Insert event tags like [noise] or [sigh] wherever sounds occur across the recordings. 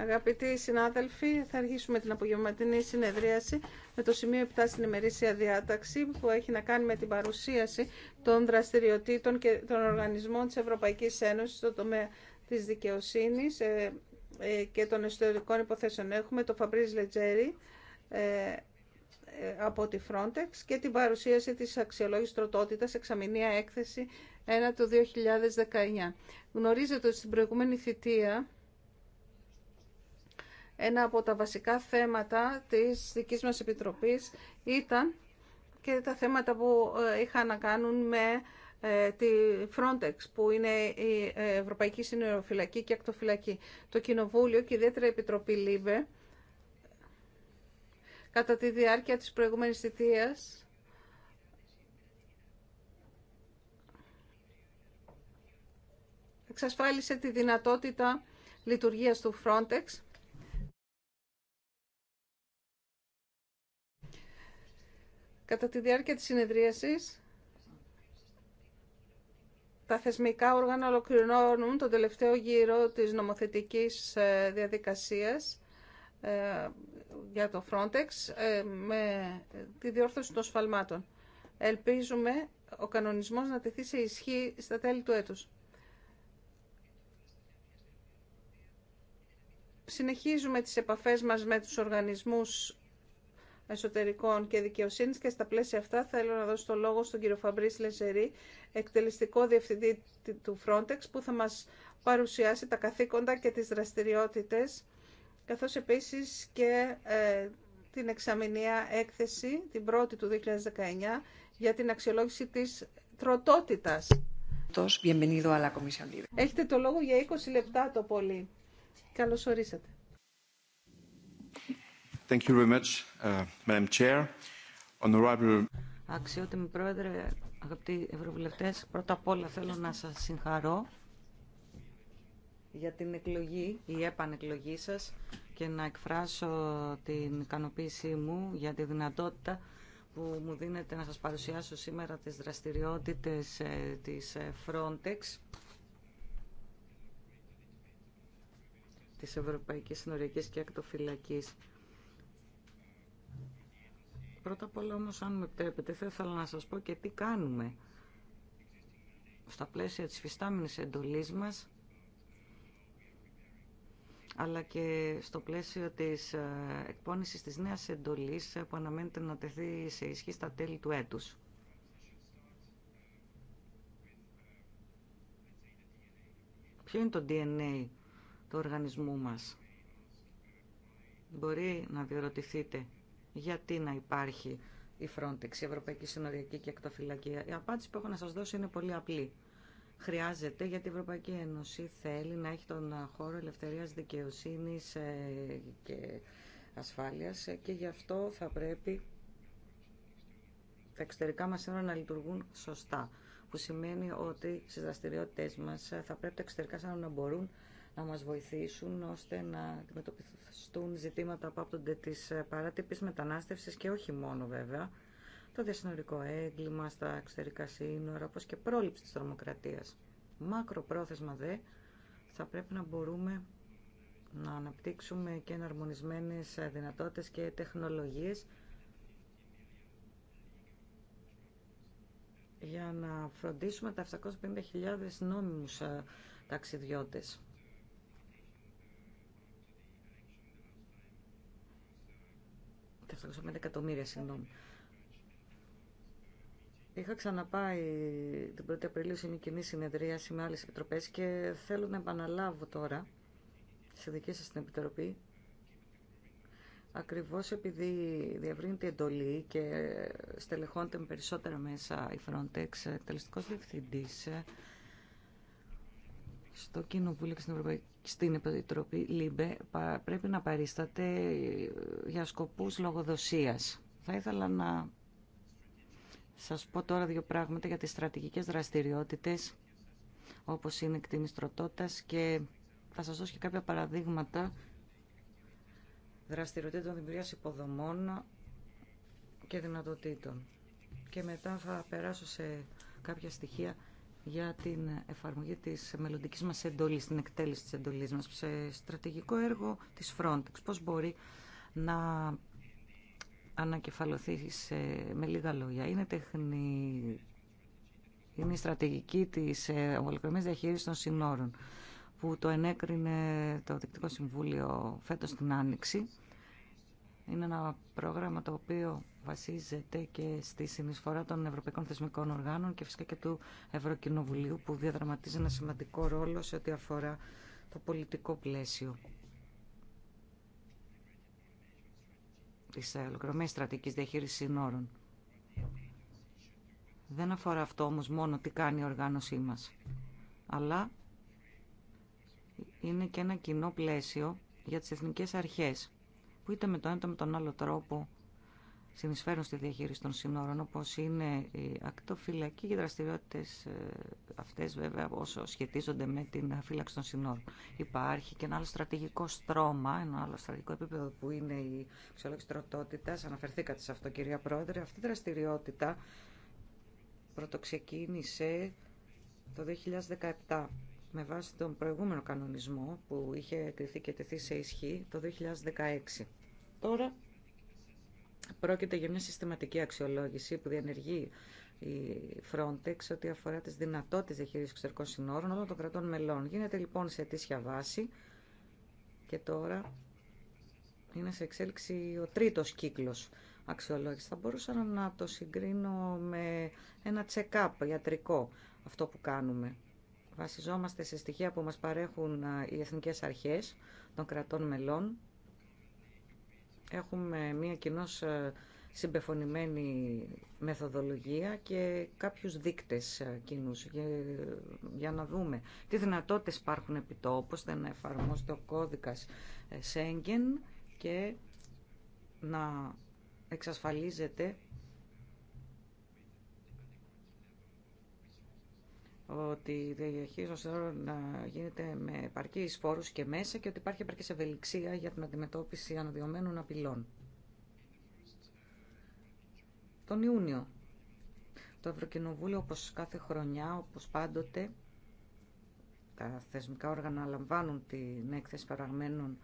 Αγαπητοί συνάδελφοι, θα αρχίσουμε την απογευματινή συνεδρίαση με το σημείο 7 στην ημερήσια διάταξη που έχει να κάνει με την παρουσίαση των δραστηριοτήτων και των οργανισμών της Ευρωπαϊκής Ένωσης στο τομέα της δικαιοσύνης ε, ε, και των ιστορικών υποθέσεων. Έχουμε το Φαμπρίζ Λετζέρι ε, από τη Frontex και την παρουσίαση της αξιολόγησης τροτότητας εξαμηνία έκθεση 1 του 2019. Γνωρίζετε ότι στην προηγούμενη θητεία ένα από τα βασικά θέματα της δικής μας Επιτροπής ήταν και τα θέματα που ε, είχαν να κάνουν με ε, τη Frontex, που είναι η ε, Ευρωπαϊκή Συνεροφυλακή και Ακτοφυλακή. Το Κοινοβούλιο και ιδιαίτερα η Επιτροπή ΛΥΒΕ κατά τη διάρκεια της προηγούμενης θητείας, εξασφάλισε τη δυνατότητα λειτουργίας του Frontex Κατά τη διάρκεια της συνεδρίασης, τα θεσμικά όργανα ολοκληρώνουν τον τελευταίο γύρο της νομοθετικής ε, διαδικασίας ε, για το Frontex ε, με τη διόρθωση των σφαλμάτων. Ελπίζουμε ο κανονισμός να τεθεί σε ισχύ στα τέλη του έτους. Συνεχίζουμε τις επαφές μας με τους οργανισμούς Εσωτερικών και Δικαιοσύνη και στα πλαίσια αυτά θέλω να δώσω το λόγο στον κύριο Φαμπρίς Λεζερή, εκτελεστικό διευθυντή του Frontex, που θα μα παρουσιάσει τα καθήκοντα και τι δραστηριότητε, καθώ επίση και ε, την εξαμηνία έκθεση, την πρώτη του 2019, για την αξιολόγηση της τροτότητας. Έχετε το λόγο για 20 λεπτά το πολύ. Καλώς ορίσατε. Thank you very much, uh, Madam Chair. Honorable... Αξιότιμη Πρόεδρε, αγαπητοί Ευρωβουλευτές, πρώτα απ' όλα θέλω να σας συγχαρώ για την εκλογή, η επανεκλογή σας και να εκφράσω την ικανοποίησή μου για τη δυνατότητα που μου δίνεται να σας παρουσιάσω σήμερα τις δραστηριότητες ε, της ε, Frontex της Ευρωπαϊκής Συνοριακής και Ακτοφυλακής Πρώτα απ' όλα όμως, αν μου επιτρέπετε, θα ήθελα να σας πω και τι κάνουμε στα πλαίσια της φυστάμενης εντολής μας, αλλά και στο πλαίσιο της ε, εκπόνησης της νέας εντολής ε, που αναμένεται να τεθεί σε ισχύ στα τέλη του έτους. Ποιο είναι το DNA του οργανισμού μας. Μπορεί να διερωτηθείτε γιατί να υπάρχει η Frontex, η Ευρωπαϊκή Συνοριακή και Εκτοφυλακή. Η απάντηση που έχω να σας δώσω είναι πολύ απλή. Χρειάζεται γιατί η Ευρωπαϊκή Ένωση θέλει να έχει τον χώρο ελευθερίας δικαιοσύνης ε, και ασφάλειας ε, και γι' αυτό θα πρέπει τα εξωτερικά μας σύνορα να λειτουργούν σωστά. Που σημαίνει ότι στις δραστηριότητες μας ε, θα πρέπει τα εξωτερικά σύνορα να μπορούν να μας βοηθήσουν ώστε να αντιμετωπιστούν ζητήματα που άπτονται της ε, παράτυπης μετανάστευσης και όχι μόνο βέβαια, το διασυνορικό έγκλημα στα εξωτερικά σύνορα, όπως και πρόληψη της τρομοκρατίας. Μακροπρόθεσμα δε, θα πρέπει να μπορούμε να αναπτύξουμε και εναρμονισμένες ε, δυνατότητες και τεχνολογίες για να φροντίσουμε τα 750.000 νόμιμους ε, ταξιδιώτες. 750 εκατομμύρια, συγγνώμη. Είχα ξαναπάει την 1η Απριλίου σε μια κοινή συνεδρίαση με άλλες επιτροπές και θέλω να επαναλάβω τώρα σε δική σας την Επιτροπή ακριβώς επειδή διαβρύνεται η εντολή και στελεχώνεται με περισσότερα μέσα η Frontex, τελεστικός διευθυντής στο Κοινοβούλιο και στην Ευρωπαϊκή στην Επιτροπή ΛΥΜΠΕ πρέπει να παρίσταται για σκοπούς λογοδοσίας. Θα ήθελα να σας πω τώρα δύο πράγματα για τις στρατηγικές δραστηριότητες, όπως είναι εκτίμηση τροτότητας και θα σας δώσω και κάποια παραδείγματα δραστηριοτήτων δημιουργίας υποδομών και δυνατοτήτων. Και μετά θα περάσω σε κάποια στοιχεία για την εφαρμογή της μελλοντική μας εντολής, την εκτέλεση της εντολής μας σε στρατηγικό έργο της Frontex. Πώς μπορεί να ανακεφαλωθεί σε, με λίγα λόγια. Είναι τεχνη... Είναι η στρατηγική της ε, ολοκληρωμένης διαχείρισης των συνόρων που το ενέκρινε το Δικτικό Συμβούλιο φέτος την Άνοιξη. Είναι ένα πρόγραμμα το οποίο βασίζεται και στη συνεισφορά των Ευρωπαϊκών Θεσμικών Οργάνων και φυσικά και του Ευρωκοινοβουλίου που διαδραματίζει ένα σημαντικό ρόλο σε ό,τι αφορά το πολιτικό πλαίσιο. της ολοκληρωμένης στρατηγικής διαχείρισης συνόρων. Δεν αφορά αυτό όμως μόνο τι κάνει η οργάνωσή μας, αλλά είναι και ένα κοινό πλαίσιο για τις εθνικές αρχές, που είτε με τον ένα είτε με τον άλλο τρόπο συνεισφέρουν στη διαχείριση των συνόρων, όπω είναι η ακτοφυλακή και οι δραστηριότητε, ε, αυτέ, βέβαια όσο σχετίζονται με την φύλαξη των συνόρων. Υπάρχει και ένα άλλο στρατηγικό στρώμα, ένα άλλο στρατηγικό επίπεδο που είναι η ψυχολογική στρατότητα. Αναφερθήκατε σε αυτό κυρία Πρόεδρε. Αυτή η δραστηριότητα πρωτοξεκίνησε το 2017 με βάση τον προηγούμενο κανονισμό που είχε κριθεί και τεθεί σε ισχύ το 2016. Τώρα Πρόκειται για μια συστηματική αξιολόγηση που διενεργεί η Frontex ό,τι αφορά τις δυνατότητες διαχείρισης εξωτερικών συνόρων όλων των κρατών μελών. Γίνεται λοιπόν σε αιτήσια βάση και τώρα είναι σε εξέλιξη ο τρίτος κύκλος αξιολόγηση. Θα μπορούσα να το συγκρίνω με ένα check-up ιατρικό αυτό που κάνουμε. Βασιζόμαστε σε στοιχεία που μας παρέχουν ε, οι εθνικές αρχές των κρατών μελών Έχουμε μία κοινώς ε, συμπεφωνημένη μεθοδολογία και κάποιους δείκτες ε, κοινούς για, να δούμε τι δυνατότητες υπάρχουν επί το, ώστε να εφαρμόζεται ο κώδικας ε, Σέγγεν και να εξασφαλίζεται ότι η διαχείριση ε, γίνεται με επαρκή φόρου και μέσα και ότι υπάρχει επαρκή ευελιξία για την αντιμετώπιση αναδειωμένων απειλών. Τον Ιούνιο, το Ευρωκοινοβούλιο, όπως κάθε χρονιά, όπως πάντοτε, τα θεσμικά όργανα λαμβάνουν την έκθεση παραγμένων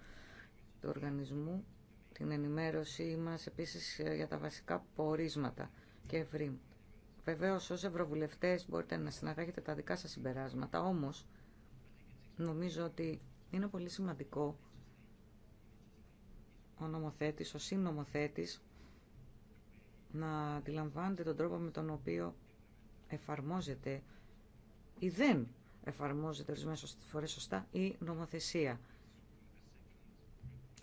του οργανισμού, την ενημέρωσή μας επίσης ε, για τα βασικά πορίσματα και ευρήματα. Βεβαίως ως ευρωβουλευτές μπορείτε να συναγάγετε τα δικά σας συμπεράσματα, όμως νομίζω ότι είναι πολύ σημαντικό ο νομοθέτης, ο συνομοθέτης να αντιλαμβάνεται τον τρόπο με τον οποίο εφαρμόζεται ή δεν εφαρμόζεται ορισμένε φορές σωστά η νομοθεσία.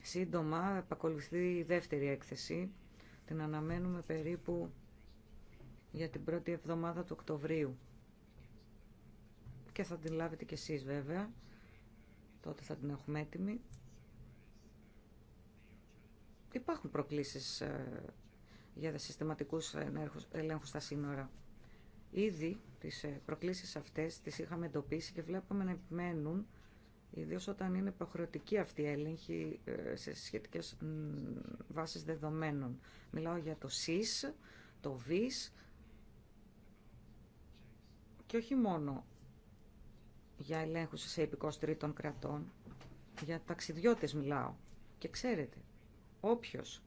Σύντομα επακολουθεί η δεύτερη έκθεση. Την αναμένουμε περίπου για την πρώτη εβδομάδα του Οκτωβρίου. Και θα την λάβετε κι εσείς βέβαια. Τότε θα την έχουμε έτοιμη. Υπάρχουν προκλήσεις ε, για συστηματικούς ελέγχους στα σύνορα. Ήδη τις ε, προκλήσεις αυτές τις είχαμε εντοπίσει και βλέπουμε να επιμένουν ιδίως όταν είναι υποχρεωτική αυτή η έλεγχη ε, σε σχετικές βάσεις δεδομένων. Μιλάω για το ΣΥΣ, το ΒΙΣ, και όχι μόνο για ελέγχους σε επικός τρίτων κρατών, για ταξιδιώτες μιλάω. Και ξέρετε, όποιος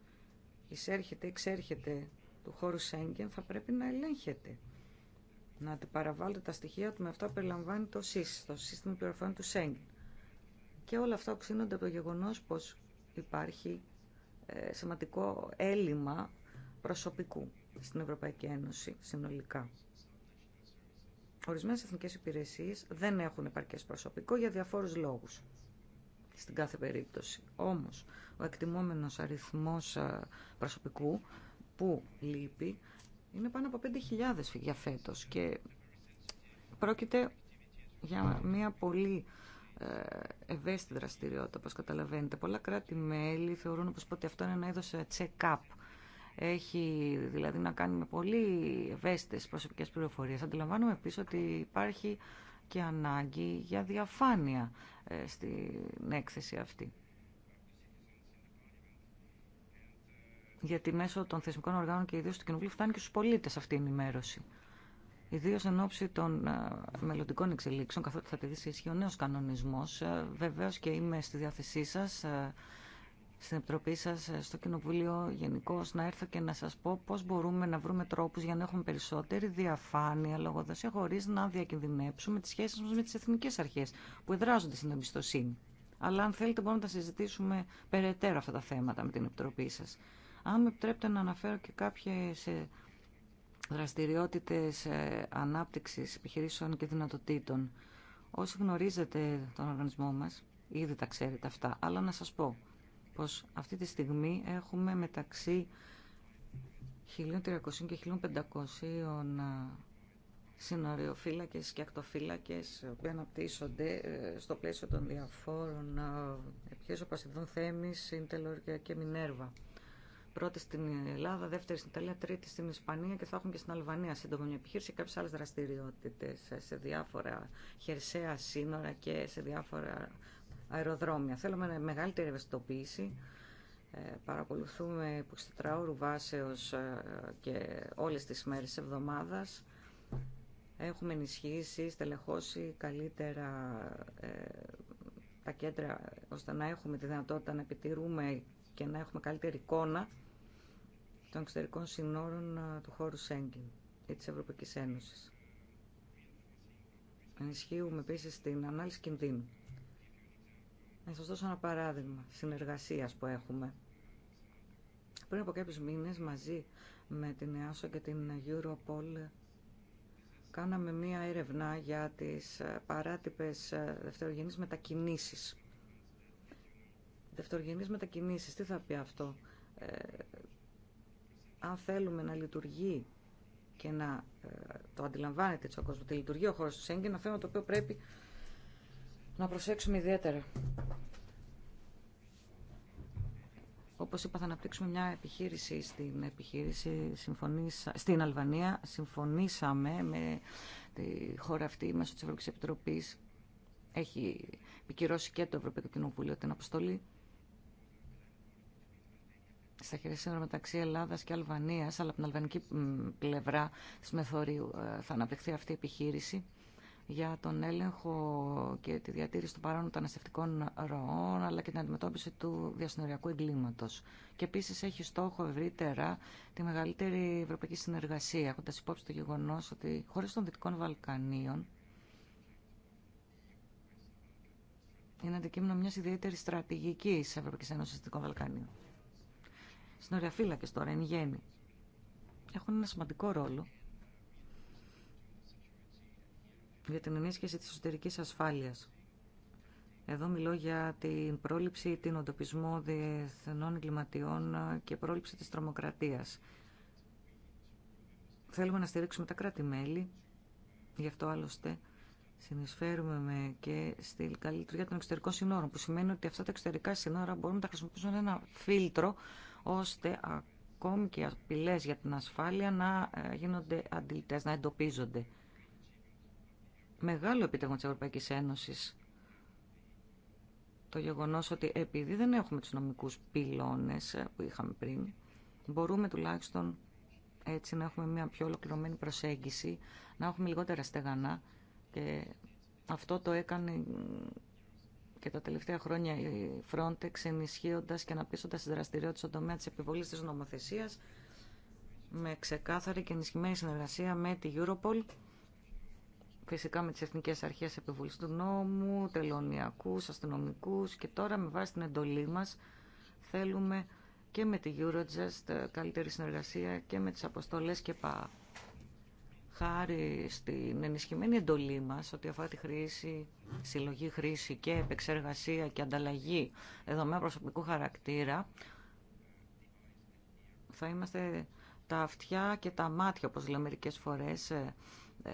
εισέρχεται ή ξέρχεται του χώρου Σέγγεν θα πρέπει να ελέγχεται. Να αντιπαραβάλλεται τα στοιχεία του με αυτά που περιλαμβάνει το ΣΥΣ, το σύστημα πληροφοριών του Σέγγεν. Και όλα αυτά οξύνονται από το γεγονός πως υπάρχει ε, σημαντικό έλλειμμα προσωπικού στην Ευρωπαϊκή Ένωση συνολικά. Ορισμένες εθνικές υπηρεσίες δεν έχουν επαρκές προσωπικό για διαφόρους λόγους στην κάθε περίπτωση. Όμως, ο εκτιμόμενος αριθμός προσωπικού που λείπει είναι πάνω από 5.000 για φέτος και πρόκειται για μια πολύ ε, ευαίσθητη δραστηριότητα, όπως καταλαβαίνετε. Πολλά κράτη-μέλη θεωρούν πως ποτέ αυτό είναι ένα είδος ε, check-up έχει δηλαδή να κάνει με πολύ ευαίσθητες προσωπικές πληροφορίες. Αντιλαμβάνομαι επίσης ότι υπάρχει και ανάγκη για διαφάνεια ε, στην έκθεση αυτή. Γιατί μέσω των θεσμικών οργάνων και ιδίως του Κοινοβουλίου φτάνει και στους πολίτες αυτή η ενημέρωση. Ιδίω εν ώψη των ε, μελλοντικών εξελίξεων, καθότι θα τεθεί σε ισχύ ο νέο κανονισμό, ε, βεβαίω και είμαι στη διάθεσή σα στην Επιτροπή σα ε, στο Κοινοβούλιο γενικώ να έρθω και να σα πω πώ μπορούμε να βρούμε τρόπου για να έχουμε περισσότερη διαφάνεια, λογοδοσία, χωρί να διακινδυνεύσουμε τι σχέσει μα με τι εθνικέ αρχέ που εδράζονται στην εμπιστοσύνη. Αλλά αν θέλετε μπορούμε να τα συζητήσουμε περαιτέρω αυτά τα θέματα με την Επιτροπή σα, Αν με επιτρέπετε να αναφέρω και κάποιε δραστηριότητε ε, ανάπτυξη επιχειρήσεων και δυνατοτήτων. Όσοι γνωρίζετε τον οργανισμό μα, ήδη τα ξέρετε αυτά, αλλά να σα πω, πως αυτή τη στιγμή έχουμε μεταξύ 1.300 και 1.500 ε, συνοριοφύλακες και ακτοφύλακες που αναπτύσσονται ε, στο πλαίσιο των διαφόρων ε, επιχείρησεων ο ειδών Θέμης, και Μινέρβα. Πρώτη στην Ελλάδα, δεύτερη στην Ιταλία, τρίτη στην Ισπανία και θα έχουν και στην Αλβανία σύντομα μια επιχείρηση και κάποιε άλλε δραστηριότητε σε διάφορα χερσαία σύνορα και σε διάφορα αεροδρόμια. Θέλουμε μεγαλύτερη ευαισθητοποίηση. Ε, παρακολουθούμε 24 ώρου βάσεως ε, και όλες τις μέρες της εβδομάδας. Έχουμε ενισχύσει, στελεχώσει καλύτερα ε, τα κέντρα ώστε να έχουμε τη δυνατότητα να επιτηρούμε και να έχουμε καλύτερη εικόνα των εξωτερικών συνόρων του χώρου Σέγγιν ή της Ευρωπαϊκής Ένωσης. Ενισχύουμε επίσης την ανάλυση κινδύνου να σας δώσω ένα παράδειγμα συνεργασίας που έχουμε. Πριν από κάποιους μήνες μαζί με την ΕΑΣΟ και την Europol κάναμε μία έρευνα για τις ε, παράτυπες ε, δευτερογενείς μετακινήσεις. Δευτερογενείς μετακινήσεις, τι θα πει αυτό. Ε, αν θέλουμε να λειτουργεί και να το αντιλαμβάνεται έτσι ο κόσμος, ότι λειτουργεί ο χώρος του Σέγγεν, ένα θέμα το οποίο πρέπει να προσέξουμε ιδιαίτερα. Όπως είπα, θα αναπτύξουμε μια επιχείρηση στην επιχείρηση στην Αλβανία. Συμφωνήσαμε με τη χώρα αυτή μέσω της Ευρωπαϊκής Επιτροπής. Έχει επικυρώσει και το Ευρωπαϊκό Κοινοβούλιο την αποστολή στα χέρια σύνορα μεταξύ Ελλάδα και Αλβανία, αλλά από την αλβανική πλευρά τη Μεθορίου ε, θα αναπτυχθεί αυτή η επιχείρηση για τον έλεγχο και τη διατήρηση των παράνομων μεταναστευτικών ροών, αλλά και την αντιμετώπιση του διασυνοριακού εγκλήματο. Και επίση έχει στόχο ευρύτερα τη μεγαλύτερη ευρωπαϊκή συνεργασία, έχοντα υπόψη το γεγονό ότι χώρε των Δυτικών Βαλκανίων είναι αντικείμενο μια ιδιαίτερη στρατηγική Ευρωπαϊκή Ένωση Δυτικών Βαλκανίων. Συνοριαφύλακε τώρα, εν γέννη, έχουν ένα σημαντικό ρόλο για την ενίσχυση της εσωτερικής ασφάλειας. Εδώ μιλώ για την πρόληψη, την οντοπισμό διεθνών εγκληματιών και πρόληψη της τρομοκρατίας. Θέλουμε να στηρίξουμε τα κράτη-μέλη, γι' αυτό άλλωστε συνεισφέρουμε και στη καλή λειτουργία των εξωτερικών συνόρων, που σημαίνει ότι αυτά τα εξωτερικά σύνορα μπορούμε να τα χρησιμοποιήσουμε ένα φίλτρο, ώστε ακόμη και απειλέ για την ασφάλεια να ε, γίνονται αντιλητές, να εντοπίζονται μεγάλο επιτεύγμα της Ευρωπαϊκής Ένωσης το γεγονός ότι επειδή δεν έχουμε τους νομικούς πυλώνες που είχαμε πριν, μπορούμε τουλάχιστον έτσι να έχουμε μια πιο ολοκληρωμένη προσέγγιση, να έχουμε λιγότερα στεγανά και αυτό το έκανε και τα τελευταία χρόνια η Frontex ενισχύοντας και αναπτύσσοντας τη δραστηριότητα στον τομέα της επιβολής της νομοθεσίας με ξεκάθαρη και ενισχυμένη συνεργασία με τη Europol φυσικά με τις Εθνικές Αρχές Επιβολής του Νόμου, τελωνιακούς, αστυνομικούς και τώρα με βάση την εντολή μας θέλουμε και με τη Eurojust ε, καλύτερη συνεργασία και με τις αποστολές και ΠΑ. Χάρη στην ενισχυμένη εντολή μας ότι αφορά τη χρήση, συλλογή χρήση και επεξεργασία και ανταλλαγή με προσωπικού χαρακτήρα, θα είμαστε τα αυτιά και τα μάτια, όπως λέμε μερικές φορές, ε, ε,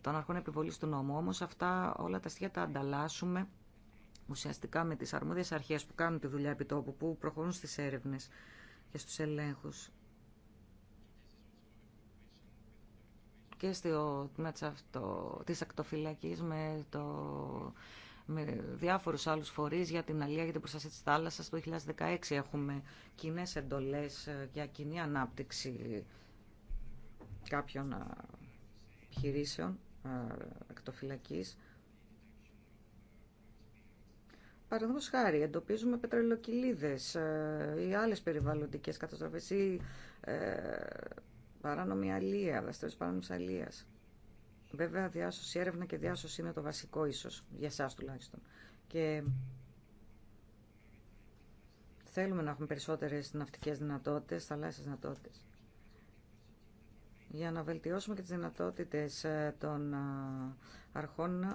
των αρχών επιβολής του νόμου. Όμως αυτά όλα τα στοιχεία τα ανταλλάσσουμε ουσιαστικά με τις αρμόδιες αρχές που κάνουν τη δουλειά επιτόπου, που προχωρούν στις έρευνες και στους ελέγχους. Και στο τμήμα τη ακτοφυλακή με το με διάφορους άλλους φορείς για την αλία, για την προστασία της θάλασσας. Το 2016 έχουμε κοινέ εντολές ε, για κοινή ανάπτυξη κάποιων ε, επιχειρήσεων ακτοφυλακής. Παραδείγματο χάρη, εντοπίζουμε πετρελοκυλίδες ε, ή άλλες περιβαλλοντικές καταστροφές ή ε, παράνομη αλία, δαστέρες παράνομης αλίας. Βέβαια, διάσωση, έρευνα και διάσωση είναι το βασικό ίσως, για εσάς τουλάχιστον. Και θέλουμε να έχουμε περισσότερες ναυτικές δυνατότητες, θαλάσσιες δυνατότητες για να βελτιώσουμε και τις δυνατότητες ε, των ε, αρχών ε,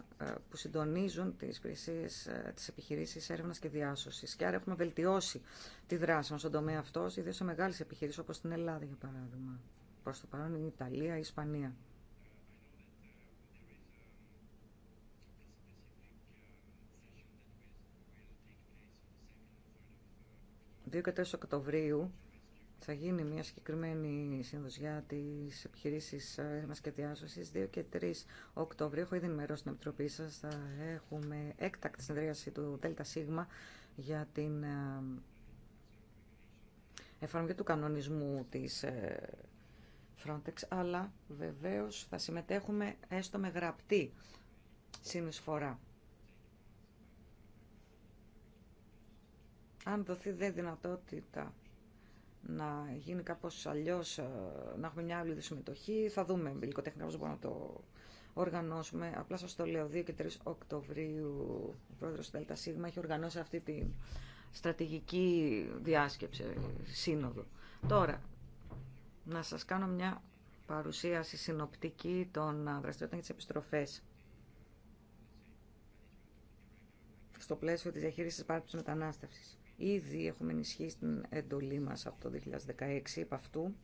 που συντονίζουν τις υπηρεσίες της επιχειρήσης έρευνας και διάσωσης. Και άρα έχουμε βελτιώσει τη δράση μας στον τομέα αυτός, ιδίως σε μεγάλες επιχειρήσεις όπως στην Ελλάδα για παράδειγμα. Προς το παρόν η Ιταλία, η Ισπανία. Δύο και τέσσερις Οκτωβρίου θα γίνει μια συγκεκριμένη συνδοσιά τη επιχειρήση επιχειρήσει ε, και διάσωση 2 και 3 Οκτωβρίου. Έχω ήδη ενημερώσει την Επιτροπή σα. Θα έχουμε έκτακτη συνεδρίαση του ΔΣ για την ε, εφαρμογή του κανονισμού τη ε, Frontex. Αλλά βεβαίω θα συμμετέχουμε έστω με γραπτή συνεισφορά. Αν δοθεί δε δυνατότητα να γίνει κάπω αλλιώ, ε, να έχουμε μια άλλη συμμετοχή. Θα δούμε υλικοτεχνικά πώ μπορούμε να το οργανώσουμε. Απλά σα το λέω, 2 και 3 Οκτωβρίου ο πρόεδρο του ΔΣ έχει οργανώσει αυτή τη στρατηγική διάσκεψη, σύνοδο. Τώρα, να σα κάνω μια παρουσίαση συνοπτική των δραστηριότητων για τις επιστροφές. Στο πλαίσιο τη διαχείριση τη παράτησης μετανάστευση. Ήδη έχουμε ενισχύσει την εντολή μας από το 2016 επ' αυτού.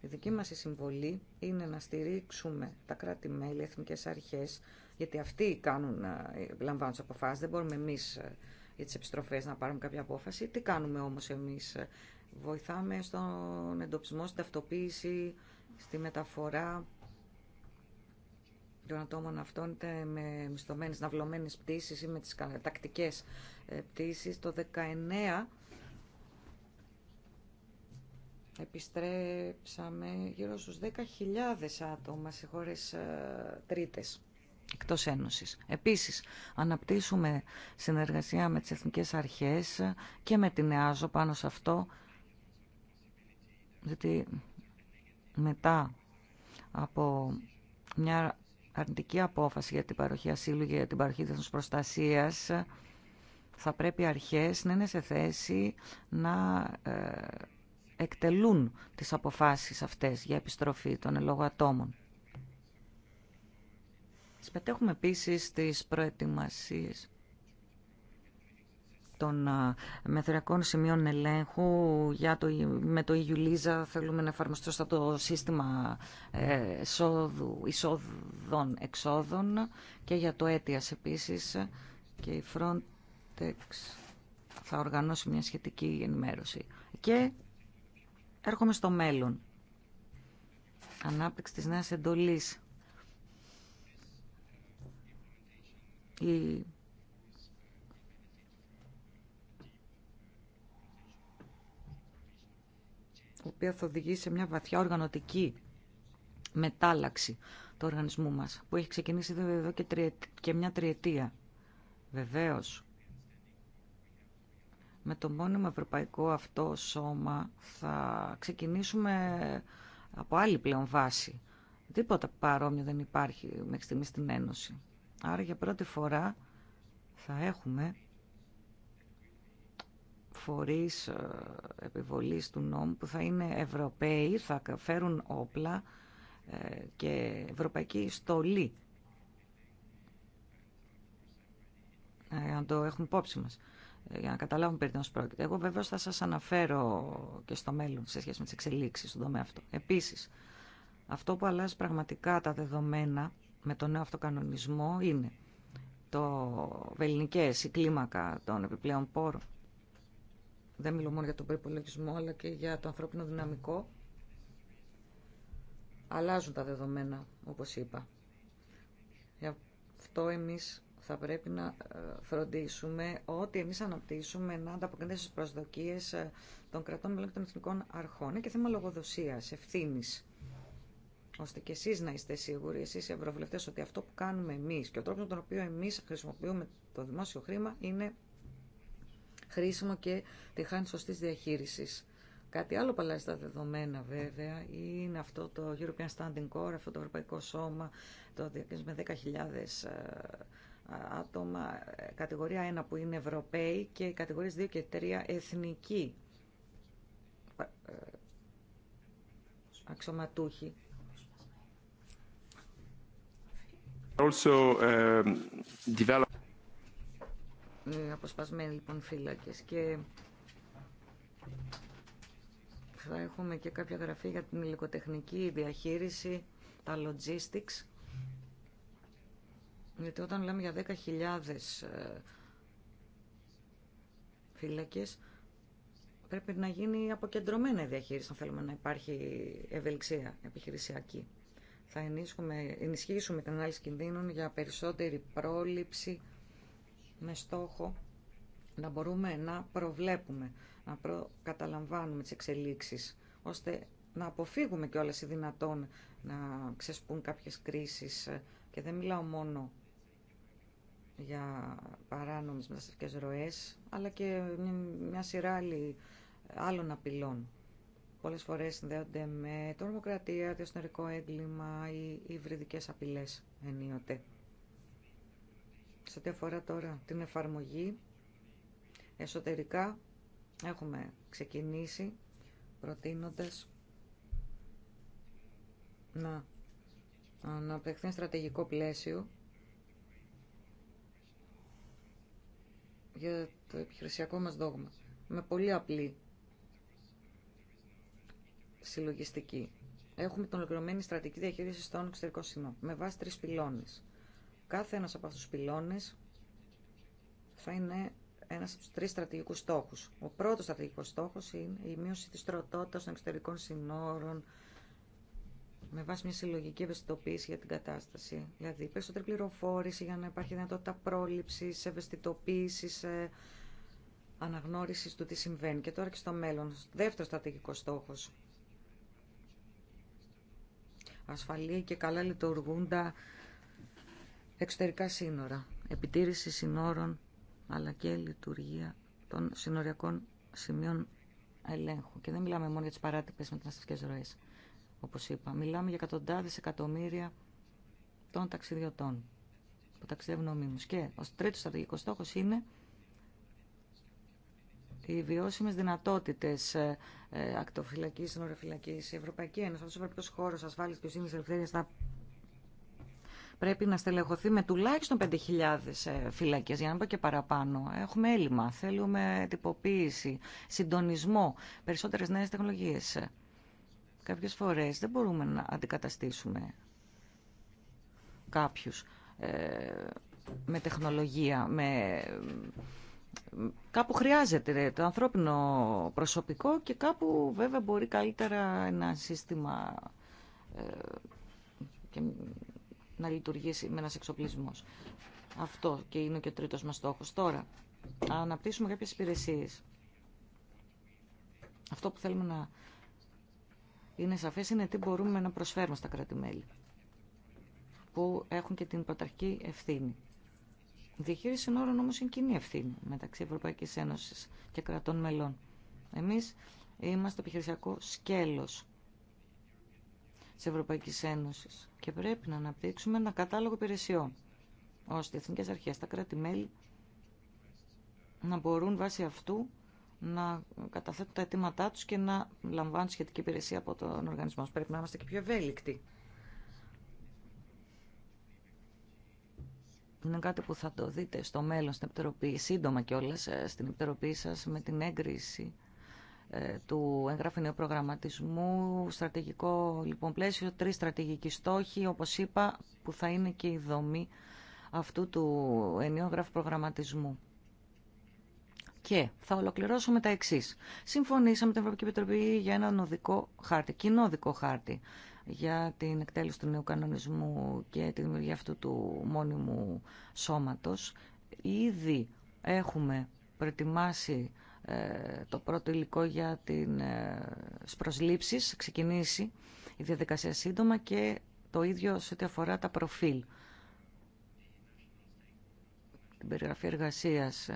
Η δική μας συμβολή είναι να στηρίξουμε τα κράτη-μέλη, εθνικές αρχές, γιατί αυτοί κάνουν, ε, λαμβάνουν τις αποφάσεις, δεν μπορούμε εμείς ε, για τις επιστροφές να πάρουμε κάποια απόφαση. Τι κάνουμε όμως εμείς, ε, βοηθάμε στον εντοπισμό, στην ταυτοποίηση, στη μεταφορά των ατόμων αυτών είτε με μισθωμένες ναυλωμένες πτήσεις ή με τις τακτικές ε, πτήσεις. Το 19 επιστρέψαμε γύρω στους 10.000 άτομα σε χώρες ε, τρίτες εκτός Ένωσης. Επίσης, αναπτύσσουμε συνεργασία με τις εθνικές αρχές και με την ΕΑΖΟ πάνω σε αυτό, γιατί μετά από μια αρνητική απόφαση για την παροχή ασύλου για την παροχή της προστασίας θα πρέπει οι αρχές να είναι σε θέση να ε, εκτελούν τις αποφάσεις αυτές για επιστροφή των ελόγω ατόμων. Συμμετέχουμε επίσης στις προετοιμασίες των μεθοριακών σημείων ελέγχου για το, με το Ιουλίζα e θέλουμε να εφαρμοστεί στο το σύστημα ε, σοδού εισόδων εξόδων και για το αίτιας επίσης και η Frontex θα οργανώσει μια σχετική ενημέρωση. Και έρχομαι στο μέλλον. Ανάπτυξη της νέας εντολής. Η η οποία θα οδηγήσει σε μια βαθιά οργανωτική μετάλλαξη του οργανισμού μας, που έχει ξεκινήσει εδώ και, μια τριετία. Βεβαίως, με το μόνιμο ευρωπαϊκό αυτό σώμα θα ξεκινήσουμε από άλλη πλέον βάση. Τίποτα παρόμοιο δεν υπάρχει μέχρι στιγμή στην Ένωση. Άρα για πρώτη φορά θα έχουμε φορείς ε, επιβολής του νόμου που θα είναι Ευρωπαίοι, θα φέρουν όπλα ε, και ευρωπαϊκή στολή. Ε, να το έχουν υπόψη μας για να καταλάβουν περί τίνος πρόκειται. Εγώ βέβαια θα σας αναφέρω και στο μέλλον σε σχέση με τις εξελίξεις στον τομέα αυτό. Επίσης, αυτό που αλλάζει πραγματικά τα δεδομένα με τον νέο αυτοκανονισμό είναι το βελληνικές, η κλίμακα των επιπλέον πόρων δεν μιλώ μόνο για τον προπολογισμό αλλά και για το ανθρώπινο δυναμικό. Αλλάζουν τα δεδομένα, όπως είπα. Γι' αυτό εμείς θα πρέπει να ε, φροντίσουμε ότι εμείς αναπτύσσουμε να ανταποκρίνεται στις προσδοκίες ε, των κρατών μελών και των εθνικών αρχών. Είναι και θέμα λογοδοσίας, ευθύνη. ώστε και εσείς να είστε σίγουροι, εσείς οι ευρωβουλευτές, ότι αυτό που κάνουμε εμείς και ο τρόπος με τον οποίο εμείς χρησιμοποιούμε το δημόσιο χρήμα είναι χρήσιμο και τη χάνει σωστή διαχείριση. Κάτι άλλο που τα δεδομένα βέβαια είναι αυτό το European Standing Core, αυτό το Ευρωπαϊκό Σώμα, το διακίνηση με 10.000 ε, άτομα, κατηγορία 1 που είναι Ευρωπαίοι και κατηγορίες 2 και 3 εθνικοί ε, αξιωματούχοι. Also, ε, develop... Ε, αποσπασμένοι λοιπόν φύλακες και θα έχουμε και κάποια γραφή για την υλικοτεχνική διαχείριση, τα logistics. Γιατί όταν λέμε για 10.000 ε, φύλακες, πρέπει να γίνει αποκεντρωμένη διαχείριση, αν θέλουμε να υπάρχει ευελιξία επιχειρησιακή. Θα ενίσχυσουμε την ανάλυση κινδύνων για περισσότερη πρόληψη με στόχο να μπορούμε να προβλέπουμε, να προ... καταλαμβάνουμε τις εξελίξεις, ώστε να αποφύγουμε και όλες οι δυνατόν να ξεσπούν κάποιες κρίσεις και δεν μιλάω μόνο για παράνομες μεταστατικές ροές, αλλά και μια σειρά άλλη, άλλων απειλών. Πολλές φορές συνδέονται με τρομοκρατία, το έγκλημα ή υβριδικές απειλές ενίοτε. Σε ό,τι αφορά τώρα την εφαρμογή, εσωτερικά έχουμε ξεκινήσει προτείνοντας να αναπτυχθεί ένα στρατηγικό πλαίσιο για το επιχειρησιακό μας δόγμα. Με πολύ απλή συλλογιστική. Έχουμε την ολοκληρωμένη στρατηγική διαχείριση των εξωτερικό σύνολο. με βάση τρει πυλώνες. Κάθε ένας από αυτούς τους πυλώνες θα είναι ένας από τους τρεις στρατηγικούς στόχους. Ο πρώτος στρατηγικός στόχος είναι η μείωση της τροτότητας των εξωτερικών συνόρων με βάση μια συλλογική ευαισθητοποίηση για την κατάσταση. Δηλαδή, περισσότερη πληροφόρηση για να υπάρχει δυνατότητα πρόληψη, ευαισθητοποίηση, ε, αναγνώριση του τι συμβαίνει. Και τώρα και στο μέλλον. Δεύτερο στρατηγικό στόχο. Ασφαλή και καλά λειτουργούντα Εξωτερικά σύνορα, επιτήρηση σύνορων, αλλά και λειτουργία των σύνοριακών σημείων ελέγχου. Και δεν μιλάμε μόνο για τις παράτυπες μεταναστευτικές ροές, όπως είπα. Μιλάμε για εκατοντάδες εκατομμύρια των ταξιδιωτών που ταξιδεύουν νομίμως. Και ο τρίτος στρατηγικός στόχος είναι οι βιώσιμες δυνατότητες ε, ε, ακτοφυλακής, η Ευρωπαϊκή Ένωση, αυτός ο ευρωπαϊκός χώρος ασφάλειας και ουσύνης ελευθερίας πρέπει να στελεχωθεί με τουλάχιστον 5.000 ε, φυλακέ, για να πω και παραπάνω. Έχουμε έλλειμμα. Θέλουμε τυποποίηση, συντονισμό, περισσότερε νέε τεχνολογίε. Κάποιε φορέ δεν μπορούμε να αντικαταστήσουμε κάποιου ε, με τεχνολογία, με κάπου χρειάζεται ε, το ανθρώπινο προσωπικό και κάπου βέβαια μπορεί καλύτερα ένα σύστημα να λειτουργήσει με ένα εξοπλισμό. Αυτό και είναι και ο τρίτος μα στόχο. Τώρα, να αναπτύσσουμε κάποιε υπηρεσίε. Αυτό που θέλουμε να είναι σαφές είναι τι μπορούμε να προσφέρουμε στα κράτη-μέλη που έχουν και την πρωταρχική ευθύνη. Η διαχείριση συνόρων όμως είναι κοινή ευθύνη μεταξύ Ευρωπαϊκής Ένωσης και κρατών μελών. Εμεί είμαστε το επιχειρησιακό σκέλος της Ευρωπαϊκής Ένωσης και πρέπει να αναπτύξουμε ένα κατάλογο υπηρεσιών ώστε οι εθνικές αρχές, τα κράτη-μέλη να μπορούν βάσει αυτού να καταθέτουν τα αιτήματά τους και να λαμβάνουν σχετική υπηρεσία από τον οργανισμό. Πρέπει να είμαστε και πιο ευέλικτοι. Είναι κάτι που θα το δείτε στο μέλλον στην επιτεροποίηση, σύντομα κιόλα ε, στην επιτεροποίησή σας με την έγκριση ε, του εγγράφου νέου προγραμματισμού, στρατηγικό λοιπόν πλαίσιο, τρεις στρατηγικοί στόχοι, όπως είπα, που θα είναι και η δομή αυτού του ενίου προγραμματισμού. Και θα ολοκληρώσουμε τα εξή. Συμφωνήσαμε την Ευρωπαϊκή Επιτροπή για ένα οδικό χάρτη, κοινό χάρτη για την εκτέλεση του νέου κανονισμού και τη δημιουργία αυτού του μόνιμου σώματος. Ήδη έχουμε προετοιμάσει ε, το πρώτο υλικό για την ε, προσλήψεις, ξεκινήσει η διαδικασία σύντομα και το ίδιο σε ό,τι αφορά τα προφίλ. Την περιγραφή εργασίας.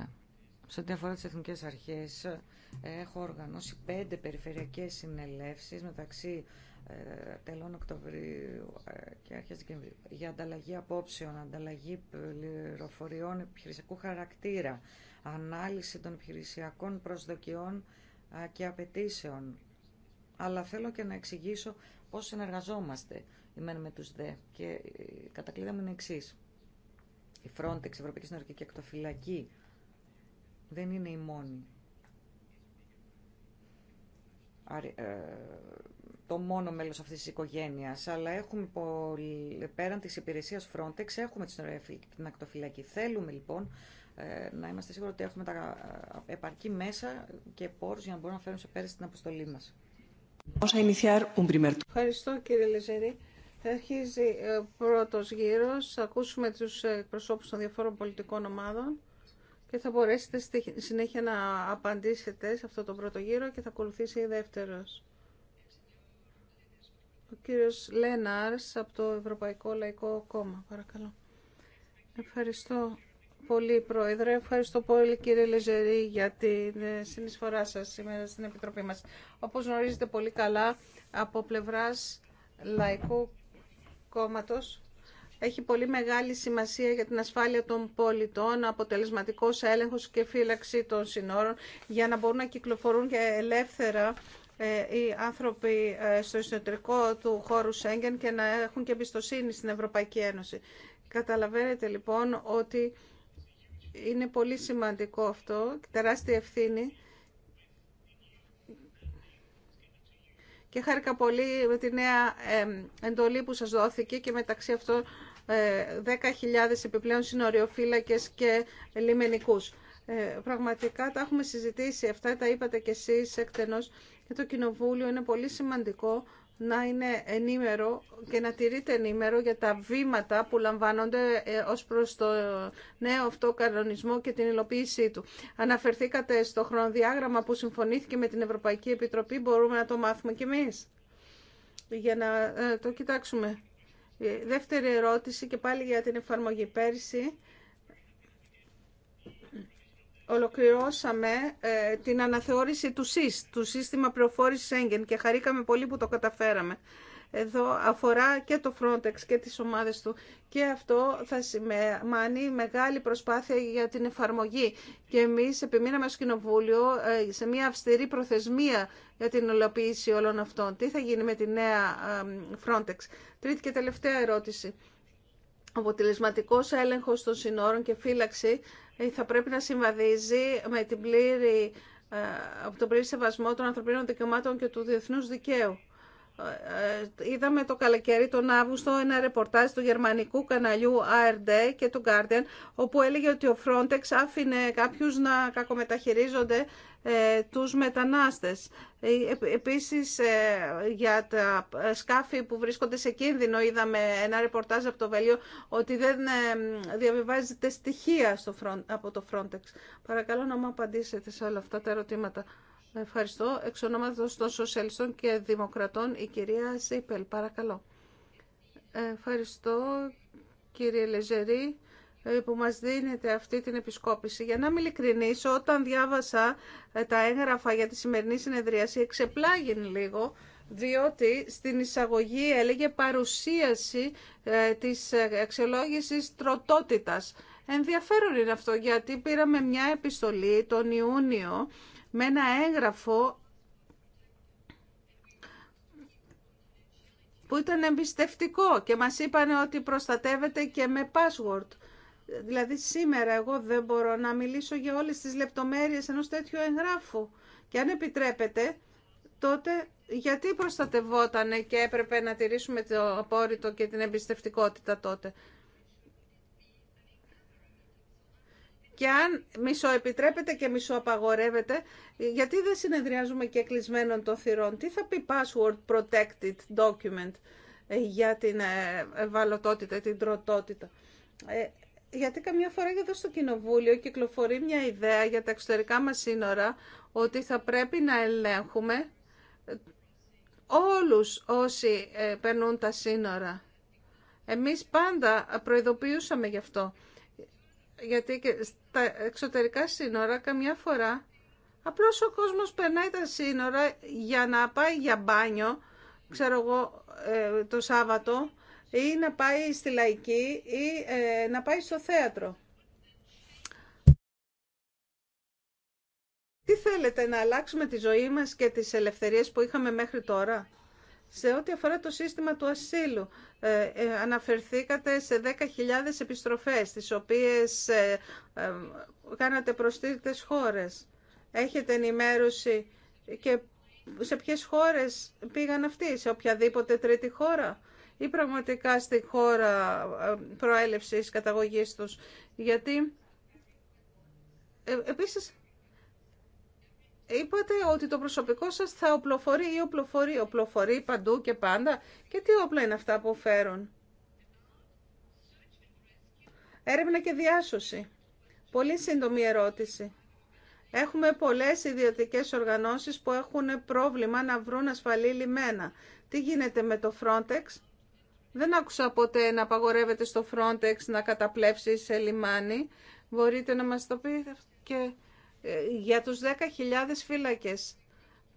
Σε ό,τι αφορά τις εθνικές αρχές, έχω οργανώσει πέντε περιφερειακές συνελεύσεις μεταξύ ε, τελών Οκτωβρίου και αρχές Δεκεμβρίου για ανταλλαγή απόψεων, ανταλλαγή πληροφοριών επιχειρησιακού χαρακτήρα ανάλυση των επιχειρησιακών προσδοκιών και απαιτήσεων. Αλλά θέλω και να εξηγήσω πώς συνεργαζόμαστε εμένα με τους ΔΕ. Και ε, κατακλείδαμε είναι εξή. Η Frontex, η Ευρωπαϊκή Συνορική και Εκτοφυλακή δεν είναι η μόνη. Ε, το μόνο μέλος αυτής της οικογένειας, αλλά έχουμε πέραν της υπηρεσίας Frontex, έχουμε την ακτοφυλακή. Θέλουμε λοιπόν ε, να είμαστε σίγουροι ότι έχουμε τα ε, επαρκή μέσα και πόρους για να μπορούμε να φέρουμε σε πέρα στην αποστολή μας. Ευχαριστώ κύριε Λεζερή. Αρχίζει ο ε, πρώτος γύρος. Θα ακούσουμε τους προσώπους των διαφόρων πολιτικών ομάδων και θα μπορέσετε στη συνέχεια να απαντήσετε σε αυτό το πρώτο γύρο και θα ακολουθήσει η δεύτερος. Ο κύριος Λέναρς από το Ευρωπαϊκό Λαϊκό Κόμμα, παρακαλώ. Ευχαριστώ πολύ, Πρόεδρε. Ευχαριστώ πολύ, κύριε Λεζερή, για την ε, συνεισφορά σας σήμερα στην Επιτροπή μας. Όπως γνωρίζετε πολύ καλά, από πλευράς Λαϊκού Κόμματος, έχει πολύ μεγάλη σημασία για την ασφάλεια των πολιτών, αποτελεσματικός έλεγχος και φύλαξη των συνόρων, για να μπορούν να κυκλοφορούν και ελεύθερα ε, οι άνθρωποι ε, στο εσωτερικό του χώρου Σέγγεν και να έχουν και εμπιστοσύνη στην Ευρωπαϊκή Ένωση. Καταλαβαίνετε λοιπόν ότι είναι πολύ σημαντικό αυτό, τεράστια ευθύνη. Και χάρηκα πολύ με τη νέα εντολή που σας δόθηκε και μεταξύ αυτών 10.000 ε, επιπλέον συνοριοφύλακες και λιμενικούς. Ε, πραγματικά τα έχουμε συζητήσει, αυτά τα είπατε κι εσείς εκτενώς και το Κοινοβούλιο είναι πολύ σημαντικό να είναι ενήμερο και να τηρείται ενήμερο για τα βήματα που λαμβάνονται ε, ως προς το νέο αυτό κανονισμό και την υλοποίησή του. Αναφερθήκατε στο χρονοδιάγραμμα που συμφωνήθηκε με την Ευρωπαϊκή Επιτροπή, μπορούμε να το μάθουμε κι εμείς για να ε, το κοιτάξουμε. Ε, δεύτερη ερώτηση και πάλι για την εφαρμογή πέρσι ολοκληρώσαμε ε, την αναθεώρηση του ΣΥΣ, του Σύστημα Πληροφόρησης Σέγγεν και χαρήκαμε πολύ που το καταφέραμε. Εδώ αφορά και το Frontex και τις ομάδες του και αυτό θα σημαίνει μεγάλη προσπάθεια για την εφαρμογή. Και εμείς επιμείναμε στο Κοινοβούλιο ε, σε μια αυστηρή προθεσμία για την ολοποίηση όλων αυτών. Τι θα γίνει με τη νέα ε, Frontex. Τρίτη και τελευταία ερώτηση. Ο αποτελεσματικός έλεγχος των συνόρων και φύλαξη ε, θα πρέπει να συμβαδίζει με την πλήρη, από ε, τον πλήρη σεβασμό των ανθρωπίνων δικαιωμάτων και του διεθνούς δικαίου. Ε, είδαμε το καλοκαίρι τον Αύγουστο ένα ρεπορτάζ του γερμανικού καναλιού ARD και του Guardian όπου έλεγε ότι ο Frontex άφηνε κάποιους να κακομεταχειρίζονται τους μετανάστες. Ε, επίσης ε, για τα ε, σκάφη που βρίσκονται σε κίνδυνο είδαμε ένα ρεπορτάζ από το Βελίο ότι δεν διαβιβάζεται στοιχεία στο front, από το Frontex. Παρακαλώ να μου απαντήσετε σε όλα αυτά τα ερωτήματα. Ευχαριστώ. Εξ ονόματος των Σοσιαλιστών και Δημοκρατών η κυρία Σίπελ. Παρακαλώ. Ευχαριστώ κύριε Λεζερή. Ε, που μας δίνεται αυτή την επισκόπηση. Για να μην ειλικρινής, όταν διάβασα ε, τα έγγραφα για τη σημερινή συνεδρίαση, εξεπλάγει λίγο, διότι στην εισαγωγή έλεγε παρουσίαση ε, της αξιολόγησης τροτότητας. Ενδιαφέρον είναι αυτό, γιατί πήραμε μια επιστολή τον Ιούνιο με ένα έγγραφο που ήταν εμπιστευτικό και μας είπαν ότι προστατεύεται και με password. Δηλαδή σήμερα εγώ δεν μπορώ να μιλήσω για όλες τις λεπτομέρειες ενός τέτοιου εγγράφου. Και αν επιτρέπετε, τότε γιατί προστατευότανε και έπρεπε να τηρήσουμε το απόρριτο και την εμπιστευτικότητα τότε. Και αν μισοεπιτρέπεται και μισοαπαγορεύεται, γιατί δεν συνεδριάζουμε και κλεισμένων των θυρών. Τι θα πει password protected document ε, για την ε, ευαλωτότητα, την τροτότητα. Ε, γιατί καμιά φορά εδώ στο Κοινοβούλιο κυκλοφορεί μια ιδέα για τα εξωτερικά μας σύνορα ότι θα πρέπει να ελέγχουμε όλους όσοι ε, περνούν τα σύνορα. Εμείς πάντα προειδοποιούσαμε γι' αυτό. Γιατί και στα εξωτερικά σύνορα καμιά φορά απλώς ο κόσμος περνάει τα σύνορα για να πάει για μπάνιο, ξέρω εγώ, ε, το Σάββατο ή να πάει στη λαϊκή ή ε, να πάει στο θέατρο. Τι θέλετε, να αλλάξουμε τη ζωή μας και τις ελευθερίες που είχαμε μέχρι τώρα. Σε ό,τι αφορά το σύστημα του ασύλου, ε, ε, αναφερθήκατε σε 10.000 επιστροφές, τις οποίες κάνατε προς χώρες. Έχετε ενημέρωση και σε ποιες χώρες πήγαν αυτοί, σε οποιαδήποτε τρίτη χώρα ή πραγματικά στη χώρα ε, προέλευσης καταγωγής τους. Γιατί ε, επίσης είπατε ότι το προσωπικό σας θα οπλοφορεί ή οπλοφορεί. Οπλοφορεί παντού και πάντα. Και τι όπλα είναι αυτά που φέρουν. Έρευνα και διάσωση. Πολύ σύντομη ερώτηση. Έχουμε πολλές ιδιωτικές οργανώσεις που έχουν πρόβλημα να βρουν ασφαλή λιμένα. Τι γίνεται με το Frontex δεν άκουσα ποτέ να απαγορεύεται στο Frontex να καταπλέψει σε λιμάνι. Μπορείτε να μας το πείτε και ε, για τους 10.000 φύλακες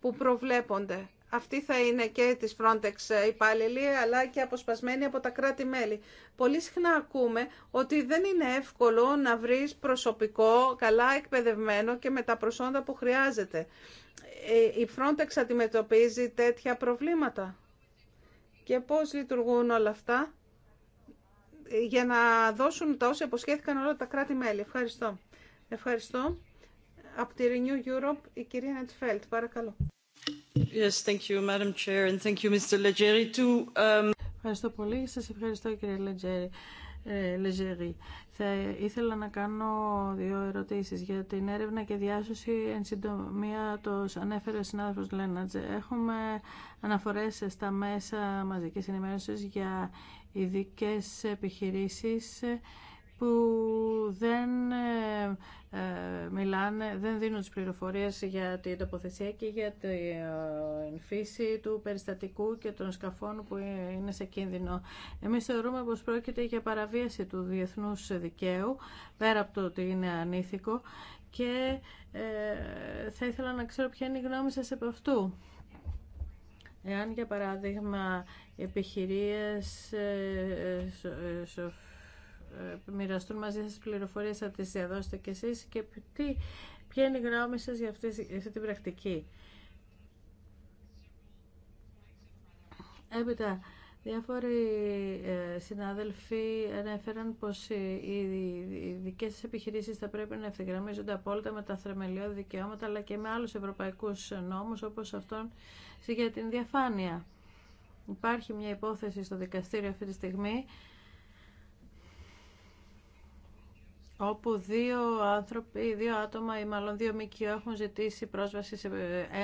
που προβλέπονται. Αυτή θα είναι και της Frontex ε, υπάλληλοι, αλλά και αποσπασμένοι από τα κράτη-μέλη. Πολύ συχνά ακούμε ότι δεν είναι εύκολο να βρεις προσωπικό, καλά εκπαιδευμένο και με τα προσόντα που χρειάζεται. Ε, η Frontex αντιμετωπίζει τέτοια προβλήματα και πώς λειτουργούν όλα αυτά ε, για να δώσουν τα όσα υποσχέθηκαν όλα τα κράτη-μέλη. Ευχαριστώ. Ευχαριστώ. Από τη Renew Europe, η κυρία Νετφέλτ. Παρακαλώ. Yes, thank you, Madam Chair, and thank you, Mr. too. Um, ευχαριστώ πολύ. Σας ευχαριστώ, κύριε Λετζέρη. Ε, λεζερή. Θα ήθελα να κάνω δύο ερωτήσεις για την έρευνα και διάσωση. Εν συντομία, το ανέφερε ο συνάδελφος Λένατζε. Έχουμε αναφορές στα μέσα μαζικής ενημέρωσης για ειδικέ επιχειρήσεις που δεν ε, ε, μιλάνε, δεν δίνουν τις πληροφορίες για την τοποθεσία και για την φύση του περιστατικού και των σκαφών που είναι σε κίνδυνο. Εμείς θεωρούμε πως πρόκειται για παραβίαση του διεθνούς δικαίου, πέρα από το ότι είναι ανήθικο και ε, θα ήθελα να ξέρω ποια είναι η γνώμη σας επ' αυτού. Εάν για παράδειγμα επιχειρίες ε, μοιραστούν μαζί σας πληροφορίες, θα τις διαδώσετε κι εσείς και τι, ποια είναι η γνώμη σας για αυτή, την πρακτική. Έπειτα, διάφοροι ε, συνάδελφοι ανέφεραν πως οι δικές σας επιχειρήσεις θα πρέπει να ευθυγραμμίζονται απόλυτα με τα θρεμελιώδη δικαιώματα αλλά και με άλλους ευρωπαϊκούς νόμους όπως αυτόν για την διαφάνεια. Υπάρχει μια υπόθεση στο δικαστήριο αυτή τη στιγμή όπου δύο άνθρωποι, δύο άτομα ή μάλλον δύο ΜΚΟ έχουν ζητήσει πρόσβαση σε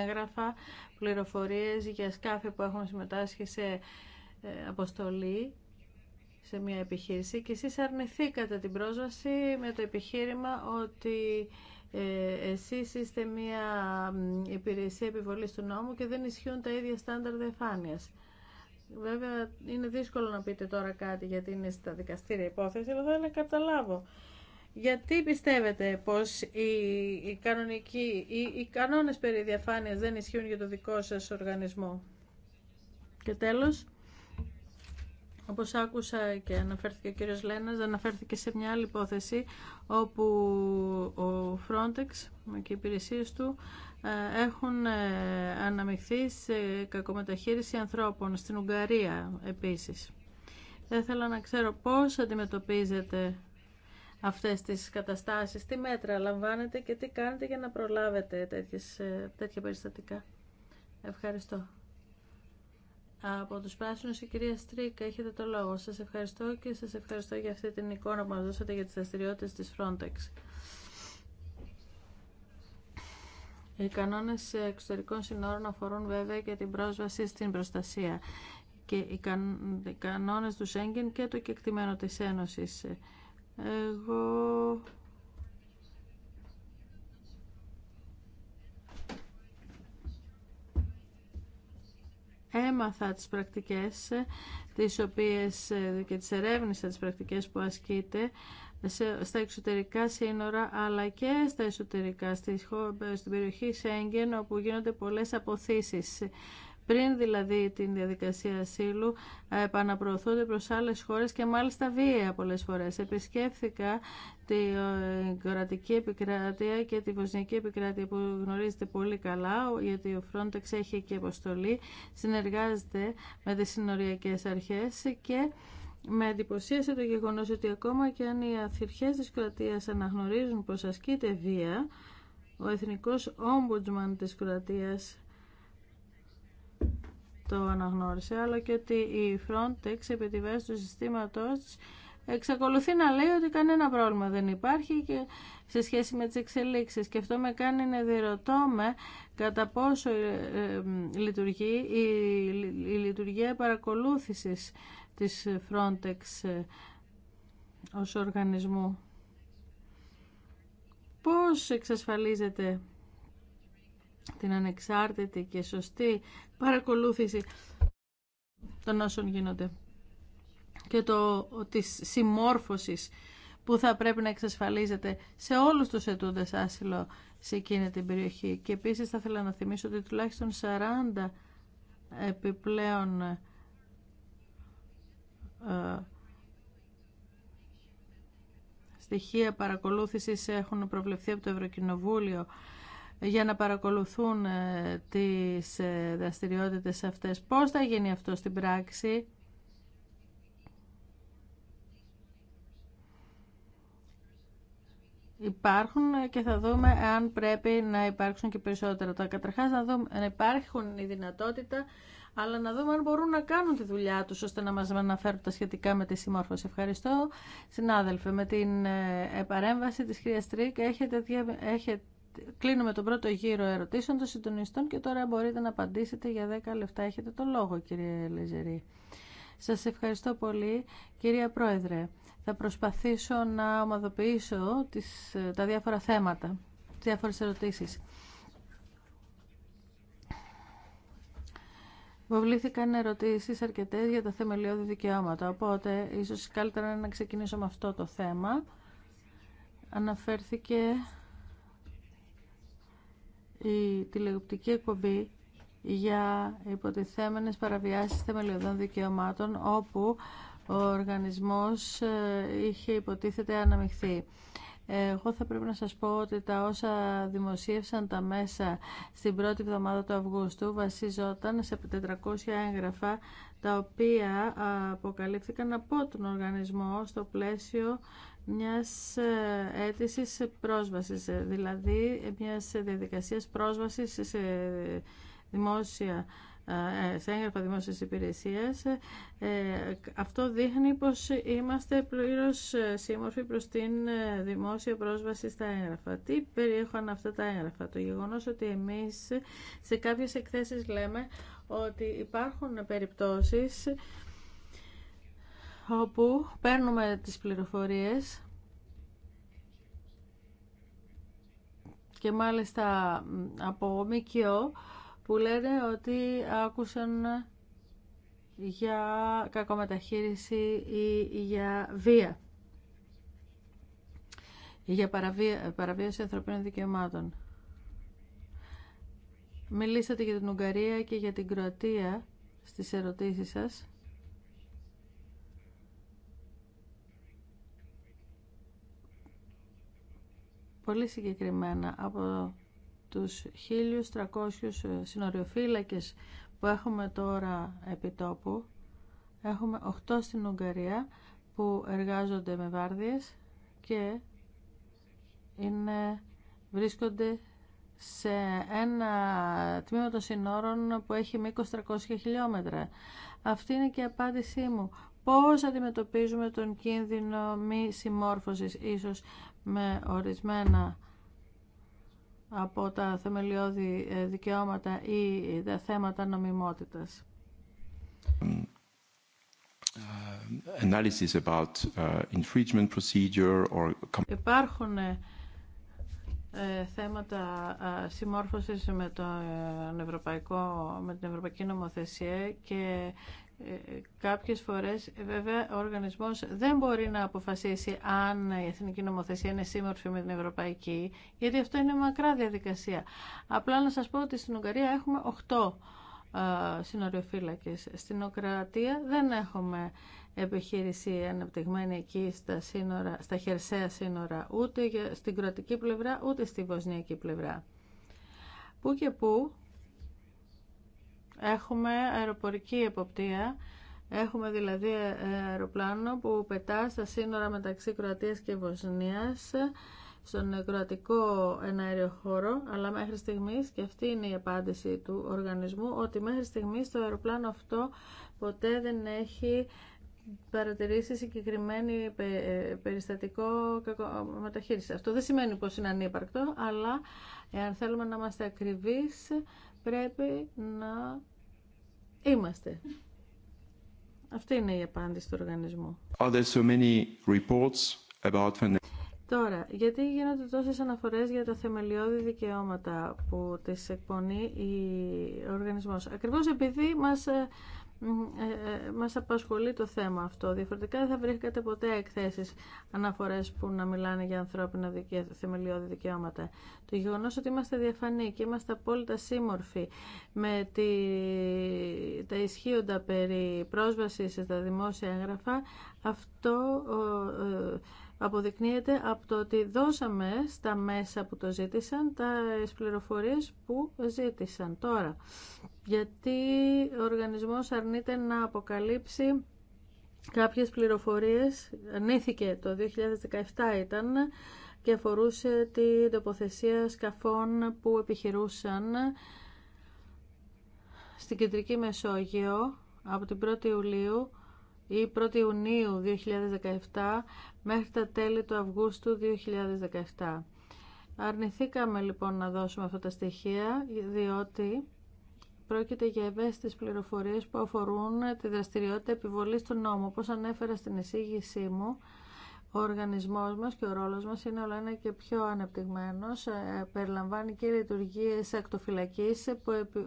έγγραφα, πληροφορίες για σκάφη που έχουν συμμετάσχει σε ε, αποστολή σε μια επιχείρηση και εσείς αρνηθήκατε την πρόσβαση με το επιχείρημα ότι ε, εσείς είστε μια υπηρεσία επιβολής του νόμου και δεν ισχύουν τα ίδια στάνταρ εφάνειας. Βέβαια είναι δύσκολο να πείτε τώρα κάτι γιατί είναι στα δικαστήρια υπόθεση, αλλά θα να καταλάβω. Γιατί πιστεύετε πως οι, οι κανονικοί, οι, κανόνες περί διαφάνειας δεν ισχύουν για το δικό σας οργανισμό. Και τέλος, όπως άκουσα και αναφέρθηκε ο κύριος Λένας, αναφέρθηκε σε μια άλλη υπόθεση όπου ο Frontex και οι υπηρεσίε του ε, έχουν ε, αναμειχθεί σε κακομεταχείριση ανθρώπων, στην Ουγγαρία επίσης. Θα ήθελα να ξέρω πώς αντιμετωπίζετε αυτές τις καταστάσεις, τι μέτρα λαμβάνετε και τι κάνετε για να προλάβετε τέτοιες, ε, τέτοια περιστατικά. Ευχαριστώ. Από τους πράσινους η κυρία Στρίκα έχετε το λόγο. Σας ευχαριστώ και σας ευχαριστώ για αυτή την εικόνα που μας δώσατε για τις δραστηριότητε της Frontex. Οι κανόνες εξωτερικών συνόρων αφορούν βέβαια και την πρόσβαση στην προστασία και οι κανόνες του Σέγγεν και το κεκτημένο της Ένωσης. Εγώ... Έμαθα τις πρακτικές τις οποίες, και τις ερεύνησα τις πρακτικές που ασκείται στα εξωτερικά σύνορα αλλά και στα εσωτερικά στην περιοχή Σέγγεν όπου γίνονται πολλές αποθήσεις πριν δηλαδή την διαδικασία ασύλου ε, επαναπροωθούνται προς άλλες χώρες και μάλιστα βία πολλές φορές. Επισκέφθηκα την ε, κρατική επικράτεια και τη βοσνιακή επικράτεια που γνωρίζετε πολύ καλά γιατί ο Frontex έχει και αποστολή, συνεργάζεται με τις συνοριακές αρχές και με εντυπωσίασε το γεγονός ότι ακόμα και αν οι αθυρχές της Κροατίας αναγνωρίζουν πως ασκείται βία, ο Εθνικός Ομπουτσμαν της Κροατίας το αναγνώρισε, αλλά και ότι η Frontex επί τη βάση του συστήματος εξακολουθεί να λέει ότι κανένα πρόβλημα δεν υπάρχει και σε σχέση με τις εξελίξεις. Και αυτό με κάνει να με κατά πόσο ε, ε, λειτουργεί η, η λειτουργία παρακολούθησης της Frontex ε, ως οργανισμού. Πώς εξασφαλίζεται την ανεξάρτητη και σωστή παρακολούθηση των όσων γίνονται και το, της συμμόρφωσης που θα πρέπει να εξασφαλίζεται σε όλους τους ετούντες άσυλο σε εκείνη την περιοχή. Και επίσης θα ήθελα να θυμίσω ότι τουλάχιστον 40 επιπλέον ε, στοιχεία παρακολούθησης έχουν προβλεφθεί από το Ευρωκοινοβούλιο για να παρακολουθούν ε, τις ε, δραστηριότητες αυτές. Πώς θα γίνει αυτό στην πράξη. Υπάρχουν και θα δούμε αν πρέπει να υπάρξουν και περισσότερα. τα καταρχάς να, δούμε, να υπάρχουν η δυνατότητα, αλλά να δούμε αν μπορούν να κάνουν τη δουλειά τους, ώστε να μας αναφέρουν τα σχετικά με τη συμμόρφωση. Ευχαριστώ, συνάδελφε, με την ε, παρέμβαση της κυρίας Τρίκ. Έχετε, έχετε Κλείνουμε τον πρώτο γύρο ερωτήσεων των συντονιστών και τώρα μπορείτε να απαντήσετε για 10 λεπτά. Έχετε το λόγο, κύριε Λεζερή. Σας ευχαριστώ πολύ, κυρία Πρόεδρε. Θα προσπαθήσω να ομαδοποιήσω τις, τα διάφορα θέματα, διάφορες ερωτήσεις. Βοβλήθηκαν ερωτήσεις αρκετές για τα θεμελιώδη δικαιώματα, οπότε ίσως καλύτερα να ξεκινήσω με αυτό το θέμα. Αναφέρθηκε η τηλεοπτική εκπομπή για υποτιθέμενες παραβιάσεις θεμελιωδών δικαιωμάτων όπου ο οργανισμός ε, είχε υποτίθεται αναμειχθεί. Εγώ θα πρέπει να σας πω ότι τα όσα δημοσίευσαν τα μέσα στην πρώτη εβδομάδα του Αυγούστου βασίζονταν σε 400 έγγραφα τα οποία αποκαλύφθηκαν από τον οργανισμό στο πλαίσιο μιας ε, αίτησης πρόσβασης, ε, δηλαδή μιας διαδικασίας πρόσβασης σε δημόσια σε έγγραφα δημόσιας υπηρεσίας. Ε, αυτό δείχνει πως είμαστε πλήρως σύμμορφοι προς την δημόσια πρόσβαση στα έγγραφα. Τι περιέχουν αυτά τα έγγραφα. Το γεγονός ότι εμείς σε κάποιες εκθέσεις λέμε ότι υπάρχουν περιπτώσεις όπου παίρνουμε τις πληροφορίες και μάλιστα από ΜΚΟ που λένε ότι άκουσαν για κακομεταχείριση ή για βία ή για παραβία, παραβίαση ανθρωπίνων δικαιωμάτων. Μιλήσατε για την Ουγγαρία και για την Κροατία στις ερωτήσεις σας. πολύ συγκεκριμένα από τους 1.300 συνοριοφύλακες που έχουμε τώρα επιτόπου Έχουμε 8 στην Ουγγαρία που εργάζονται με βάρδιες και είναι, βρίσκονται σε ένα τμήμα των συνόρων που έχει μήκος 300 χιλιόμετρα. Αυτή είναι και η απάντησή μου. Πώς αντιμετωπίζουμε τον κίνδυνο μη συμμόρφωσης ίσως με ορισμένα από τα θεμελιώδη ε, δικαιώματα ή ε, τα θέματα νομιμότητας. Υπάρχουν θέματα συμμόρφωσης με, το, ε, ευρωπαϊκό, με την Ευρωπαϊκή Νομοθεσία και κάποιες φορές ε, βέβαια ο οργανισμός δεν μπορεί να αποφασίσει αν η εθνική νομοθεσία είναι σύμμορφη με την ευρωπαϊκή, γιατί αυτό είναι μακρά διαδικασία. Απλά να σας πω ότι στην Ουγγαρία έχουμε 8 συνοριοφύλακες. Στην Οκρατία δεν έχουμε επιχείρηση αναπτυγμένη εκεί στα, σύνορα, στα χερσαία σύνορα, ούτε στην κρατική πλευρά, ούτε στη βοσνιακή πλευρά. Πού και πού Έχουμε αεροπορική εποπτεία. Έχουμε δηλαδή αεροπλάνο που πετά στα σύνορα μεταξύ Κροατίας και Βοσνίας στον κροατικό εναέριο χώρο, αλλά μέχρι στιγμής, και αυτή είναι η απάντηση του οργανισμού, ότι μέχρι στιγμής το αεροπλάνο αυτό ποτέ δεν έχει παρατηρήσει συγκεκριμένη ε, περιστατικό μεταχείριση. Αυτό δεν σημαίνει πως είναι ανύπαρκτο, αλλά εάν θέλουμε να είμαστε ακριβείς, πρέπει να είμαστε. Αυτή είναι η απάντηση του οργανισμού. Are so many reports about... Τώρα, γιατί γίνονται τόσες αναφορές για τα θεμελιώδη δικαιώματα που τις εκπονεί ο οργανισμός. Ακριβώς επειδή μας ε, ε, ε, μας απασχολεί το θέμα αυτό. Διαφορετικά δεν θα βρήκατε ποτέ εκθέσεις αναφορές που να μιλάνε για ανθρώπινα θεμελιώδη δικαιώματα. Το γεγονό ότι είμαστε διαφανεί και είμαστε απόλυτα σύμμορφοι με τη... τα ισχύοντα περί σε στα δημόσια έγγραφα, αυτό ε, αποδεικνύεται από το ότι δώσαμε στα μέσα που το ζήτησαν τα πληροφορίες που ζήτησαν τώρα. Γιατί ο οργανισμός αρνείται να αποκαλύψει κάποιες πληροφορίες, αρνήθηκε το 2017 ήταν, και αφορούσε την τοποθεσία σκαφών που επιχειρούσαν στην Κεντρική Μεσόγειο από την 1η Ιουλίου ή 1η Ιουνίου 2017 μέχρι τα τέλη του Αυγούστου 2017. Αρνηθήκαμε λοιπόν να δώσουμε αυτά τα στοιχεία διότι πρόκειται για ευαίσθητες πληροφορίες που αφορούν τη δραστηριότητα επιβολής του νόμου. Όπως ανέφερα στην εισήγησή μου, ο οργανισμός μας και ο ρόλος μας είναι όλο ένα και πιο αναπτυγμένος. Ε, περιλαμβάνει και λειτουργίες ακτοφυλακής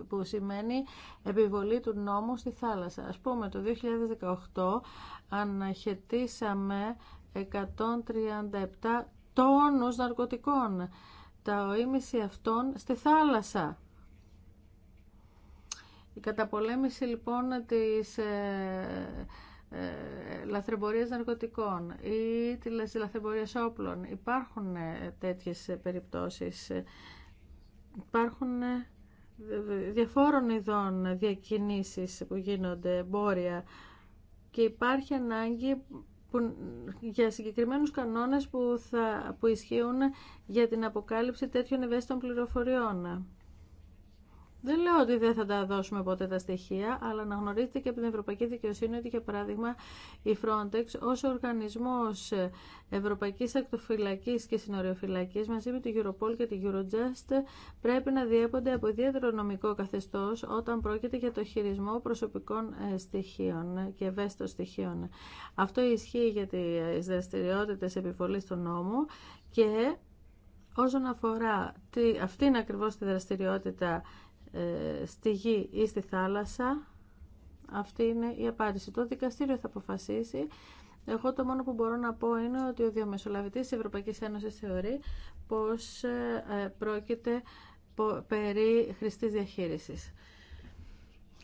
που σημαίνει επιβολή του νόμου στη θάλασσα. Ας πούμε το 2018 αναχαιτήσαμε 137 τόνους ναρκωτικών, τα οίμιση αυτών στη θάλασσα. Η καταπολέμηση λοιπόν της ε, ε, λαθρεμπορίας ναρκωτικών ή τις λαθρεμπορίας όπλων. Υπάρχουν ε, τέτοιες ε, περιπτώσεις. Υπάρχουν διαφόρων ειδών διακινήσεις που γίνονται, εμπόρια και υπάρχει ανάγκη που, για συγκεκριμένους κανόνες που, θα, που ισχύουν για την αποκάλυψη τέτοιων ευαίσθητων πληροφοριών. Δεν λέω ότι δεν θα τα δώσουμε ποτέ τα στοιχεία, αλλά να γνωρίζετε και από την Ευρωπαϊκή Δικαιοσύνη ότι, για παράδειγμα, η Frontex ω οργανισμό Ευρωπαϊκή Ακτοφυλακή και συνοριοφυλακή, μαζί με το Europol και την Eurojust πρέπει να διέπονται από ιδιαίτερο νομικό καθεστώ όταν πρόκειται για το χειρισμό προσωπικών ε, στοιχείων και ευαίσθητων στοιχείων. Αυτό ισχύει για τι δραστηριότητε επιβολή του νόμου και όσον αφορά αυτήν ακριβώ τη δραστηριότητα ε, στη γη ή στη θάλασσα. Αυτή είναι η απάντηση. Το δικαστήριο θα αποφασίσει. Εγώ το μόνο που μπορώ να πω είναι ότι ο διομεσολαβητής της Ευρωπαϊκής Ένωσης θεωρεί πως ε, πρόκειται περί χρηστής διαχείρισης.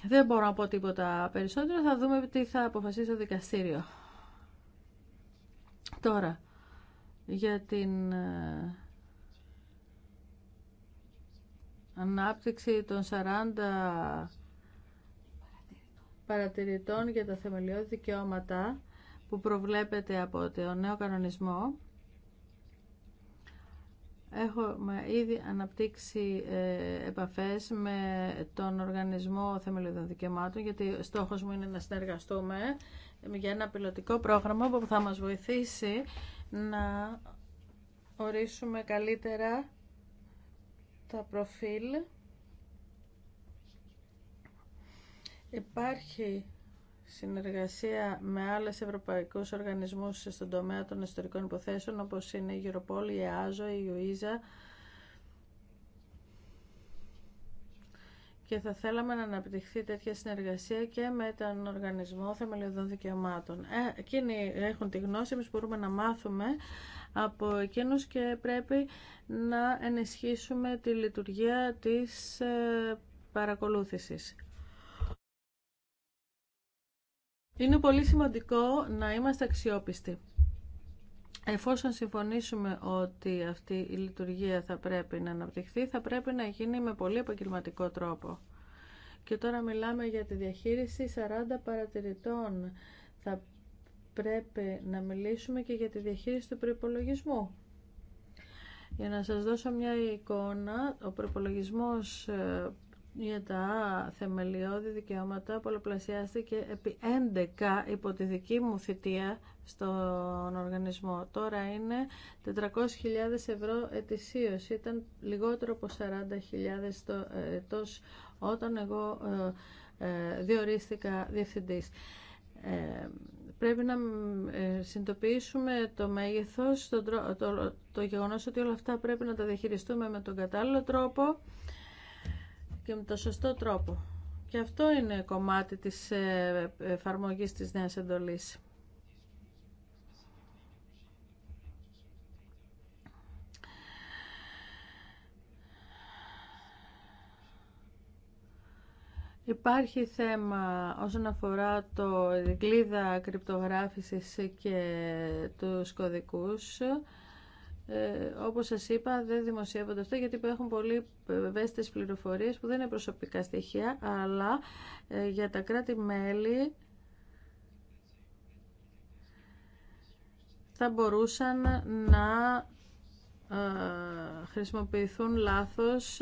Δεν μπορώ να πω τίποτα περισσότερο. Θα δούμε τι θα αποφασίσει το δικαστήριο. Τώρα, για την ε, ανάπτυξη των 40 παρατηρητών για τα θεμελιώδη δικαιώματα που προβλέπεται από το νέο κανονισμό. Έχουμε ήδη αναπτύξει ε, επαφές με τον Οργανισμό Θεμελιωδών Δικαιωμάτων, γιατί στόχος μου είναι να συνεργαστούμε για ένα πιλωτικό πρόγραμμα που θα μας βοηθήσει να ορίσουμε καλύτερα τα προφίλ υπάρχει συνεργασία με άλλες ευρωπαϊκούς οργανισμούς στον τομέα των ιστορικών υποθέσεων όπως είναι η Europol, η ΕΑΖΟ, η ΙΟΙΖΑ και θα θέλαμε να αναπτυχθεί τέτοια συνεργασία και με τον Οργανισμό Θεμελιωδών Δικαιωμάτων. Ε, εκείνοι έχουν τη γνώση, εμείς μπορούμε να μάθουμε από εκείνους και πρέπει να ενισχύσουμε τη λειτουργία της ε, παρακολούθησης. Είναι πολύ σημαντικό να είμαστε αξιόπιστοι. Εφόσον συμφωνήσουμε ότι αυτή η λειτουργία θα πρέπει να αναπτυχθεί, θα πρέπει να γίνει με πολύ επαγγελματικό τρόπο. Και τώρα μιλάμε για τη διαχείριση 40 παρατηρητών πρέπει να μιλήσουμε και για τη διαχείριση του προϋπολογισμού. Για να σας δώσω μια εικόνα, ο προϋπολογισμός ε, για τα θεμελιώδη δικαιώματα πολλαπλασιάστηκε επί 11 υπό τη δική μου θητεία στον οργανισμό. Τώρα είναι 400.000 ευρώ ετησίως. Ήταν λιγότερο από 40.000 το έτος όταν εγώ ε, ε, διορίστηκα διευθυντής πρέπει να ε, συνειδητοποιήσουμε το μέγεθος, το, το, το γεγονός ότι όλα αυτά πρέπει να τα διαχειριστούμε με τον κατάλληλο τρόπο και με τον σωστό τρόπο. Και αυτό είναι κομμάτι της ε, εφαρμογής της νέας εντολής. Υπάρχει θέμα όσον αφορά το κλίδα κρυπτογράφησης και του κωδικούς. Ε, όπως σας είπα, δεν δημοσιεύονται αυτά γιατί έχουν πολύ ευαίσθητες πληροφορίες που δεν είναι προσωπικά στοιχεία, αλλά ε, για τα κράτη-μέλη θα μπορούσαν να ε, χρησιμοποιηθούν λάθος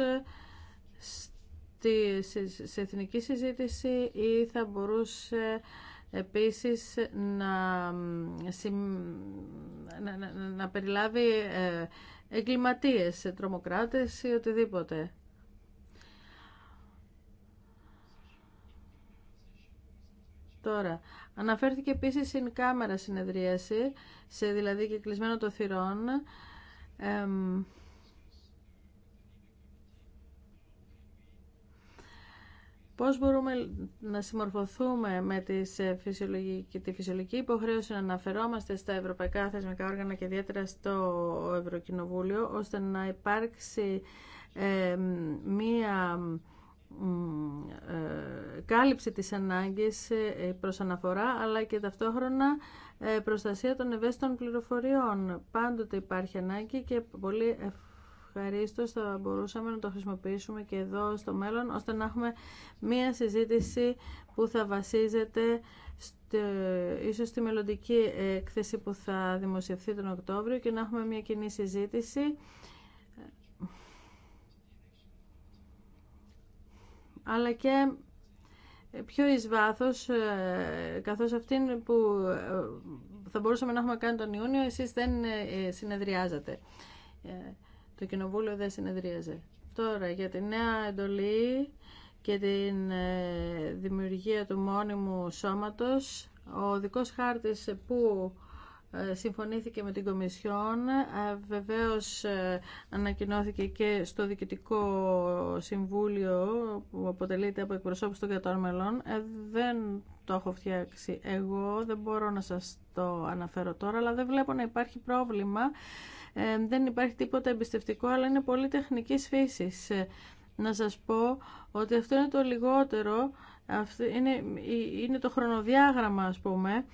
σε εθνική συζήτηση ή θα μπορούσε επίσης να, να, να, να περιλάβει ε, εγκληματίες, τρομοκράτες ή οτιδήποτε. Τώρα, αναφέρθηκε επίσης στην κάμερα συνεδρίαση, σε δηλαδή κλεισμένο το θυρών, Πώς μπορούμε να συμμορφωθούμε με τις ε, φυσιολογική, τη φυσιολογική υποχρέωση να αναφερόμαστε στα ευρωπαϊκά θεσμικά όργανα και ιδιαίτερα στο Ευρωκοινοβούλιο, ώστε να υπάρξει μία ε, κάλυψη της ανάγκης ε, προς αναφορά, αλλά και ταυτόχρονα προστασία των ευαίσθητων πληροφοριών. Πάντοτε υπάρχει ανάγκη και πολύ Ευχαριστώ. θα μπορούσαμε να το χρησιμοποιήσουμε και εδώ στο μέλλον ώστε να έχουμε μία συζήτηση που θα βασίζεται στο, ίσως στη μελλοντική έκθεση που θα δημοσιευθεί τον Οκτώβριο και να έχουμε μία κοινή συζήτηση αλλά και πιο εις βάθος, ε, καθώς αυτήν που ε, θα μπορούσαμε να έχουμε κάνει τον Ιούνιο, εσείς δεν ε, συνεδριάζατε. Το κοινοβούλιο δεν συνεδρίαζε. Τώρα για τη νέα εντολή και την ε, δημιουργία του μόνιμου σώματος, ο δικός χάρτης που ε, συμφωνήθηκε με την Κομισιόν. Ε, βεβαίως ανακοινώθηκε και στο Διοικητικό Συμβούλιο που αποτελείται από εκπροσώπους των καταρμέλων. Δεν το έχω φτιάξει εγώ, δεν μπορώ να σας το αναφέρω τώρα, αλλά δεν βλέπω να υπάρχει πρόβλημα ε, δεν υπάρχει τίποτα εμπιστευτικό, αλλά είναι πολύ τεχνικής φύσης. Ε, να σας πω ότι αυτό είναι το λιγότερο, αυτό είναι, το χρονοδιάγραμμα ας πούμε,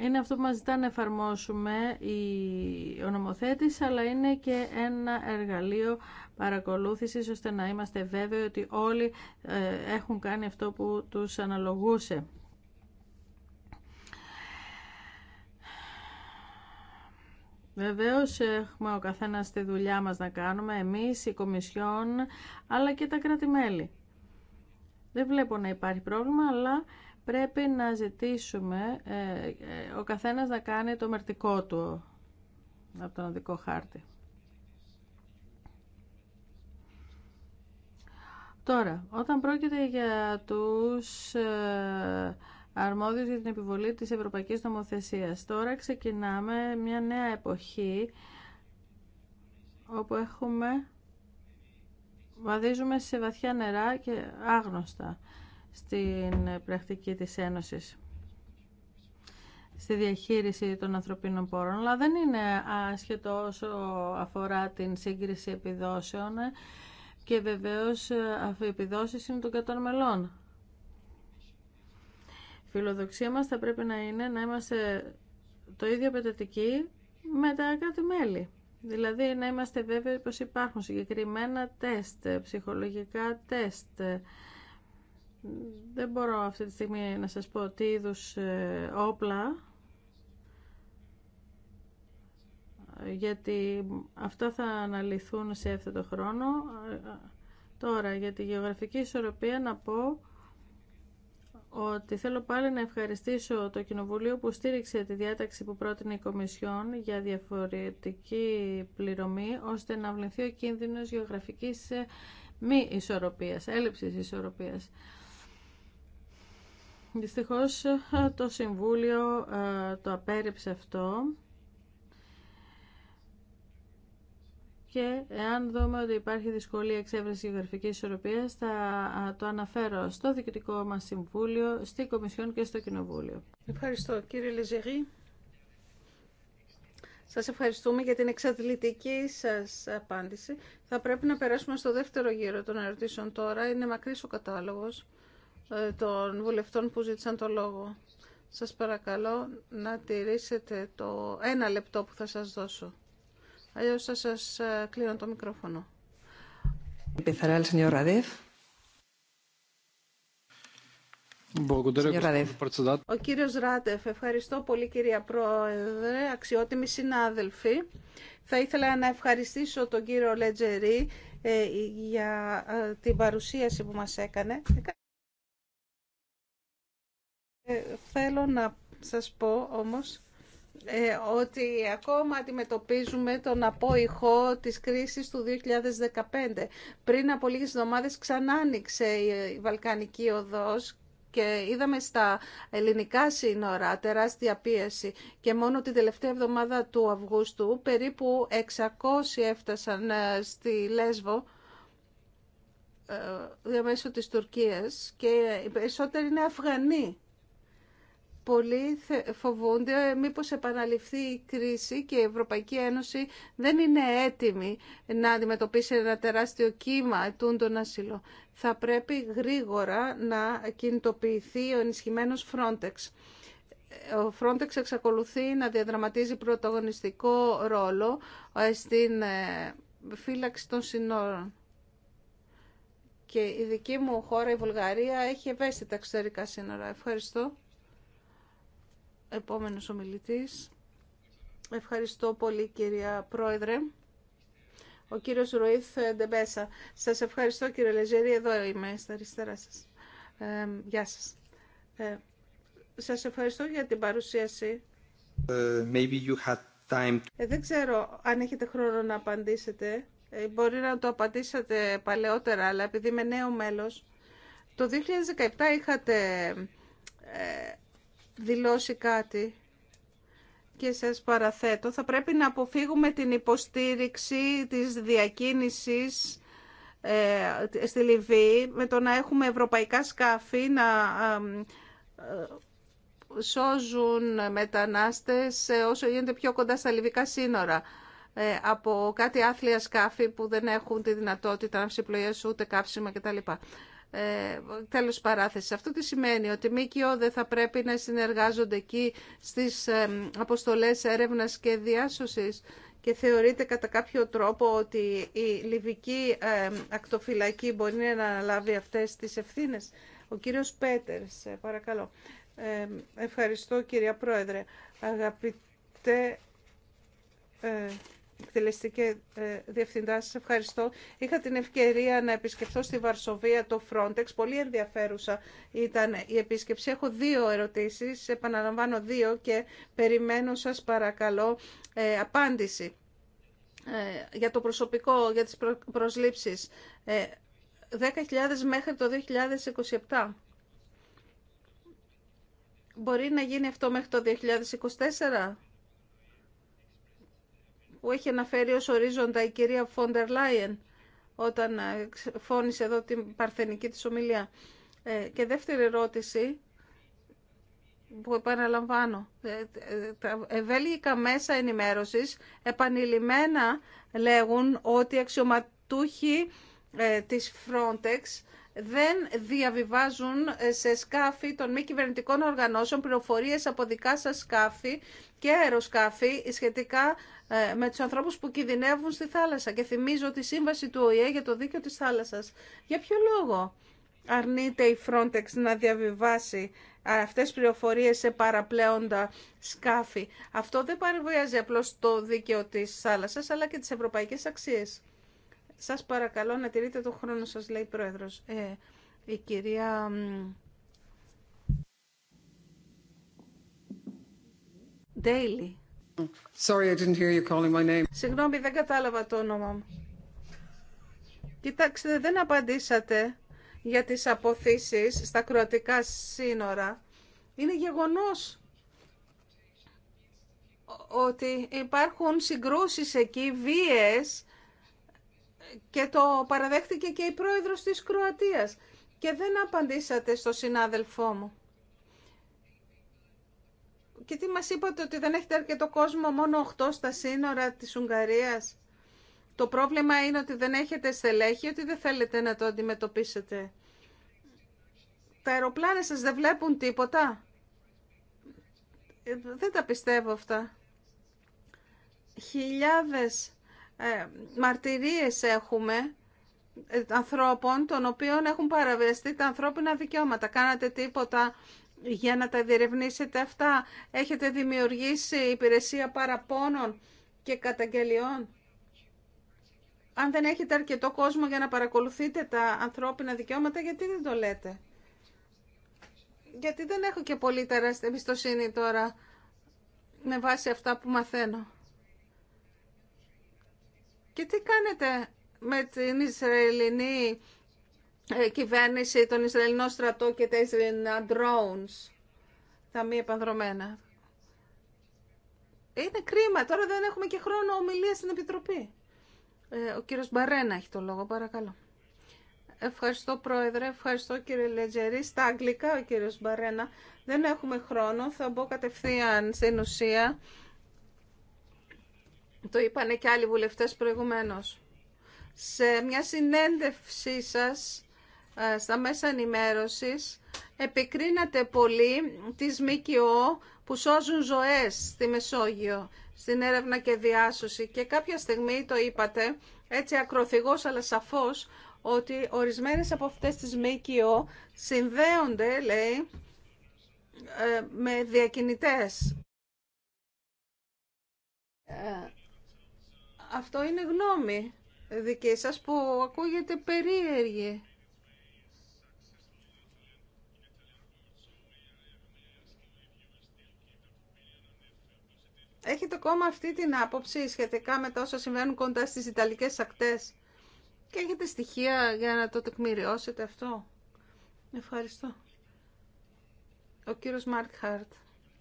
είναι αυτό που μας ζητά να εφαρμόσουμε η, ο αλλά είναι και ένα εργαλείο παρακολούθησης ώστε να είμαστε βέβαιοι ότι όλοι ε, έχουν κάνει αυτό που τους αναλογούσε. Βεβαίως έχουμε ο καθένας τη δουλειά μας να κάνουμε, εμείς, η Κομισιόν, αλλά και τα κράτη-μέλη. Δεν βλέπω να υπάρχει πρόβλημα, αλλά πρέπει να ζητήσουμε ε, ε, ο καθένας να κάνει το μερτικό του από τον οδικό χάρτη. Τώρα, όταν πρόκειται για τους ε, αρμόδιος για την επιβολή της Ευρωπαϊκής Νομοθεσίας. Τώρα ξεκινάμε μια νέα εποχή όπου έχουμε βαδίζουμε σε βαθιά νερά και άγνωστα στην πρακτική της Ένωσης στη διαχείριση των ανθρωπίνων πόρων, αλλά δεν είναι άσχετο όσο αφορά την σύγκριση επιδόσεων και βεβαίως οι ε, επιδόσεις είναι των κατών μελών φιλοδοξία μας θα πρέπει να είναι να είμαστε το ίδιο πετατικοί με τα κράτη-μέλη. Δηλαδή να είμαστε βέβαιοι πως υπάρχουν συγκεκριμένα τεστ, ψυχολογικά τεστ. Δεν μπορώ αυτή τη στιγμή να σας πω τι είδους ε, όπλα, γιατί αυτά θα αναλυθούν σε αυτό το χρόνο. Ε, ε, τώρα, για τη γεωγραφική ισορροπία να πω ότι θέλω πάλι να ευχαριστήσω το Κοινοβουλίο που στήριξε τη διάταξη που πρότεινε η Κομισιόν για διαφορετική πληρωμή, ώστε να βληθεί ο κίνδυνος γεωγραφικής ε, μη ισορροπίας, έλλειψης ισορροπίας. Δυστυχώς ε, το Συμβούλιο ε, το απέρριψε αυτό και εάν δούμε ότι υπάρχει δυσκολία εξέβρεση γεωγραφική ισορροπία, θα το αναφέρω στο Διοικητικό μας Συμβούλιο, στη Κομισιόν και στο Κοινοβούλιο. Ευχαριστώ κύριε Λεζερή. Σας ευχαριστούμε για την εξαντλητική σας απάντηση. Θα πρέπει να περάσουμε στο δεύτερο γύρο των ερωτήσεων τώρα. Είναι μακρύς ο κατάλογος ε, των βουλευτών που ζήτησαν το λόγο. Σας παρακαλώ να τηρήσετε το ένα λεπτό που θα σας δώσω. Αλλιώ θα σα ε, κλείνω το μικρόφωνο. Ο κύριος Ράτεφ, ευχαριστώ πολύ κυρία Πρόεδρε, αξιότιμοι συνάδελφοι. Θα ήθελα να ευχαριστήσω τον κύριο Λετζερή ε, για ε, την παρουσίαση που μας έκανε. Θέλω να σας πω όμως ε, ότι ακόμα αντιμετωπίζουμε τον απόϊχό της κρίσης του 2015. Πριν από λίγες εβδομάδες ξανά άνοιξε η Βαλκανική Οδός και είδαμε στα ελληνικά σύνορα τεράστια πίεση και μόνο την τελευταία εβδομάδα του Αυγούστου περίπου 600 έφτασαν ε, στη Λέσβο ε, διαμέσου της Τουρκίας και οι περισσότεροι είναι Αφγανοί πολλοί φοβούνται μήπως επαναληφθεί η κρίση και η Ευρωπαϊκή Ένωση δεν είναι έτοιμη να αντιμετωπίσει ένα τεράστιο κύμα τον ασύλων. Θα πρέπει γρήγορα να κινητοποιηθεί ο ενισχυμένος Frontex. Ο Frontex εξακολουθεί να διαδραματίζει πρωταγωνιστικό ρόλο ε, στην ε, φύλαξη των συνόρων. Και η δική μου χώρα, η Βουλγαρία, έχει ευαίσθητα εξωτερικά σύνορα. Ευχαριστώ. Επόμενος ομιλητής. Ευχαριστώ πολύ κυρία Πρόεδρε. Ο κύριος Ρουίθ Ντεμπέσα. Σας ευχαριστώ κύριε Λεζέρη. Εδώ είμαι στα αριστερά σας. Ε, γεια σας. Ε, σας ευχαριστώ για την παρουσίαση. Ε, time. Ε, δεν ξέρω αν έχετε χρόνο να απαντήσετε. Μπορεί να το απαντήσατε παλαιότερα, αλλά επειδή είμαι νέο μέλος, το 2017 είχατε δηλώσει κάτι και σας παραθέτω, θα πρέπει να αποφύγουμε την υποστήριξη της διακίνησης ε, στη Λιβύη με το να έχουμε ευρωπαϊκά σκάφη να ε, σώζουν μετανάστες όσο γίνεται πιο κοντά στα λιβικά σύνορα ε, από κάτι άθλια σκάφη που δεν έχουν τη δυνατότητα να ψηπλογιάσουν ούτε καύσιμα κτλ ε, τέλος παράθεση. Αυτό τι σημαίνει, ότι ΜΚΟ δεν θα πρέπει να συνεργάζονται εκεί στις αποστολές έρευνας και διάσωσης και θεωρείται κατά κάποιο τρόπο ότι η Λιβική ακτοφυλακή μπορεί να αναλάβει αυτές τις ευθύνες. Ο κύριος Πέτερς, ε, παρακαλώ. ευχαριστώ κυρία Πρόεδρε. Αγαπητέ... Ε, εκτελεστική ε, διευθυντά, σα ευχαριστώ. Είχα την ευκαιρία να επισκεφθώ στη Βαρσοβία το Frontex. Πολύ ενδιαφέρουσα ήταν η επίσκεψη. Έχω δύο ερωτήσεις, επαναλαμβάνω δύο και περιμένω σας παρακαλώ ε, απάντηση ε, για το προσωπικό, για τις προ, προσλήψεις. Ε, 10.000 μέχρι το 2027. Μπορεί να γίνει αυτό μέχρι το 2024 που έχει αναφέρει ως ορίζοντα η κυρία Φόντερ Λάιεν όταν ε, φώνησε εδώ την παρθενική της ομιλία. Ε, και δεύτερη ερώτηση που επαναλαμβάνω. Ε, τα ευέλικα μέσα ενημέρωσης επανειλημμένα λέγουν ότι οι αξιωματούχοι της Frontex δεν διαβιβάζουν ε, σε σκάφη των μη κυβερνητικών οργανώσεων πληροφορίες από δικά σας σκάφη και αεροσκάφη σχετικά ε, με τους ανθρώπους που κινδυνεύουν στη θάλασσα. Και θυμίζω τη σύμβαση του ΟΗΕ για το δίκαιο της θάλασσας. Για ποιο λόγο αρνείται η Frontex να διαβιβάσει ε, αυτές τις πληροφορίες σε παραπλέοντα σκάφη. Αυτό δεν παρεμβιάζει απλώς το δίκαιο της θάλασσας, αλλά και τις ευρωπαϊκές αξίες. Σας παρακαλώ να τηρείτε το χρόνο σας, λέει η Πρόεδρος. Ε, η κυρία... Daily. Sorry, I didn't hear you calling my name. Συγγνώμη, δεν κατάλαβα το όνομα μου. Κοιτάξτε, δεν απαντήσατε για τις αποθήσεις στα κροατικά σύνορα. Είναι γεγονός ότι υπάρχουν συγκρούσεις εκεί, βίες και το παραδέχτηκε και η πρόεδρος της Κροατίας. Και δεν απαντήσατε στο συνάδελφό μου. Και τι μας είπατε ότι δεν έχετε αρκετό κόσμο, μόνο 8 στα σύνορα της Ουγγαρίας. Το πρόβλημα είναι ότι δεν έχετε στελέχη, ότι δεν θέλετε να το αντιμετωπίσετε. Τα αεροπλάνα σας δεν βλέπουν τίποτα. Ε, δεν τα πιστεύω αυτά. Χιλιάδες ε, μαρτυρίες έχουμε ε, ανθρώπων των οποίων έχουν παραβεστεί τα ανθρώπινα δικαιώματα. Κάνατε τίποτα για να τα διερευνήσετε αυτά. Έχετε δημιουργήσει υπηρεσία παραπώνων και καταγγελιών. Αν δεν έχετε αρκετό κόσμο για να παρακολουθείτε τα ανθρώπινα δικαιώματα, γιατί δεν το λέτε. Γιατί δεν έχω και πολύ τεράστια εμπιστοσύνη τώρα με βάση αυτά που μαθαίνω. Και τι κάνετε με την Ισραηλινή ε, κυβέρνηση, τον Ισραηλινό στρατό και τα Ισραηλινά drones, τα μη επανδρομένα. Είναι κρίμα, τώρα δεν έχουμε και χρόνο ομιλία στην Επιτροπή. Ε, ο κύριος Μπαρένα έχει το λόγο, παρακαλώ. Ευχαριστώ Πρόεδρε, ευχαριστώ κύριε Λετζερή. Στα αγγλικά ο κύριος Μπαρένα. Δεν έχουμε χρόνο, θα μπω κατευθείαν στην ουσία. Το είπανε και άλλοι βουλευτές προηγουμένως. Σε μια συνέντευξή σας ε, στα μέσα ενημέρωσης επικρίνατε πολύ τις ΜΚΟ που σώζουν ζωές στη Μεσόγειο, στην έρευνα και διάσωση και κάποια στιγμή το είπατε έτσι ακροθυγός αλλά σαφώς ότι ορισμένες από αυτές τις ΜΚΟ συνδέονται, λέει, ε, με διακινητές. Ε, αυτό είναι γνώμη δική σας που ακούγεται περίεργη. Έχετε ακόμα αυτή την άποψη σχετικά με τα όσα συμβαίνουν κοντά στις Ιταλικές ακτές και έχετε στοιχεία για να το τεκμηριώσετε αυτό. Ευχαριστώ. Ο κύριος Μάρτχαρτ.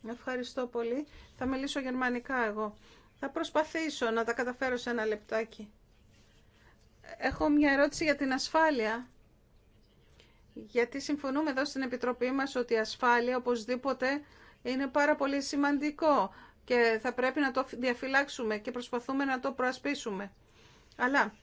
Ευχαριστώ πολύ. Θα μιλήσω γερμανικά εγώ. Θα προσπαθήσω να τα καταφέρω σε ένα λεπτάκι. Έχω μια ερώτηση για την ασφάλεια. Γιατί συμφωνούμε εδώ στην Επιτροπή μας ότι η ασφάλεια οπωσδήποτε είναι πάρα πολύ σημαντικό και θα πρέπει να το διαφυλάξουμε και προσπαθούμε να το προασπίσουμε. Αλλά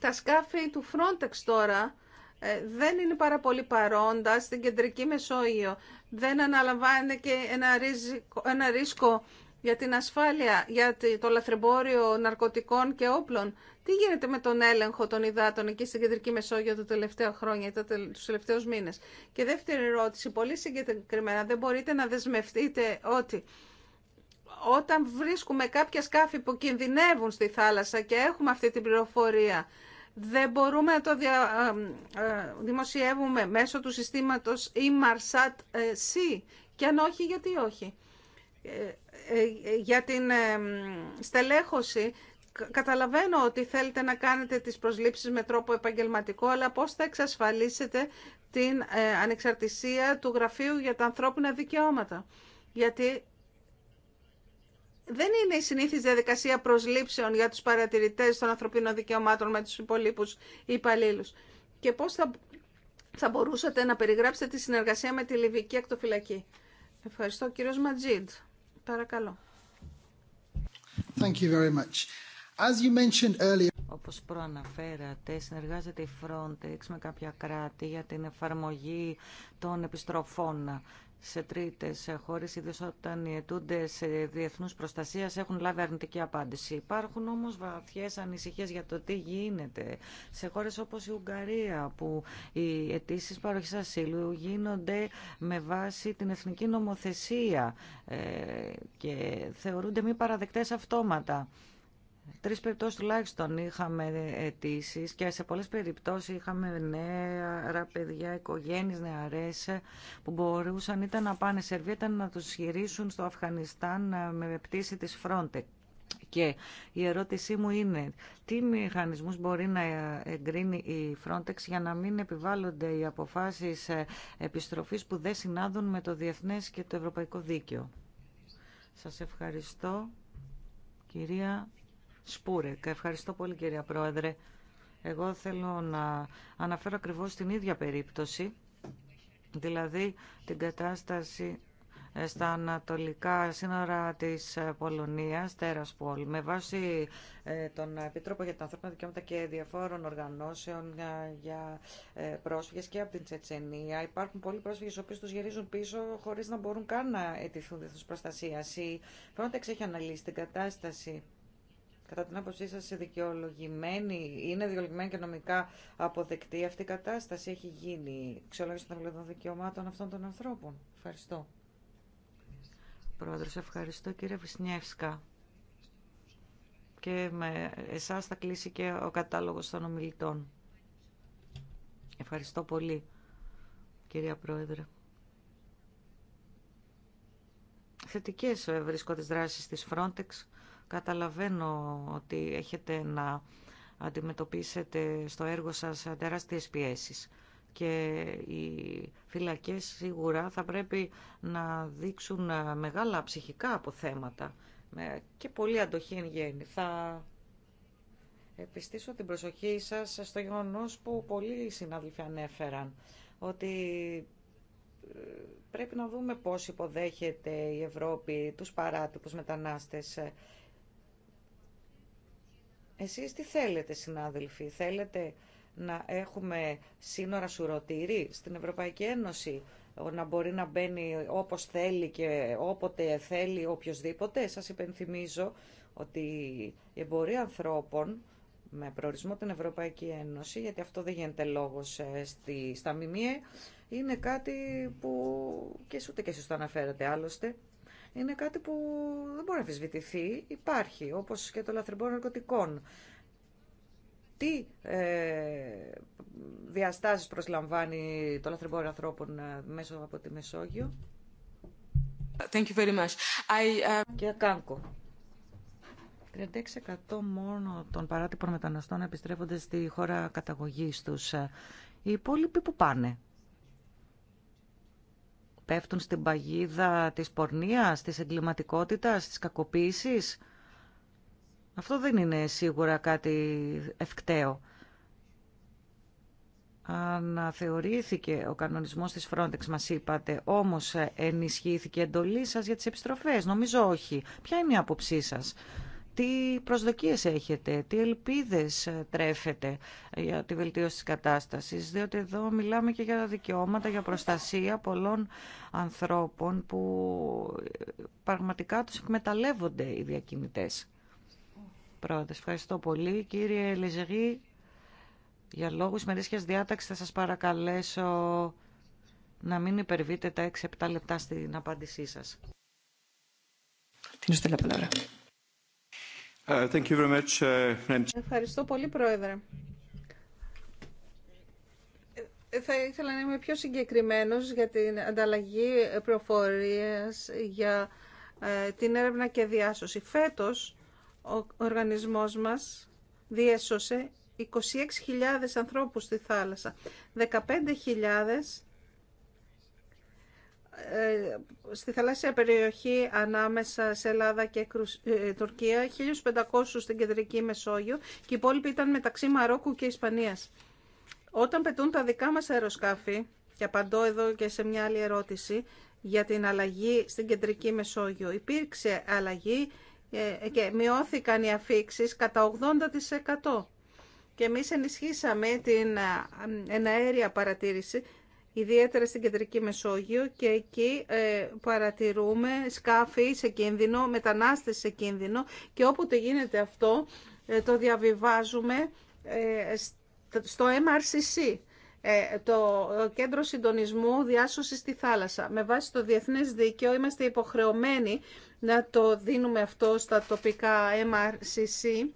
τα σκάφη του Frontex τώρα ε, δεν είναι πάρα πολύ παρόντα στην κεντρική Μεσόγειο. Δεν αναλαμβάνεται και ένα ρίσκο, ένα ρίσκο για την ασφάλεια, για το λαθρεμπόριο ναρκωτικών και όπλων. Τι γίνεται με τον έλεγχο των υδάτων εκεί στην Κεντρική Μεσόγειο τα τελευταία χρόνια, του τελευταίου μήνε. Και δεύτερη ερώτηση, πολύ συγκεκριμένα, δεν μπορείτε να δεσμευτείτε ότι όταν βρίσκουμε κάποια σκάφη που κινδυνεύουν στη θάλασσα και έχουμε αυτή την πληροφορία, δεν μπορούμε να το δημοσιεύουμε μέσω του συστηματος marsat EMARSAT-C. Και αν όχι, γιατί όχι. Ε, ε, για την ε, στελέχωση καταλαβαίνω ότι θέλετε να κάνετε τις προσλήψεις με τρόπο επαγγελματικό, αλλά πώς θα εξασφαλίσετε την ανεξαρτησία του Γραφείου για τα ανθρώπινα δικαιώματα. Γιατί δεν είναι η συνήθις διαδικασία προσλήψεων για τους παρατηρητές των ανθρωπίνων δικαιωμάτων με τους υπολείπους υπαλλήλους. Και πώς θα, θα μπορούσατε να περιγράψετε τη συνεργασία με τη Λιβική Ακτοφυλακή. Ευχαριστώ κύριος Ματζίντ. Παρακαλώ. Thank you very much. As you mentioned earlier... Όπως προαναφέρατε, συνεργάζεται η Frontex με κάποια κράτη για την εφαρμογή των επιστροφών σε τρίτες χώρες, ιδίως όταν οι σε διεθνούς προστασίας έχουν λάβει αρνητική απάντηση. Υπάρχουν όμως βαθιές ανησυχίες για το τι γίνεται σε χώρες όπως η Ουγγαρία, που οι αιτήσει παροχής ασύλου γίνονται με βάση την εθνική νομοθεσία ε, και θεωρούνται μη παραδεκτές αυτόματα. Τρεις περιπτώσεις τουλάχιστον είχαμε αιτήσει και σε πολλές περιπτώσεις είχαμε νέα παιδιά, οικογένειες, νεαρές που μπορούσαν είτε να πάνε Σερβία είτε να τους χειρίσουν στο Αφγανιστάν ε, με πτήση της Frontex. Και η ερώτησή μου είναι τι μηχανισμούς μπορεί να εγκρίνει η Frontex για να μην επιβάλλονται οι αποφάσεις ε, επιστροφής που δεν συνάδουν με το διεθνές και το ευρωπαϊκό δίκαιο. Σας ευχαριστώ κυρία Σπούρεκ. Ευχαριστώ πολύ κυρία Πρόεδρε. Εγώ θέλω να αναφέρω ακριβώς την ίδια περίπτωση, δηλαδή την κατάσταση στα ανατολικά σύνορα της ε, Πολωνίας, Τέρας Πολ, με βάση ε, τον Επίτροπο για τα Ανθρώπινα Δικαιώματα και διαφόρων οργανώσεων ε, για πρόσφυγες και από την Τσετσενία. Υπάρχουν πολλοί πρόσφυγες οι οποίοι τους γυρίζουν πίσω χωρίς να μπορούν καν να αιτηθούν διεθνούς προστασίας. Η Frontex έχει αναλύσει την κατάσταση κατά την άποψή σας δικαιολογημένη, είναι δικαιολογημένη και νομικά αποδεκτή αυτή η κατάσταση, έχει γίνει εξολόγηση των δικαιωμάτων αυτών των ανθρώπων. Ευχαριστώ. Πρόεδρος, ευχαριστώ κύριε Βυσνιεύσκα. Και με εσάς θα κλείσει και ο κατάλογος των ομιλητών. Ευχαριστώ πολύ, κυρία Πρόεδρε. Θετικές ε, βρίσκονται δράσεις της Frontex Καταλαβαίνω ότι έχετε να αντιμετωπίσετε στο έργο σας τεράστιες πιέσεις και οι φυλακές σίγουρα θα πρέπει να δείξουν μεγάλα ψυχικά αποθέματα και πολλή αντοχή εν γέννη. Θα επιστήσω την προσοχή σας στο γεγονός που πολλοί συνάδελφοι ανέφεραν ότι ε, πρέπει να δούμε πώς υποδέχεται η Ευρώπη τους παράτυπους μετανάστες εσείς τι θέλετε συνάδελφοι, θέλετε να έχουμε σύνορα σουρωτήρι στην Ευρωπαϊκή Ένωση, να μπορεί να μπαίνει όπως θέλει και όποτε θέλει οποιοδήποτε. Σας υπενθυμίζω ότι η εμπορία ανθρώπων με προορισμό την Ευρωπαϊκή Ένωση, γιατί αυτό δεν γίνεται λόγος ε, στη, στα ΜΜΕ, είναι κάτι που και ούτε και εσείς το αναφέρετε άλλωστε είναι κάτι που δεν μπορεί να αμφισβητηθεί. Υπάρχει, όπως και το λαθρεμπόριο ναρκωτικών. Τι ε, διαστάσεις προσλαμβάνει το λαθρεμπόριο ανθρώπων ε, μέσω από τη Μεσόγειο. Thank you very much. I, ε, Και Κάνκο. 36% μόνο των παράτυπων μεταναστών επιστρέφονται στη χώρα καταγωγής τους. Ε, οι υπόλοιποι που πάνε πέφτουν στην παγίδα της πορνείας, της εγκληματικότητας, της κακοποίησης. Αυτό δεν είναι σίγουρα κάτι ευκταίο. Αναθεωρήθηκε ο κανονισμός της Frontex, μας είπατε, όμως ενισχύθηκε η εντολή σας για τις επιστροφές. Νομίζω όχι. Ποια είναι η άποψή σας τι προσδοκίες έχετε, τι ελπίδες ε, τρέφετε ε, για τη βελτίωση της κατάστασης, διότι εδώ μιλάμε και για τα δικαιώματα, για προστασία πολλών ανθρώπων που ε, πραγματικά τους εκμεταλλεύονται οι διακινητές. Πρώτα, ευχαριστώ πολύ. Κύριε Λεζερή, για λόγους μερίσχιας διάταξης θα σας παρακαλέσω να μην υπερβείτε τα 6-7 λεπτά στην απάντησή σας. Uh, uh, Ευχαριστώ πολύ, Πρόεδρε. Ε, θα ήθελα να είμαι πιο συγκεκριμένος για την ανταλλαγή προφορίας για ε, την έρευνα και διάσωση. Φέτος, ο οργανισμός μας διέσωσε 26.000 ανθρώπους στη θάλασσα. 15.000 ε, στη θαλάσσια περιοχή ανάμεσα σε Ελλάδα και ε, Τουρκία, 1.500 στην κεντρική Μεσόγειο και οι υπόλοιποι ήταν μεταξύ Μαρόκου και Ισπανίας. Όταν πετούν τα δικά μας αεροσκάφη, και απαντώ εδώ και σε μια άλλη ερώτηση, για την αλλαγή στην κεντρική Μεσόγειο. Υπήρξε αλλαγή ε, και μειώθηκαν οι αφήξεις κατά 80%. Και εμείς ενισχύσαμε την εναέρια παρατήρηση ιδιαίτερα στην Κεντρική Μεσόγειο και εκεί ε, παρατηρούμε σκάφη σε κίνδυνο, μετανάστες σε κίνδυνο και όποτε γίνεται αυτό ε, το διαβιβάζουμε ε, στο MRCC, το Κέντρο Συντονισμού Διάσωσης στη Θάλασσα. Με βάση το διεθνές δίκαιο είμαστε υποχρεωμένοι να το δίνουμε αυτό στα τοπικά MRCC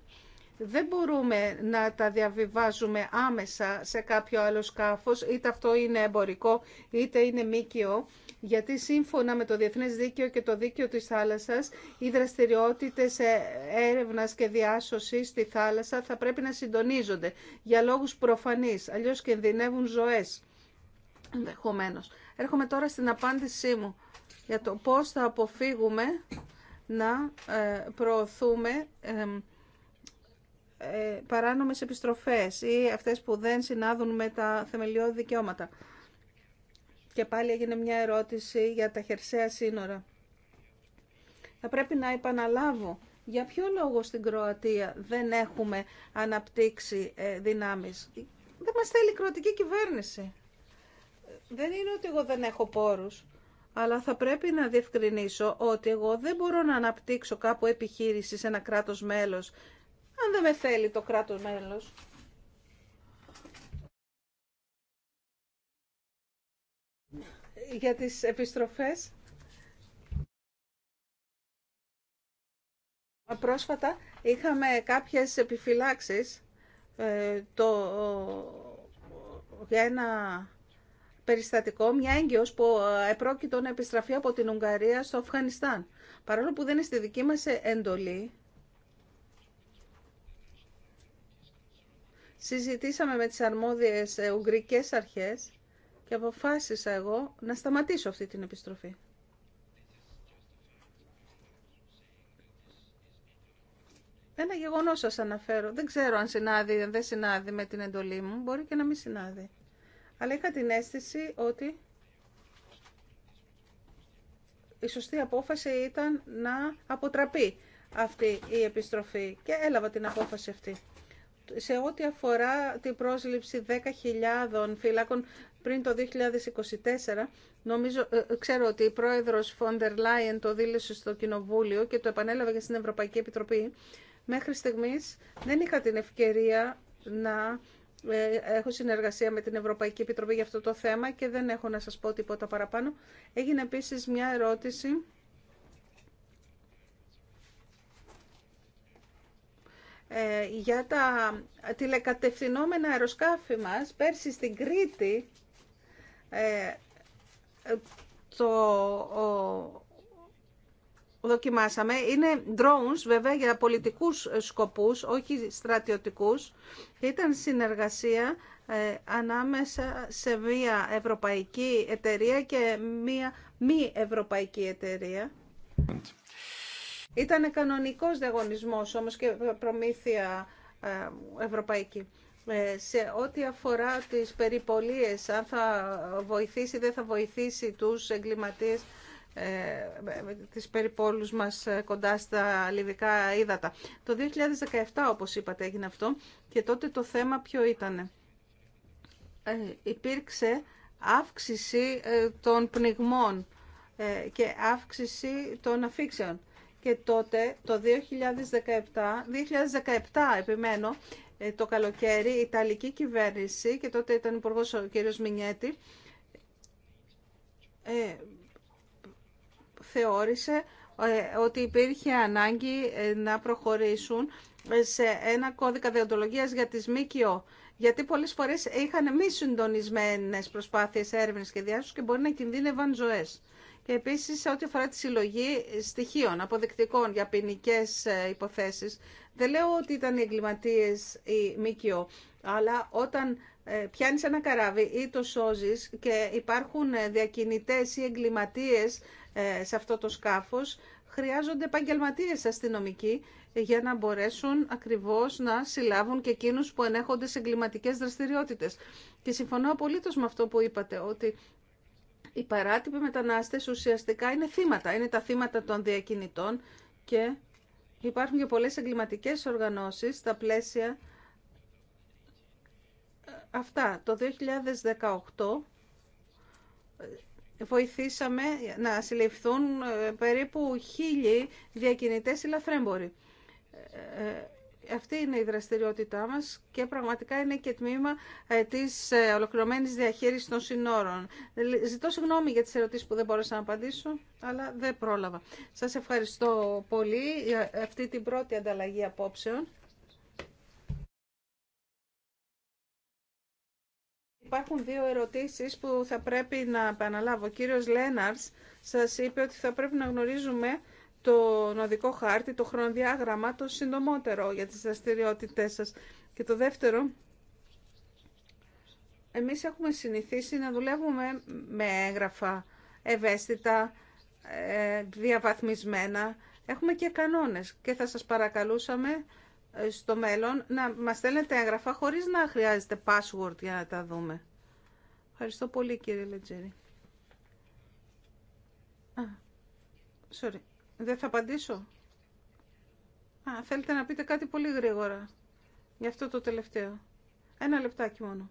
δεν μπορούμε να τα διαβιβάζουμε άμεσα σε κάποιο άλλο σκάφος, είτε αυτό είναι εμπορικό, είτε είναι μήκυο, γιατί σύμφωνα με το Διεθνές Δίκαιο και το Δίκαιο της Θάλασσας, οι δραστηριότητες έρευνας και διάσωσης στη θάλασσα θα πρέπει να συντονίζονται για λόγους προφανείς, αλλιώς κινδυνεύουν ζωές. Ενδεχομένω. Έρχομαι τώρα στην απάντησή μου για το πώς θα αποφύγουμε να ε, προωθούμε ε, παράνομες επιστροφές ή αυτές που δεν συνάδουν με τα θεμελιώδη δικαιώματα. Και πάλι έγινε μια ερώτηση για τα χερσαία σύνορα. Θα πρέπει να επαναλάβω για ποιο λόγο στην Κροατία δεν έχουμε αναπτύξει ε, δυνάμεις. Δεν μας θέλει η κροατική κυβέρνηση. Δεν είναι ότι εγώ δεν έχω πόρους, αλλά θα πρέπει να διευκρινίσω ότι εγώ δεν μπορώ να αναπτύξω κάπου επιχείρηση σε ένα κράτος μέλος αν δεν με θέλει το κράτος μέλος. Για τις επιστροφές, πρόσφατα είχαμε κάποιες επιφυλάξεις ε, το, για ένα περιστατικό, μια έγκυος που ε, επρόκειτο να επιστραφεί από την Ουγγαρία στο Αφγανιστάν. Παρόλο που δεν είναι στη δική μας εντολή, συζητήσαμε με τις αρμόδιες ε, ουγγρικές αρχές και αποφάσισα εγώ να σταματήσω αυτή την επιστροφή. Ένα γεγονός σας αναφέρω. Δεν ξέρω αν συνάδει, αν δεν συνάδει με την εντολή μου. Μπορεί και να μην συνάδει. Αλλά είχα την αίσθηση ότι η σωστή απόφαση ήταν να αποτραπεί αυτή η επιστροφή. Και έλαβα την απόφαση αυτή σε ό,τι αφορά την πρόσληψη 10.000 φυλάκων πριν το 2024, νομίζω, ε, ε, ξέρω ότι η πρόεδρος Φόντερ Λάιεν το δήλωσε στο Κοινοβούλιο και το επανέλαβε και στην Ευρωπαϊκή Επιτροπή. Μέχρι στιγμής δεν είχα την ευκαιρία να ε, έχω συνεργασία με την Ευρωπαϊκή Επιτροπή για αυτό το θέμα και δεν έχω να σας πω τίποτα παραπάνω. Έγινε επίσης μια ερώτηση Ε, για τα τηλεκατευθυνόμενα αεροσκάφη μας, πέρσι στην Κρήτη, ε, το δοκιμάσαμε. Είναι drones βέβαια για πολιτικούς σκοπούς, όχι στρατιωτικούς. Ήταν συνεργασία ε, ανάμεσα σε μία ευρωπαϊκή εταιρεία και μία μη ευρωπαϊκή εταιρεία. Ήταν κανονικός διαγωνισμός όμως και προμήθεια ε, ευρωπαϊκή. Ε, σε ό,τι αφορά τις περιπολίες, αν θα βοηθήσει ή δεν θα βοηθήσει τους εγκληματίες ε, τις περιπόλους μας κοντά στα λιβικά ύδατα. Το 2017, όπως είπατε, έγινε αυτό και τότε το θέμα ποιο ήταν. Υπήρξε αύξηση των πνιγμών και αύξηση των αφήξεων και τότε το 2017, 2017 επιμένω, ε, το καλοκαίρι η Ιταλική κυβέρνηση και τότε ήταν υπουργό ο κύριος Μινιέτη ε, θεώρησε ε, ότι υπήρχε ανάγκη ε, να προχωρήσουν σε ένα κώδικα διοντολογίας για τις ΜΚΟ. Γιατί πολλές φορές είχαν μη συντονισμένες προσπάθειες έρευνες και διάσωσης και μπορεί να κινδύνευαν ζωές. Επίση, σε ό,τι αφορά τη συλλογή στοιχείων, αποδεικτικών για ποινικέ ε, υποθέσεις. Δεν λέω ότι ήταν οι εγκληματίε ή ΜΚΟ, αλλά όταν ε, πιάνει ένα καράβι ή το σώζει και υπάρχουν ε, διακινητές ή εγκληματίες σε αυτό το σκάφο, χρειάζονται επαγγελματίε αστυνομικοί για να μπορέσουν ακριβώς να συλλάβουν και εκείνους που ενέχονται σε εγκληματικές δραστηριότητες. Και συμφωνώ απολύτως με αυτό που είπατε, ότι οι παράτυποι μετανάστες ουσιαστικά είναι θύματα. Είναι τα θύματα των διακινητών και υπάρχουν και πολλές εγκληματικέ οργανώσεις στα πλαίσια ε, αυτά. Το 2018 ε, βοηθήσαμε να συλληφθούν ε, περίπου χίλιοι διακινητές λαθρέμποροι. Αυτή είναι η δραστηριότητά μας και πραγματικά είναι και τμήμα ε, της ε, ολοκληρωμένης διαχείρισης των συνόρων. Ζητώ συγγνώμη για τις ερωτήσεις που δεν μπόρεσα να απαντήσω, αλλά δεν πρόλαβα. Σας ευχαριστώ πολύ για αυτή την πρώτη ανταλλαγή απόψεων. Υπάρχουν δύο ερωτήσεις που θα πρέπει να επαναλάβω. Ο κύριος Λέναρς σας είπε ότι θα πρέπει να γνωρίζουμε το νοδικό χάρτη, το χρονοδιάγραμμα, το συντομότερο για τις δραστηριότητε σας. Και το δεύτερο, εμείς έχουμε συνηθίσει να δουλεύουμε με έγγραφα ευαίσθητα, ε, διαβαθμισμένα. Έχουμε και κανόνες και θα σας παρακαλούσαμε ε, στο μέλλον να μας στέλνετε έγγραφα χωρίς να χρειάζεται password για να τα δούμε. Ευχαριστώ πολύ κύριε Λετζέρη. sorry. Δεν θα απαντήσω. Α, θέλετε να πείτε κάτι πολύ γρήγορα. Γι' αυτό το τελευταίο. Ένα λεπτάκι μόνο.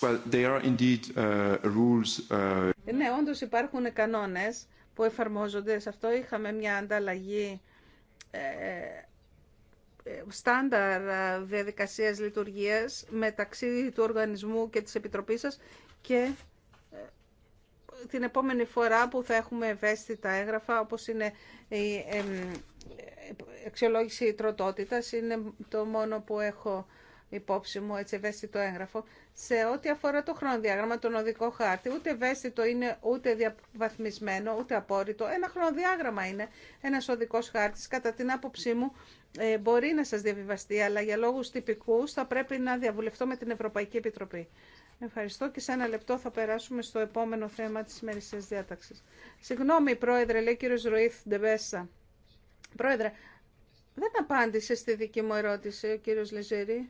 Well, are indeed, uh, rules, uh... Ε, ναι, όντως υπάρχουν κανόνες που εφαρμόζονται. Σε αυτό είχαμε μια ανταλλαγή ε, ε, στάνταρ διαδικασίας λειτουργίας μεταξύ του οργανισμού και της Επιτροπής σας και την επόμενη φορά που θα έχουμε ευαίσθητα έγγραφα, όπως είναι η εξολόγηση τροτότητας, είναι το μόνο που έχω υπόψη μου, έτσι ευαίσθητο έγγραφο, σε ό,τι αφορά το χρονοδιάγραμμα, τον οδικό χάρτη. Ούτε ευαίσθητο είναι, ούτε διαβαθμισμένο, ούτε απόρριτο. Ένα χρονοδιάγραμμα είναι ένα οδικό χάρτη. Κατά την άποψή μου, ε, μπορεί να σα διαβιβαστεί, αλλά για λόγου τυπικού θα πρέπει να διαβουλευτώ με την Ευρωπαϊκή Επιτροπή. Ευχαριστώ και σε ένα λεπτό θα περάσουμε στο επόμενο θέμα τη ημερησία διάταξη. Συγγνώμη, Πρόεδρε, λέει κύριο Ρουίθ Πρόεδρε, δεν απάντησε στη δική μου ερώτηση ο κύριος Λεζερή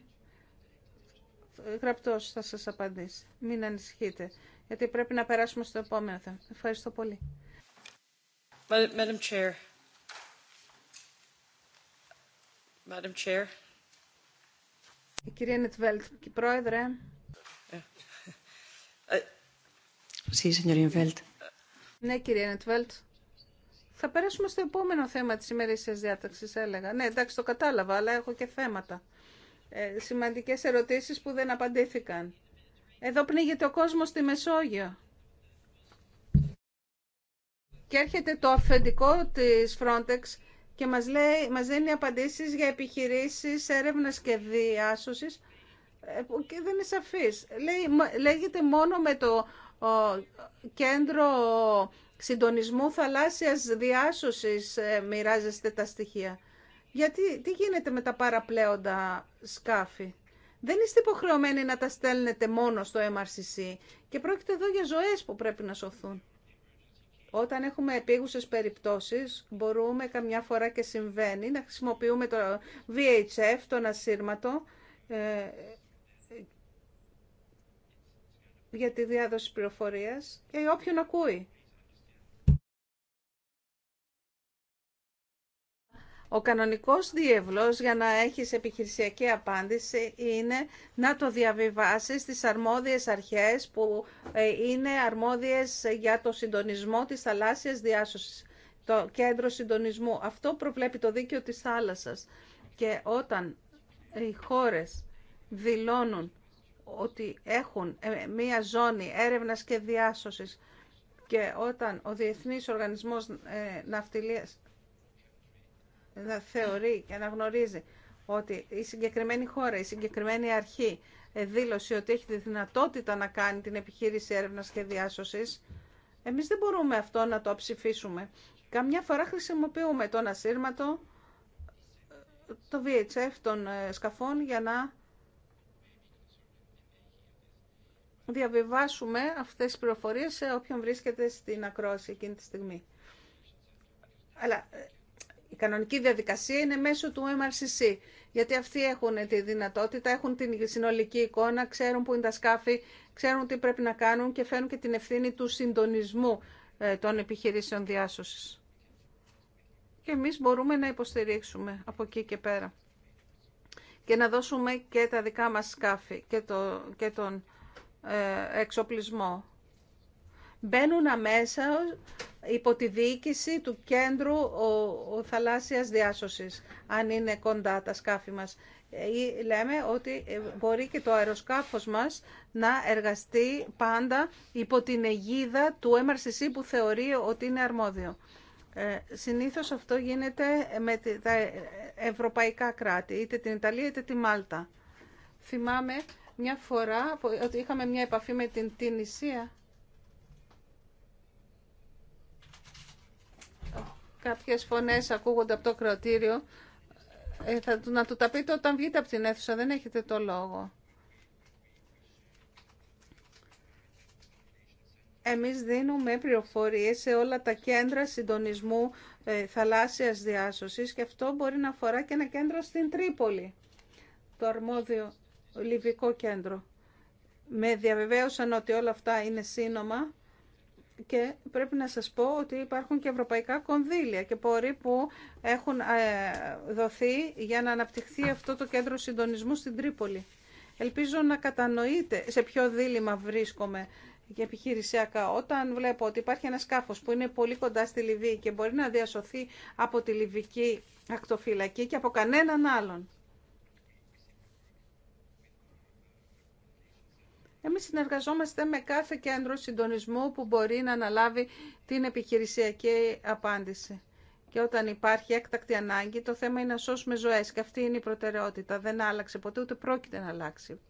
γραπτό θα σα απαντήσει. Μην ανησυχείτε, γιατί πρέπει να περάσουμε στο επόμενο θέμα. Ευχαριστώ πολύ. Η κυρία Νετβέλτ, πρόεδρε. Ε, ε, ναι, κυρία Νετβέλτ. Θα περάσουμε στο επόμενο θέμα της ημερήσιας διάταξης, έλεγα. Ναι, εντάξει, το κατάλαβα, αλλά έχω και θέματα. Ε, σημαντικές ερωτήσεις που δεν απαντήθηκαν. Εδώ πνίγεται ο κόσμος στη Μεσόγειο. Και έρχεται το αφεντικό της Frontex και μας, λέει, μας δίνει απαντήσεις για επιχειρήσεις έρευνας και διάσωσης ε, που και δεν είναι σαφής. Λέει, λέγεται μόνο με το κέντρο συντονισμού θαλάσσιας διάσωσης ε, μοιράζεστε τα στοιχεία. Γιατί τι γίνεται με τα παραπλέοντα σκάφη. Δεν είστε υποχρεωμένοι να τα στέλνετε μόνο στο MRCC και πρόκειται εδώ για ζωές που πρέπει να σωθούν. Όταν έχουμε επίγουσες περιπτώσεις, μπορούμε καμιά φορά και συμβαίνει να χρησιμοποιούμε το VHF, τον ασύρματο, ε, για τη διάδοση πληροφορίας και όποιον ακούει. Ο κανονικός διεύλος για να έχεις επιχειρησιακή απάντηση είναι να το διαβιβάσεις στις αρμόδιες αρχές που ε, είναι αρμόδιες για το συντονισμό της θαλάσσιας διάσωσης, το κέντρο συντονισμού. Αυτό προβλέπει το δίκαιο της θάλασσας. Και όταν οι χώρες δηλώνουν ότι έχουν ε, μία ζώνη έρευνας και διάσωσης και όταν ο Διεθνής Οργανισμός ε, Ναυτιλίας να θεωρεί και να γνωρίζει ότι η συγκεκριμένη χώρα, η συγκεκριμένη αρχή δήλωσε ότι έχει τη δυνατότητα να κάνει την επιχείρηση έρευνας και διάσωσης, εμείς δεν μπορούμε αυτό να το ψηφίσουμε. Καμιά φορά χρησιμοποιούμε τον ασύρματο, ε, το VHF των σκαφών για να διαβιβάσουμε αυτές τις πληροφορίες σε όποιον βρίσκεται στην ακρόαση εκείνη τη στιγμή. Αλλά ε, η κανονική διαδικασία είναι μέσω του MRCC, γιατί αυτοί έχουν τη δυνατότητα, έχουν την συνολική εικόνα, ξέρουν που είναι τα σκάφη, ξέρουν τι πρέπει να κάνουν και φέρουν και την ευθύνη του συντονισμού ε, των επιχειρήσεων διάσωσης. Και εμείς μπορούμε να υποστηρίξουμε από εκεί και πέρα και να δώσουμε και τα δικά μας σκάφη και, το, και τον ε, εξοπλισμό μπαίνουν αμέσα υπό τη διοίκηση του κέντρου ο, ο θαλάσσιας διάσωσης, αν είναι κοντά τα σκάφη μας. Ε, ή λέμε ότι ε, μπορεί και το αεροσκάφος μας να εργαστεί πάντα υπό την αιγίδα του MRCC που θεωρεί ότι είναι αρμόδιο. Ε, συνήθως αυτό γίνεται με τα ευρωπαϊκά κράτη, είτε την Ιταλία είτε τη Μάλτα. Θυμάμαι μια φορά ότι είχαμε μια επαφή με την Τινησία Κάποιες φωνές ακούγονται από το κρατήριο. Ε, θα, να του τα πείτε όταν βγείτε από την αίθουσα, δεν έχετε το λόγο. Εμείς δίνουμε πληροφορίες σε όλα τα κέντρα συντονισμού ε, θαλάσσιας διάσωσης και αυτό μπορεί να αφορά και ένα κέντρο στην Τρίπολη, το αρμόδιο λιβικό κέντρο. Με διαβεβαίωσαν ότι όλα αυτά είναι σύνομα και πρέπει να σας πω ότι υπάρχουν και ευρωπαϊκά κονδύλια και πορεί που έχουν ε, δοθεί για να αναπτυχθεί αυτό το κέντρο συντονισμού στην Τρίπολη. Ελπίζω να κατανοείτε σε ποιο δίλημα βρίσκομαι και επιχειρησιακά. Όταν βλέπω ότι υπάρχει ένα σκάφος που είναι πολύ κοντά στη Λιβύη και μπορεί να διασωθεί από τη Λιβική ακτοφυλακή και από κανέναν άλλον. Εμείς συνεργαζόμαστε με κάθε κέντρο συντονισμού που μπορεί να αναλάβει την επιχειρησιακή απάντηση. Και όταν υπάρχει έκτακτη ανάγκη, το θέμα είναι να σώσουμε ζωές. Και αυτή είναι η προτεραιότητα. Δεν άλλαξε ποτέ, ούτε πρόκειται να αλλάξει.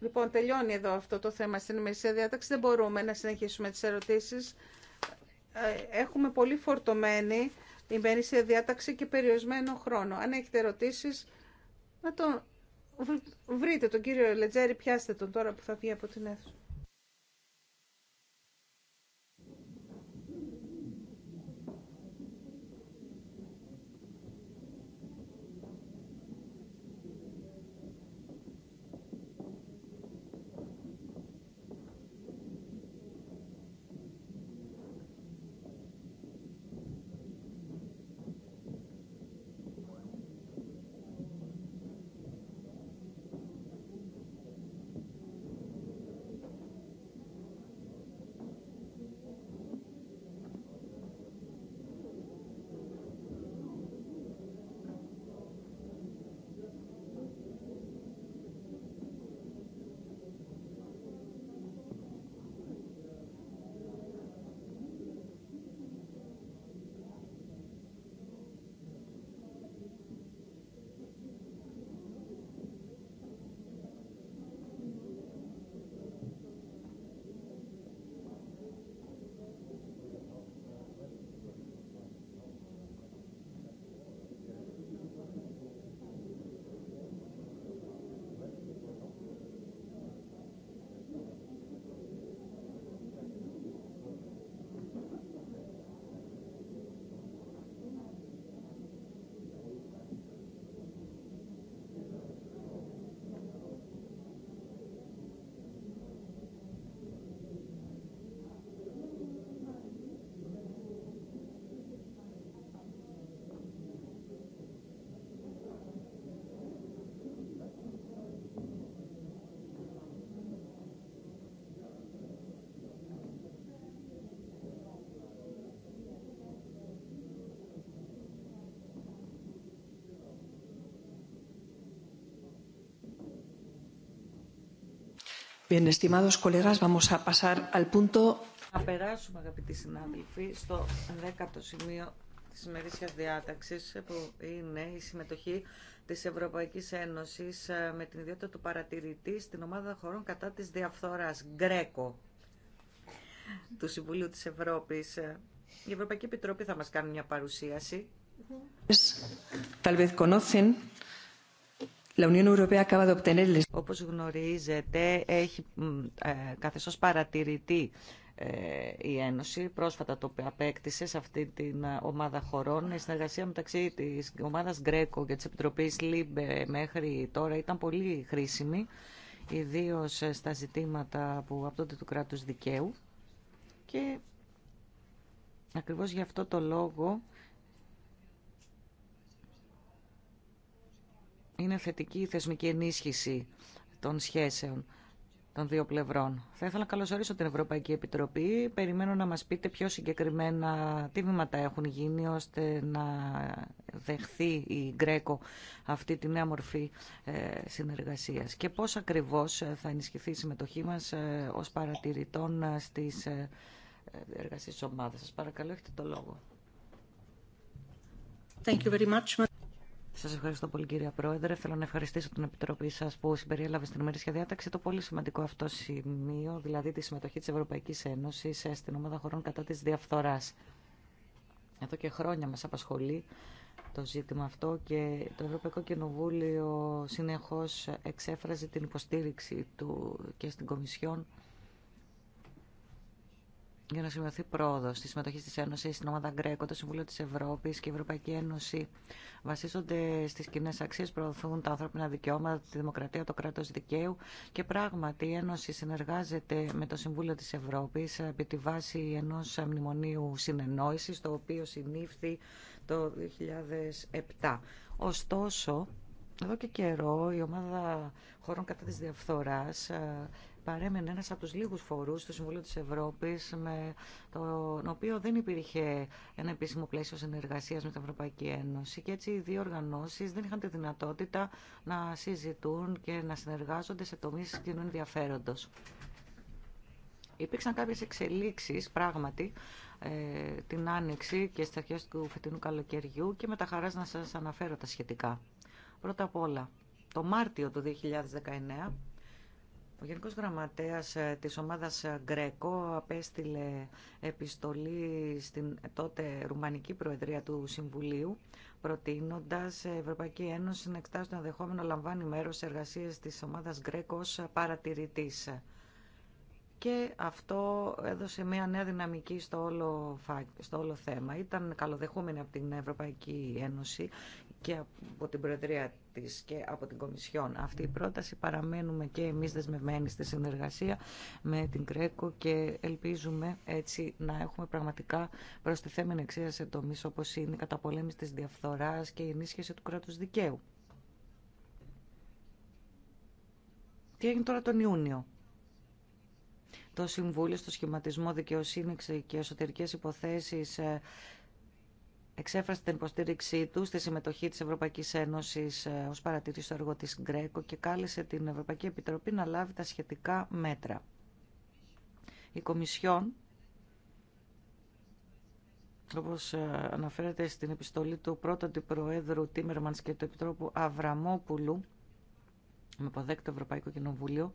Λοιπόν, τελειώνει εδώ αυτό το θέμα στην ημερησία διάταξη. Δεν μπορούμε να συνεχίσουμε τις ερωτήσεις. Ε, έχουμε πολύ φορτωμένη η ημερησία διάταξη και περιορισμένο χρόνο. Αν έχετε ερωτήσεις, να το βρείτε τον κύριο Λετζέρη, πιάστε τον τώρα που θα βγει από την αίθουσα. Bien, estimados colegas, vamos a pasar al punto... Να περάσουμε, αγαπητοί συνάδελφοι, στο δέκατο σημείο τη ημερήσια διάταξη, που είναι η συμμετοχή τη Ευρωπαϊκή Ένωση ε, με την ιδιότητα του παρατηρητή στην ομάδα χωρών κατά τη διαφθόρα Γκρέκο, του Συμβουλίου τη Ευρώπη. Ε, η Ευρωπαϊκή Επιτροπή θα μα κάνει μια παρουσίαση. conocen όπως γνωρίζετε, έχει ε, καθεστώς παρατηρητή ε, η Ένωση. Πρόσφατα το απέκτησε σε αυτή την ε, ομάδα χωρών. Η συνεργασία μεταξύ της ομάδας Γκρέκο και της Επιτροπής ΛΥΜΠΕ μέχρι τώρα ήταν πολύ χρήσιμη, ιδίως στα ζητήματα που απτώνται του κράτους δικαίου. Και ακριβώς γι' αυτό το λόγο είναι θετική η θεσμική ενίσχυση των σχέσεων των δύο πλευρών. Θα ήθελα να καλωσορίσω την Ευρωπαϊκή Επιτροπή. Περιμένω να μας πείτε πιο συγκεκριμένα τι έχουν γίνει ώστε να δεχθεί η Γκρέκο αυτή τη νέα μορφή ε, συνεργασίας και πώς ακριβώς θα ενισχυθεί η συμμετοχή μας ε, ως παρατηρητών ε, στις εργασίες της ομάδας. Σας παρακαλώ, έχετε το λόγο. Thank you very much. Σα ευχαριστώ πολύ κυρία Πρόεδρε. Θέλω να ευχαριστήσω την Επιτροπή σα που συμπεριέλαβε στην ημερήσια διάταξη το πολύ σημαντικό αυτό σημείο, δηλαδή τη συμμετοχή τη Ευρωπαϊκή Ένωση στην ομάδα χωρών κατά τη διαφθορά. Εδώ και χρόνια μα απασχολεί το ζήτημα αυτό και το Ευρωπαϊκό Κοινοβούλιο συνεχώ εξέφραζε την υποστήριξη του και στην Κομισιόν για να σημειωθεί πρόοδο στη συμμετοχή τη Ένωση στην ομάδα Γκρέκο, το Συμβούλιο τη Ευρώπη και η Ευρωπαϊκή Ένωση βασίζονται στι κοινέ αξίε, προωθούν τα ανθρώπινα δικαιώματα, τη δημοκρατία, το κράτο δικαίου και πράγματι η Ένωση συνεργάζεται με το Συμβούλιο τη Ευρώπη επί τη βάση ενό μνημονίου συνεννόηση, το οποίο συνήφθη το 2007. Ωστόσο, εδώ και καιρό η ομάδα χωρών κατά της διαφθοράς παρέμενε ένας από τους λίγους φορούς του Συμβουλίου της Ευρώπης με τον οποίο δεν υπήρχε ένα επίσημο πλαίσιο συνεργασίας με την Ευρωπαϊκή Ένωση και έτσι οι δύο οργανώσεις δεν είχαν τη δυνατότητα να συζητούν και να συνεργάζονται σε τομείς κοινού ενδιαφέροντος. Υπήρξαν κάποιες εξελίξεις πράγματι ε, την Άνοιξη και στις αρχές του φετινού καλοκαιριού και με τα χαράς να σας αναφέρω τα σχετικά. Πρώτα απ' όλα, το Μάρτιο του 2019 ο Γενικό Γραμματέα ε, της ομάδας ε, Γκρέκο απέστειλε επιστολή στην τότε Ρουμανική Προεδρία του Συμβουλίου προτείνοντας η ε, Ευρωπαϊκή Ένωση να εκτάσει το ενδεχόμενο λαμβάνει μέρο σε εργασίες της ομάδας Γκρέκο ω Και αυτό έδωσε μια νέα δυναμική στο όλο, στο όλο θέμα. Ήταν καλοδεχούμενη από την Ευρωπαϊκή Ένωση και από την Προεδρία και από την Κομισιόν. Αυτή η πρόταση παραμένουμε και εμείς δεσμευμένοι στη συνεργασία με την Κρέκο και ελπίζουμε έτσι να έχουμε πραγματικά προστιθέμενη αξία σε τομείς όπως είναι η καταπολέμηση της διαφθοράς και η ενίσχυση του κράτους δικαίου. Τι έγινε τώρα τον Ιούνιο. Το Συμβούλιο στο Σχηματισμό Δικαιοσύνη και Εσωτερικές Υποθέσεις ε, εξέφρασε την υποστήριξή του στη συμμετοχή της Ευρωπαϊκής Ένωσης ε, ως παρατηρή στο έργο της Γκρέκο και κάλεσε την Ευρωπαϊκή Επιτροπή να λάβει τα σχετικά μέτρα. Η Κομισιόν, όπως ε, αναφέρεται στην επιστολή του πρώτου Προέδρου Τίμερμανς και του Επιτρόπου Αβραμόπουλου, με αποδέκτο Ευρωπαϊκό Κοινοβούλιο,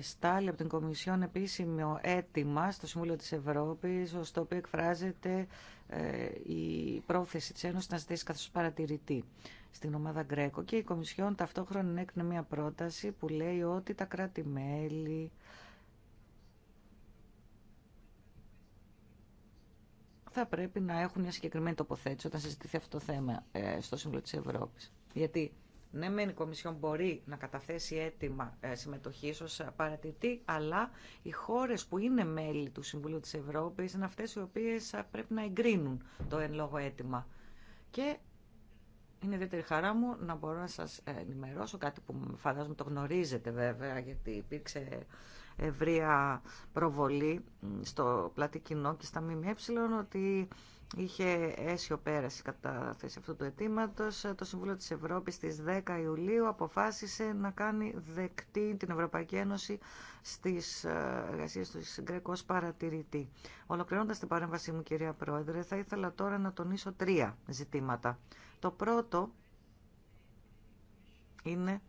στάλει από την Κομισιόν επίσημο αίτημα στο Συμβούλιο της Ευρώπης, στο οποίο εκφράζεται ε, η πρόθεση της Ένωσης να ζητήσει καθώς παρατηρητή στην ομάδα Γκρέκο. Και η Κομισιόν ταυτόχρονα έκρινε μια πρόταση που λέει ότι τα κράτη-μέλη θα πρέπει να έχουν μια συγκεκριμένη τοποθέτηση όταν συζητηθεί αυτό το θέμα ε, στο Συμβούλιο της Ευρώπης. Γιατί ναι, μεν η Κομισιόν μπορεί να καταθέσει αίτημα ε, συμμετοχή ω παρατηρητή, αλλά οι χώρε που είναι μέλη του Συμβουλίου τη Ευρώπη είναι αυτέ οι οποίε πρέπει να εγκρίνουν το εν λόγω αίτημα. Και είναι ιδιαίτερη χαρά μου να μπορώ να σας ε, ενημερώσω κάτι που φαντάζομαι το γνωρίζετε βέβαια γιατί υπήρξε ευρεία προβολή στο πλατή κοινό και στα ΜΜΕ ότι είχε αίσιο πέραση κατά θέση αυτού του αιτήματο. Το Συμβούλιο της Ευρώπης στις 10 Ιουλίου αποφάσισε να κάνει δεκτή την Ευρωπαϊκή Ένωση στις ε, εργασίε του Γκρέκ ως παρατηρητή. Ολοκληρώνοντας την παρέμβασή μου, κυρία Πρόεδρε, θα ήθελα τώρα να τονίσω τρία ζητήματα. Το πρώτο είναι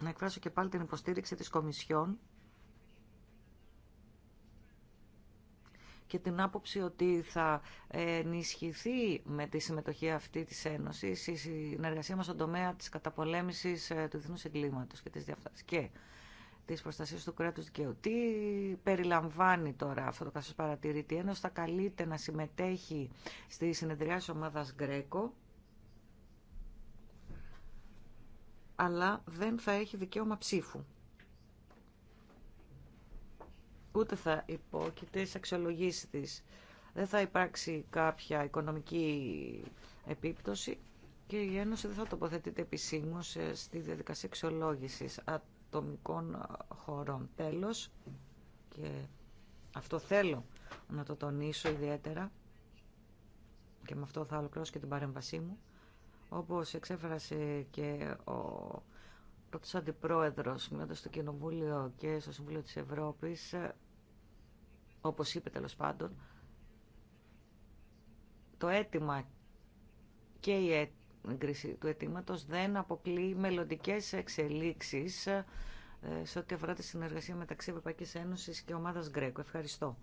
να εκφράσω και πάλι την υποστήριξη της Κομισιόν και την άποψη ότι θα ενισχυθεί με τη συμμετοχή αυτή της Ένωσης η συνεργασία μας στον τομέα της καταπολέμησης ε, του διεθνούς εγκλήματος και της διαφθάσης και της προστασίας του κράτους δικαίου. Τι περιλαμβάνει τώρα αυτό το καθώς Η Ένωση θα καλείται να συμμετέχει στη συνεδριά της ομάδας Γκρέκο αλλά δεν θα έχει δικαίωμα ψήφου ούτε θα υπόκειται σε αξιολογήσει τη Δεν θα υπάρξει κάποια οικονομική επίπτωση και η Ένωση δεν θα τοποθετείται επισήμως στη διαδικασία αξιολόγηση ατομικών χωρών. Τέλο, και αυτό θέλω να το τονίσω ιδιαίτερα και με αυτό θα ολοκληρώσω και την παρέμβασή μου, όπως εξέφρασε και ο πρώτος αντιπρόεδρος μιλώντα στο Κοινοβούλιο και στο Συμβούλιο της Ευρώπης, όπως είπε τέλο πάντων, το αίτημα και η έγκριση του αιτήματο δεν αποκλείει μελλοντικέ εξελίξεις ε, σε ό,τι αφορά τη συνεργασία μεταξύ Ευρωπαϊκή Ένωση και ομάδας Γκρέκο. Ευχαριστώ.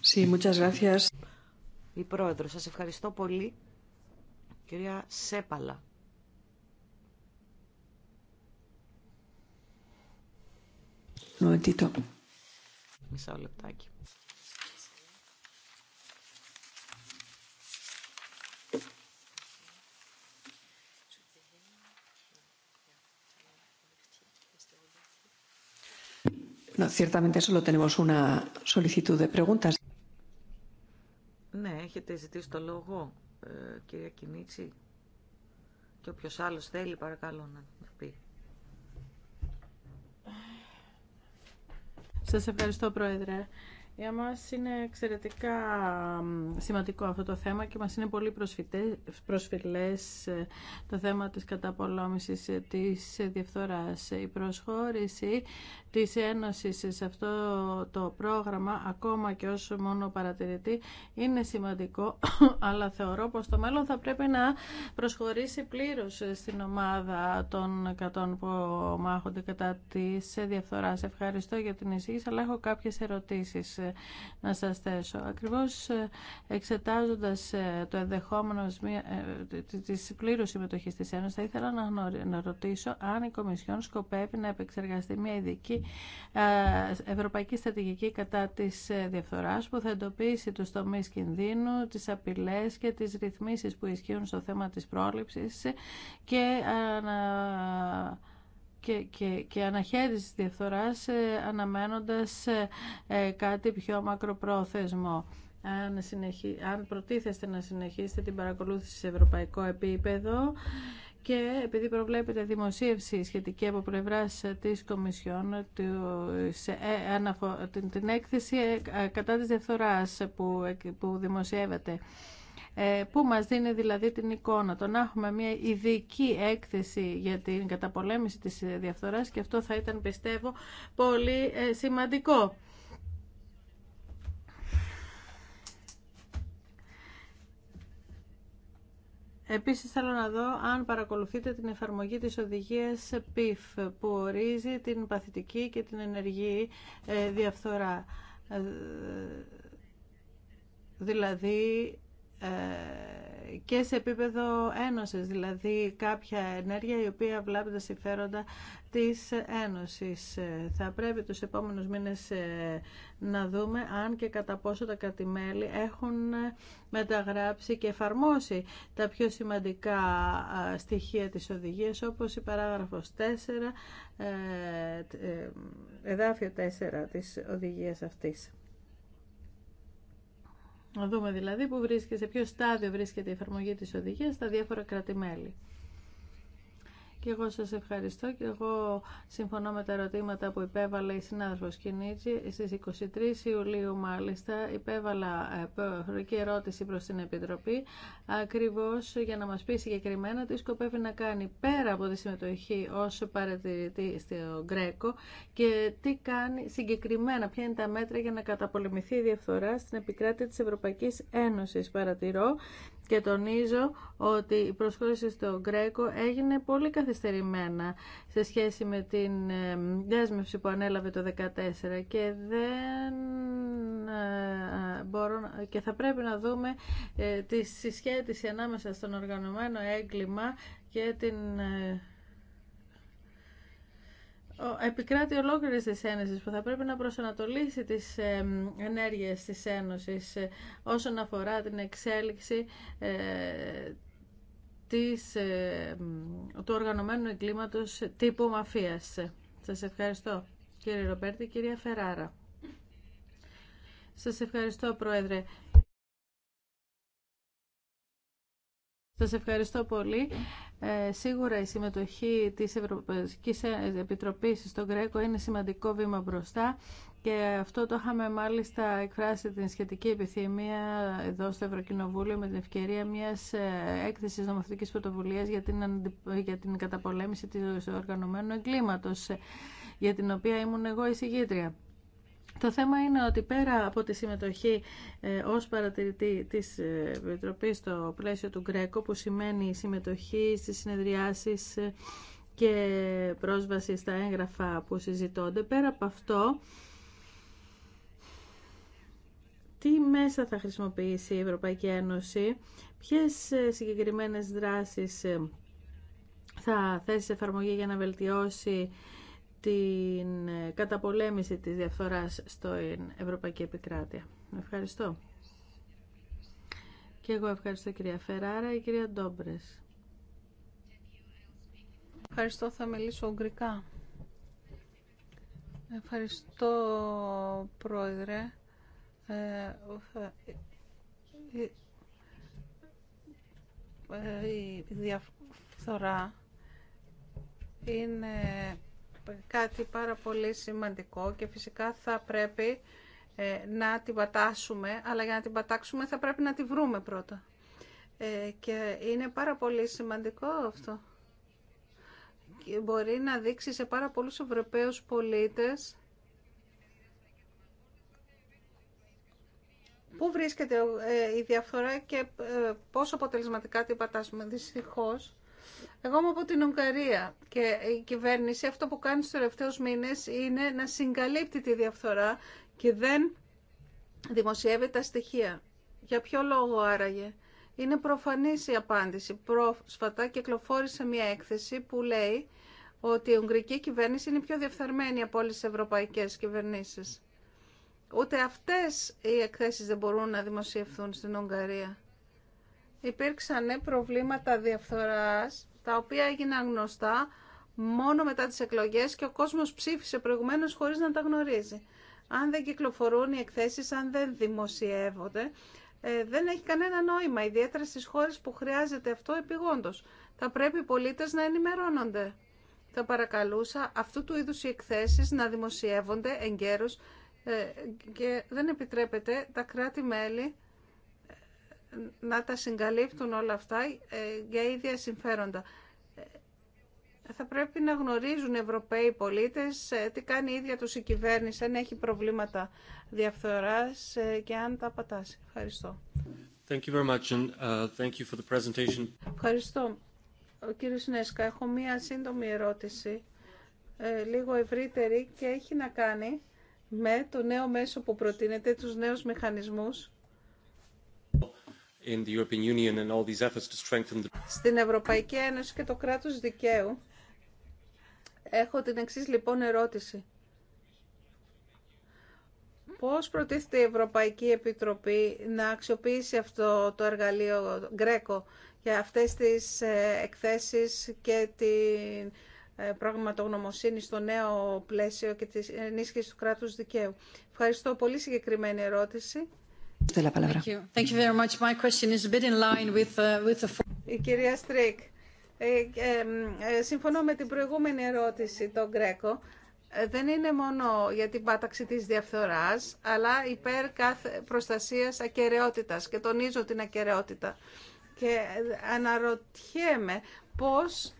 Sí, muchas gracias. Η Πρόεδρο, σας ευχαριστώ πολύ. Κυρία Σέπαλα. Νοητήτω. Μισό λεπτάκι. No, ciertamente solo tenemos una solicitud de preguntas. Ναι, έχετε ζητήσει το λόγο ε, κυρία Κινίτσι. Και όποιος άλλος θέλει παρακαλώ να πει. Σας ευχαριστώ Πρόεδρε. Για μας είναι εξαιρετικά σημαντικό αυτό το θέμα και μας είναι πολύ προσφυλές ε, το θέμα της καταπολόμησης ε, της διαφθοράς. Η προσχώρηση της Ένωσης σε αυτό το πρόγραμμα, ακόμα και ως μόνο παρατηρητή, είναι σημαντικό, [coughs] αλλά θεωρώ πως το μέλλον θα πρέπει να προσχωρήσει πλήρως στην ομάδα των κατών που μάχονται κατά της διαφθοράς. Ευχαριστώ για την εισήγηση, αλλά έχω κάποιες ερωτήσεις να σας θέσω. Ακριβώς ε, εξετάζοντας ε, το ενδεχόμενο ε, της πλήρους συμμετοχής της Ένωσης, θα ήθελα να ρωτήσω αν η Κομισιόν σκοπεύει να επεξεργαστεί μια ειδική ε, ευρωπαϊκή στρατηγική κατά της ε, διαφθοράς που θα εντοπίσει τους τομείς κινδύνου, τις απειλές και τις ρυθμίσεις που ισχύουν στο θέμα της πρόληψης και ανα και, και, και της ε, αναμένοντας κάτι πιο μακροπρόθεσμο. Αν, συνεχί, αν προτίθεστε να συνεχίσετε την παρακολούθηση σε ευρωπαϊκό επίπεδο και επειδή προβλέπεται δημοσίευση σχετική από πλευρά τη Κομισιόν ε, την έκθεση ε, ε, κατά της διαφθοράς που δημοσιεύεται που μας δίνει δηλαδή την εικόνα, το να έχουμε μια ειδική έκθεση για την καταπολέμηση της διαφθοράς και αυτό θα ήταν πιστεύω πολύ σημαντικό. Επίσης θέλω να δω αν παρακολουθείτε την εφαρμογή της οδηγίας PIF που ορίζει την παθητική και την ενεργή ε, διαφθορά. Ε, δηλαδή ε, και σε επίπεδο ένωσης, δηλαδή κάποια ενέργεια η οποία βλάπτει τα συμφέροντα της Ένωσης. Ε, θα πρέπει τους επόμενους μήνες ε, να δούμε αν και κατά πόσο τα κρατημέλη έχουν μεταγράψει και εφαρμόσει τα πιο σημαντικά στοιχεία της οδηγίας, όπως η παράγραφος 4, εδάφιο 4 της οδηγίας αυτής. Να δούμε δηλαδή που βρίσκεται, σε ποιο στάδιο βρίσκεται η εφαρμογή της οδηγίας στα διάφορα κράτη-μέλη. Και εγώ σας ευχαριστώ και εγώ συμφωνώ με τα ερωτήματα που υπέβαλε η συνάδελφος Κινίτσι Στις 23 Ιουλίου μάλιστα υπέβαλα ε, και ερώτηση προς την Επιτροπή ακριβώς για να μας πει συγκεκριμένα τι σκοπεύει να κάνει πέρα από τη συμμετοχή ως παρατηρητή στο Γκρέκο και τι κάνει συγκεκριμένα, ποια είναι τα μέτρα για να καταπολεμηθεί η διαφθορά στην επικράτεια της Ευρωπαϊκής Ένωσης. Παρατηρώ και τονίζω ότι η προσχώρηση στο Γκρέκο έγινε πολύ καθυστερημένα σε σχέση με την ε, δέσμευση που ανέλαβε το 2014 και δεν ε, μπορώ, και θα πρέπει να δούμε ε, τη συσχέτιση ανάμεσα στον οργανωμένο έγκλημα και την επικράτει ολόκληρη της Ένωση που θα πρέπει να προσανατολίσει τις ενέργειες της Ένωσης ε, όσον αφορά την εξέλιξη ε, ε, του οργανωμένου εγκλήματο τύπου μαφίας. Σα ευχαριστώ κύριε Ροπέρτη, κυρία Φεράρα. Σα ευχαριστώ Πρόεδρε. Σας ευχαριστώ πολύ. Ε, σίγουρα η συμμετοχή της Ευρωπαϊκής Επιτροπής στον Κρέκο είναι σημαντικό βήμα μπροστά και αυτό το είχαμε μάλιστα εκφράσει την σχετική επιθυμία εδώ στο Ευρωκοινοβούλιο με την ευκαιρία μιας ε, έκθεσης νομοθετικής πρωτοβουλίας για την, για την καταπολέμηση του οργανωμένου εγκλήματος ε, για την οποία ήμουν εγώ εισηγήτρια. Το θέμα είναι ότι πέρα από τη συμμετοχή ε, ως παρατηρητή της ε, Επιτροπής στο πλαίσιο του Γκρέκο, που σημαίνει συμμετοχή στις συνεδριάσεις ε, και πρόσβαση στα έγγραφα που συζητώνται, πέρα από αυτό, τι μέσα θα χρησιμοποιήσει η Ευρωπαϊκή Ένωση, ποιες συγκεκριμένες δράσεις θα θέσει σε εφαρμογή για να βελτιώσει την ε, καταπολέμηση της διαφθοράς στην Ευρωπαϊκή Επικράτεια. Ευχαριστώ. Και εγώ ευχαριστώ κυρία Φεράρα Η κυρία Ντόμπρες. Ευχαριστώ, θα μιλήσω ουγγρικά. Ευχαριστώ, Πρόεδρε. Ε, ε, ε η διαφθορά είναι κάτι πάρα πολύ σημαντικό και φυσικά θα πρέπει ε, να την πατάσουμε, αλλά για να την πατάξουμε θα πρέπει να τη βρούμε πρώτα. Ε, και είναι πάρα πολύ σημαντικό αυτό. μπορεί να δείξει σε πάρα πολλούς Ευρωπαίους πολίτες Πού βρίσκεται ε, η διαφορά και πόσο αποτελεσματικά την πατάσουμε. Δυστυχώς, εγώ είμαι από την Ουγγαρία και η κυβέρνηση αυτό που κάνει στους τελευταίους μήνες είναι να συγκαλύπτει τη διαφθορά και δεν δημοσιεύει τα στοιχεία. Για ποιο λόγο άραγε. Είναι προφανής η απάντηση. Πρόσφατα κυκλοφόρησε μια έκθεση που λέει ότι η Ουγγρική κυβέρνηση είναι πιο διαφθαρμένη από όλες τις ευρωπαϊκές κυβερνήσεις. Ούτε αυτές οι εκθέσεις δεν μπορούν να δημοσιευθούν στην Ουγγαρία υπήρξαν προβλήματα διαφθοράς, τα οποία έγιναν γνωστά μόνο μετά τις εκλογές και ο κόσμος ψήφισε προηγουμένως χωρίς να τα γνωρίζει. Αν δεν κυκλοφορούν οι εκθέσεις, αν δεν δημοσιεύονται, ε, δεν έχει κανένα νόημα, ιδιαίτερα στις χώρες που χρειάζεται αυτό επιγόντως. Θα πρέπει οι πολίτες να ενημερώνονται. Θα παρακαλούσα αυτού του είδους οι εκθέσεις να δημοσιεύονται εγκαίρως ε, και δεν επιτρέπεται τα κράτη-μέλη να τα συγκαλύπτουν όλα αυτά ε, για ίδια συμφέροντα. Ε, θα πρέπει να γνωρίζουν οι Ευρωπαίοι πολίτες ε, τι κάνει η ίδια τους η κυβέρνηση, αν έχει προβλήματα διαφθοράς και αν τα πατάσει. Ευχαριστώ. Thank Ευχαριστώ. Ο κύριος Νέσκα, έχω μία σύντομη ερώτηση, λίγο ευρύτερη και έχει να κάνει με το νέο μέσο που προτείνεται, τους νέους μηχανισμούς στην Ευρωπαϊκή Ένωση και το κράτος δικαίου έχω την εξής λοιπόν ερώτηση. Πώς προτίθεται η Ευρωπαϊκή Επιτροπή να αξιοποιήσει αυτό το εργαλείο Γκρέκο για αυτές τις ε, εκθέσεις και την ε, πραγματογνωμοσύνη στο νέο πλαίσιο και τη ενίσχυση του κράτους δικαίου. Ευχαριστώ πολύ συγκεκριμένη ερώτηση. Η κυρία Στρίκ, ε, ε, ε, συμφωνώ με την προηγούμενη ερώτηση, τον Γκρέκο. δεν είναι μόνο για την πάταξη της διαφθοράς, αλλά υπέρ κάθε προστασίας ακαιρεότητας και τονίζω την ακαιρεότητα. Και αναρωτιέμαι πώς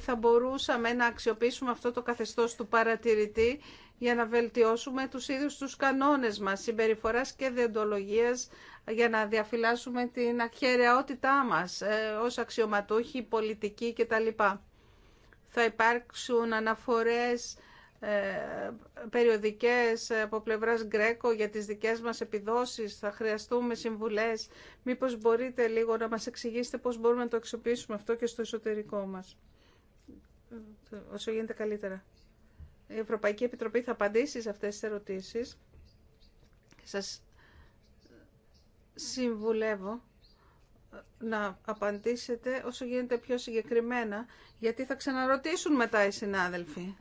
θα μπορούσαμε να αξιοποιήσουμε αυτό το καθεστώς του παρατηρητή για να βελτιώσουμε τους ίδιους τους κανόνες μας συμπεριφοράς και διοντολογίας για να διαφυλάσσουμε την αχαιρεότητά μας ε, ως αξιωματούχοι, πολιτικοί κτλ. Θα υπάρξουν αναφορές ε, περιοδικές από πλευράς Γκρέκο για τις δικές μας επιδόσεις, θα χρειαστούμε συμβουλές. Μήπως μπορείτε λίγο να μας εξηγήσετε πώς μπορούμε να το αξιοποιήσουμε αυτό και στο εσωτερικό μας, ε, όσο γίνεται καλύτερα. Η Ευρωπαϊκή Επιτροπή θα απαντήσει σε αυτές τις ερωτήσεις. Σας συμβουλεύω να απαντήσετε όσο γίνεται πιο συγκεκριμένα, γιατί θα ξαναρωτήσουν μετά οι συνάδελφοι.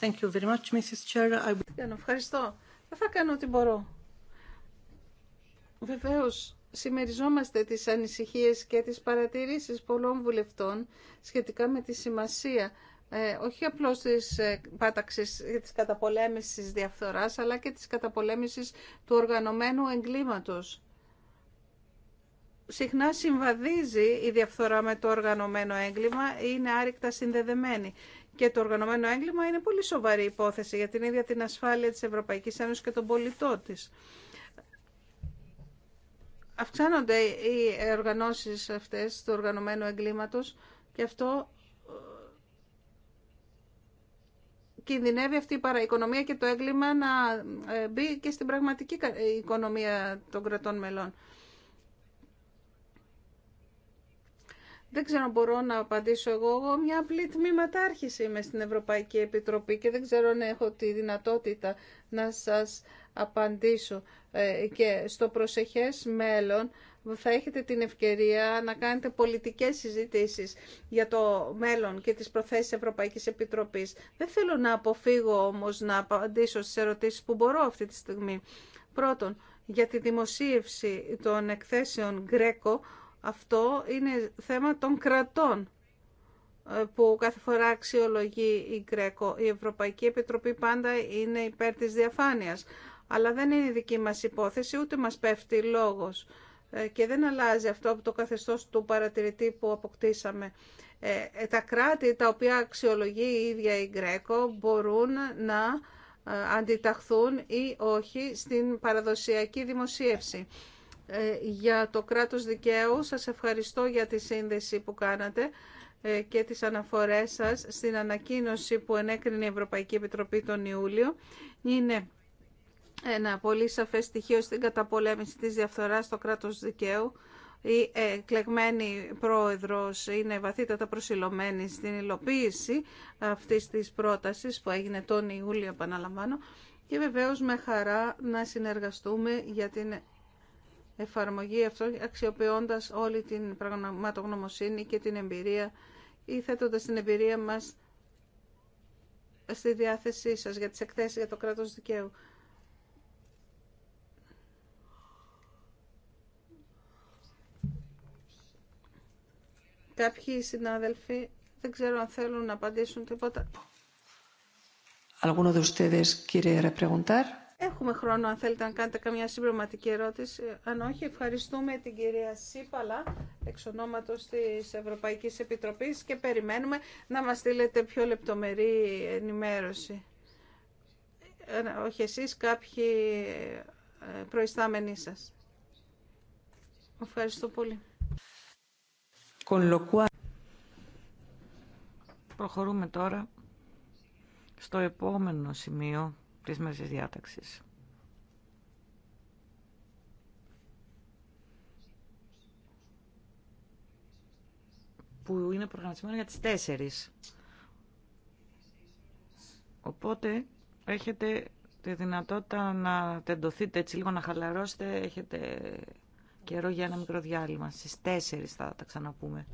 Thank you very much, Mrs. Ευχαριστώ. Δεν θα κάνω ό,τι μπορώ. Βεβαίως, συμμεριζόμαστε τις ανησυχίες και τις παρατηρήσεις πολλών βουλευτών σχετικά με τη σημασία ε, όχι απλώς της ε, πάταξης της καταπολέμησης διαφθοράς, αλλά και της καταπολέμησης του οργανωμένου εγκλήματος. Συχνά συμβαδίζει η διαφθορά με το οργανωμένο έγκλημα, είναι άρρηκτα συνδεδεμένη. Και το οργανωμένο έγκλημα είναι πολύ σοβαρή υπόθεση για την ίδια την ασφάλεια της Ευρωπαϊκής Ένωσης και των πολιτών της. Αυξάνονται οι οργανώσεις αυτές του οργανωμένου εγκλήματος και αυτό κινδυνεύει αυτή η παραοικονομία και το έγκλημα να ε, μπει και στην πραγματική ε, οικονομία των κρατών μελών. Δεν ξέρω αν μπορώ να απαντήσω εγώ. Εγώ μια απλή τμήματάρχηση είμαι στην Ευρωπαϊκή Επιτροπή και δεν ξέρω αν έχω τη δυνατότητα να σας απαντήσω. Ε, και στο προσεχές μέλλον θα έχετε την ευκαιρία να κάνετε πολιτικές συζητήσεις για το μέλλον και τις προθέσεις Ευρωπαϊκής Επιτροπής. Δεν θέλω να αποφύγω όμως να απαντήσω στις ερωτήσεις που μπορώ αυτή τη στιγμή. Πρώτον, για τη δημοσίευση των εκθέσεων Γκρέκο, αυτό είναι θέμα των κρατών ε, που κάθε φορά αξιολογεί η Γκρέκο. Η Ευρωπαϊκή Επιτροπή πάντα είναι υπέρ της διαφάνειας. Αλλά δεν είναι η δική μας υπόθεση, ούτε μας πέφτει λόγος. Ε, και δεν αλλάζει αυτό από το καθεστώς του παρατηρητή που αποκτήσαμε. Ε, ε, τα κράτη τα οποία αξιολογεί η ίδια η Γκρέκο μπορούν να αντιταχθούν ή όχι στην παραδοσιακή δημοσίευση. Για το κράτος δικαίου σας ευχαριστώ για τη σύνδεση που κάνατε και τις αναφορές σας στην ανακοίνωση που ενέκρινε η Ευρωπαϊκή Επιτροπή τον Ιούλιο. Είναι ένα πολύ σαφέ στοιχείο στην καταπολέμηση της διαφθοράς στο κράτος δικαίου. Η εκλεγμένη πρόεδρος είναι βαθύτατα προσιλωμένη στην υλοποίηση αυτής της πρότασης που έγινε τον Ιούλιο, επαναλαμβάνω, και βεβαίως με χαρά να συνεργαστούμε για την εφαρμογή αυτών, αξιοποιώντας όλη την πραγματογνωμοσύνη και την εμπειρία ή θέτοντα την εμπειρία μας στη διάθεσή σας για τις εκθέσεις για το κράτος δικαίου. Κάποιοι συνάδελφοι δεν ξέρω αν θέλουν να απαντήσουν τίποτα. ¿Alguno de ustedes quiere Έχουμε χρόνο αν θέλετε να κάνετε καμιά συμπληρωματική ερώτηση. Αν όχι, ευχαριστούμε την κυρία Σύπαλα, εξ ονόματος της Ευρωπαϊκής Επιτροπής και περιμένουμε να μας στείλετε πιο λεπτομερή ενημέρωση. Ε, όχι εσείς, κάποιοι ε, προϊστάμενοι σας. Ευχαριστώ πολύ. Προχωρούμε τώρα στο επόμενο σημείο της Μέσης διάταξης. που είναι προγραμματισμένο για τις 4. Οπότε έχετε τη δυνατότητα να τεντωθείτε έτσι λίγο, να χαλαρώσετε, έχετε Καιρό για ένα μικρό διάλειμμα. Στις 4 θα τα ξαναπούμε.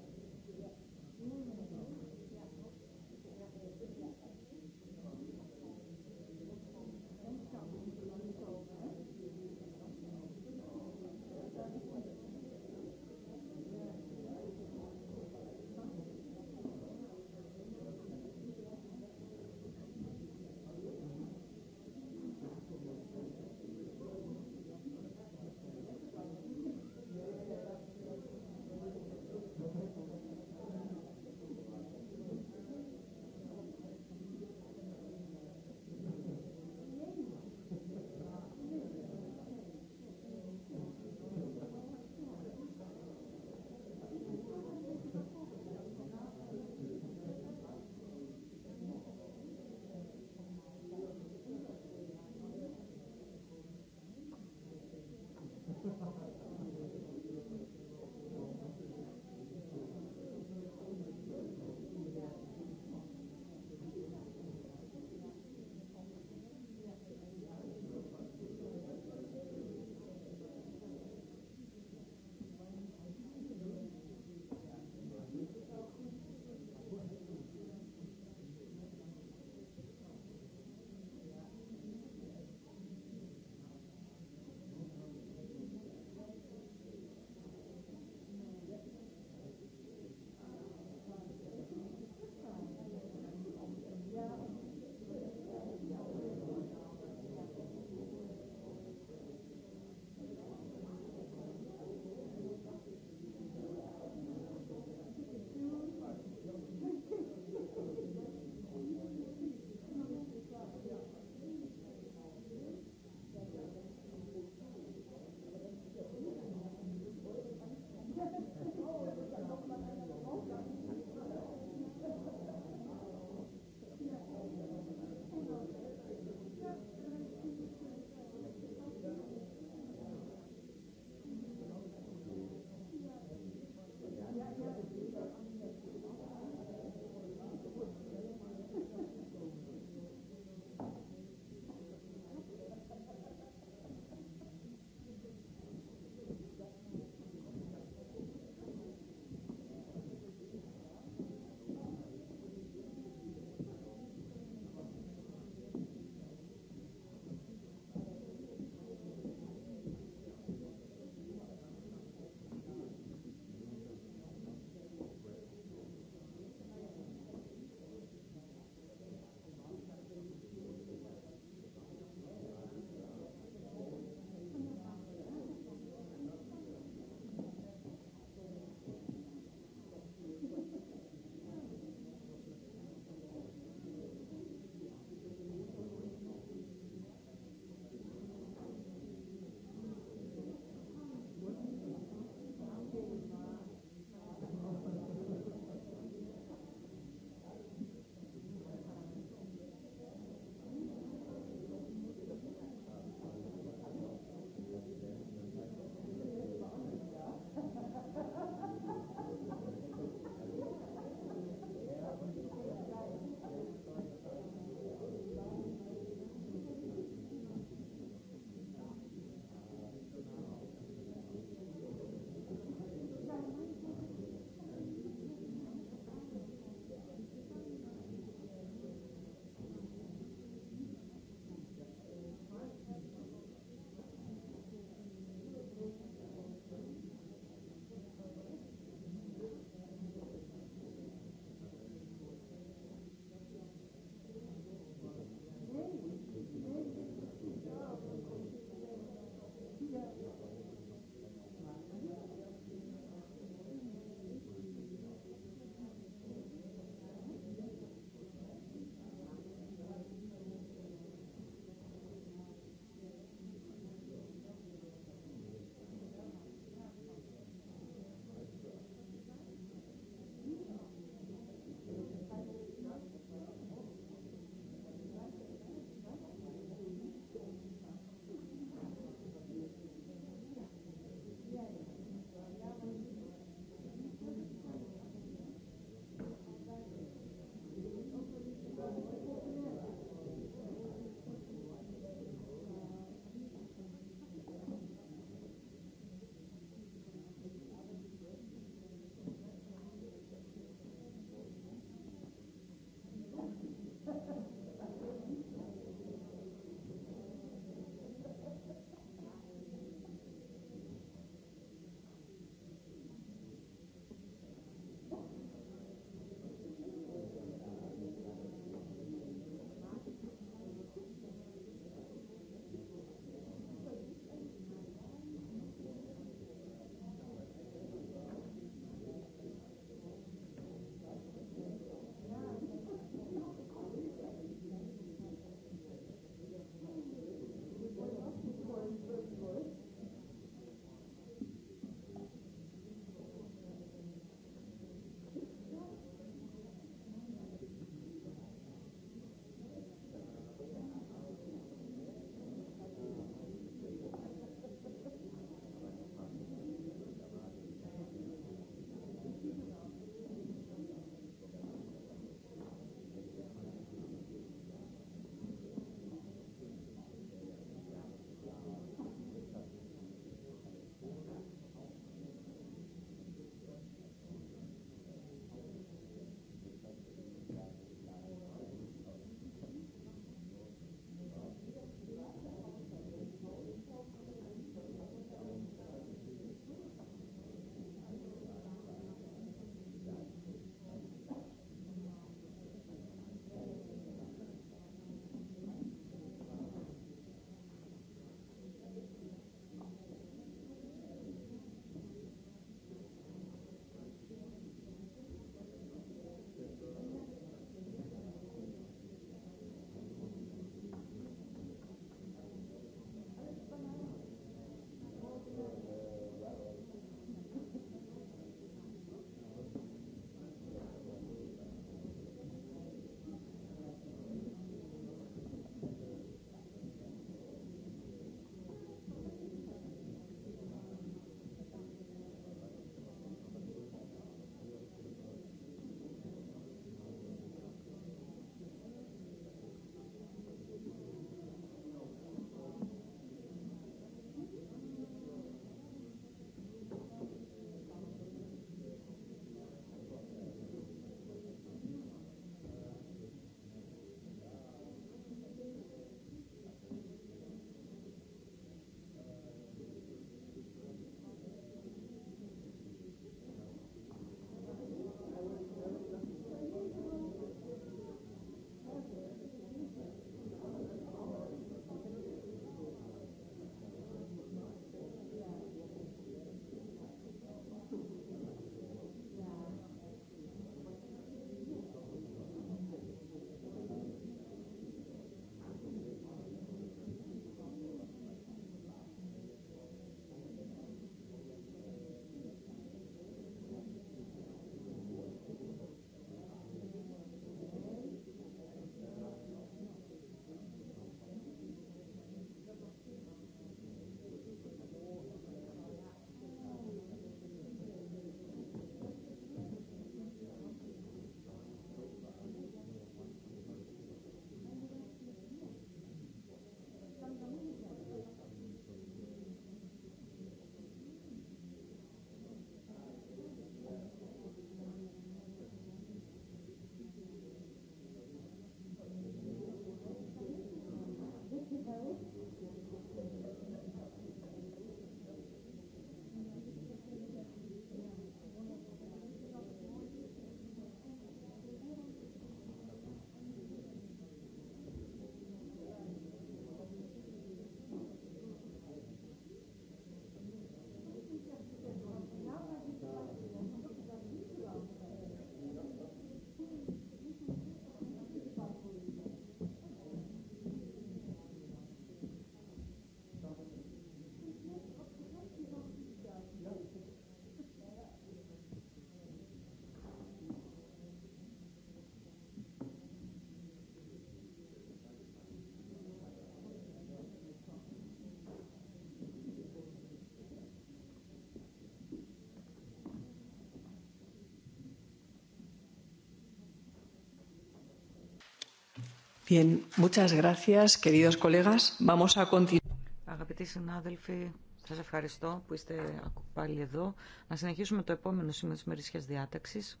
Αγαπητοί συνάδελφοι, σας ευχαριστώ που είστε πάλι εδώ. Να συνεχίσουμε το επόμενο σημείο της μερίσιας διάταξης.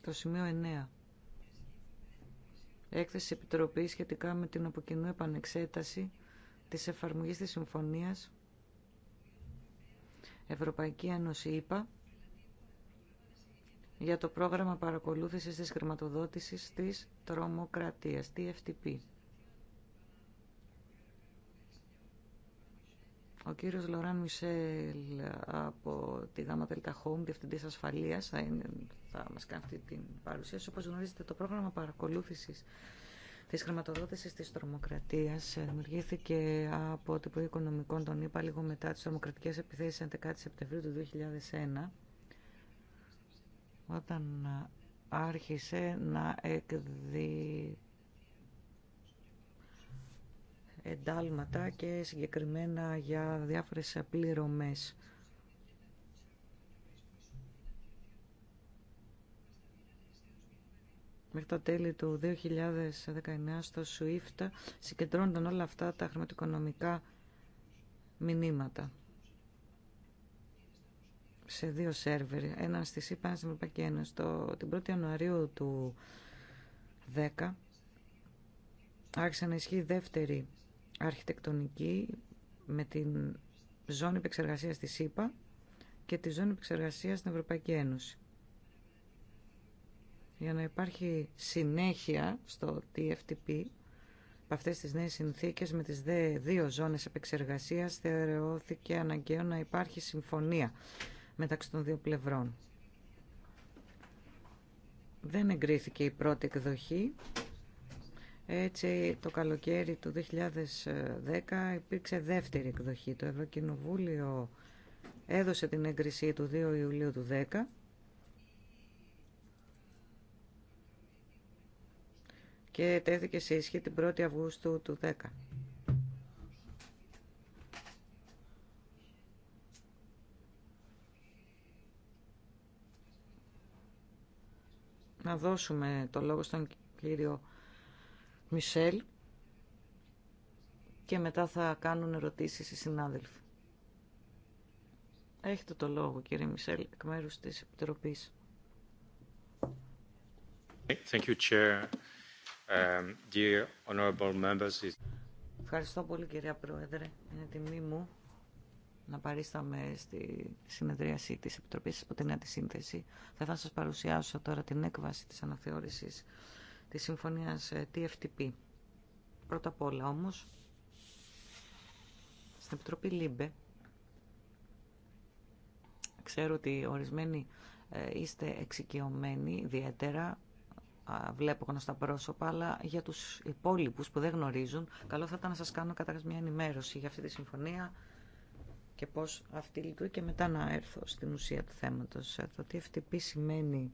Το σημείο 9. Έκθεση Επιτροπή σχετικά με την αποκοινού επανεξέταση της εφαρμογής της Συμφωνίας Ευρωπαϊκή Ένωση ΕΠΑ για το πρόγραμμα παρακολούθησης της χρηματοδότησης της τρομοκρατίας, TFTP. Ο κύριος Λοράν Μισελ από τη ΓΑΜΑ ΔΕΛΤΑ ΧΟΜ, Διευθυντής Ασφαλείας, θα, είναι, θα μας κάνει αυτή την παρουσίαση. Όπως γνωρίζετε, το πρόγραμμα παρακολούθησης της χρηματοδότησης της τρομοκρατίας δημιουργήθηκε από το Υπουργείο Οικονομικών, τον είπα, λίγο μετά τις τρομοκρατικές επιθέσεις 11 Σεπτεμβρίου του 2001 όταν ε, άρχισε να εκδίδει εντάλματα και συγκεκριμένα για διάφορες πληρωμές. Μέχρι το τέλη του 2019 στο SWIFT συγκεντρώνονταν όλα αυτά τα χρηματοοικονομικά μηνύματα σε δύο σερβερ, ένα στη ΣΥΠΑ, ένα στην Ευρωπαϊκή Ένωση. Το, την 1η Ιανουαρίου του 10 άρχισε να ισχύει δεύτερη αρχιτεκτονική με την ζώνη επεξεργασίας στη ΣΥΠΑ και τη ζώνη επεξεργασίας στην Ευρωπαϊκή Ένωση. Για να υπάρχει συνέχεια στο TFTP, από αυτές τις νέες συνθήκες με τις δύο ζώνες επεξεργασίας θεωρεώθηκε αναγκαίο να υπάρχει συμφωνία μεταξύ των δύο πλευρών. Δεν εγκρίθηκε η πρώτη εκδοχή. Έτσι το καλοκαίρι του 2010 υπήρξε δεύτερη εκδοχή. Το Ευρωκοινοβούλιο έδωσε την έγκρισή του 2 Ιουλίου του 10. και τέθηκε σε ισχύ την 1η Αυγούστου του 10. να δώσουμε το λόγο στον κύριο Μισελ και μετά θα κάνουν ερωτήσεις οι συνάδελφοι. Έχετε το λόγο κύριε Μισελ εκ μέρους της Επιτροπής. Thank you, Chair. Um, dear honorable members. Ευχαριστώ πολύ κυρία Πρόεδρε. Είναι τιμή μου να παρίσταμε στη συνεδρίαση της Επιτροπής από την Νέα Σύνθεση. Θα σας παρουσιάσω τώρα την έκβαση της αναθεώρησης της Συμφωνίας ε, TFTP. Πρώτα απ' όλα όμως, στην Επιτροπή ΛΥΜΠΕ, ξέρω ότι ορισμένοι ε, είστε εξοικειωμένοι ιδιαίτερα βλέπω γνωστά πρόσωπα, αλλά για τους υπόλοιπους που δεν γνωρίζουν, καλό θα ήταν να σας κάνω καταρχάς μια ενημέρωση για αυτή τη συμφωνία, και πώς αυτή λειτουργεί και μετά να έρθω στην ουσία του θέματος. Ε, το τι FTP σημαίνει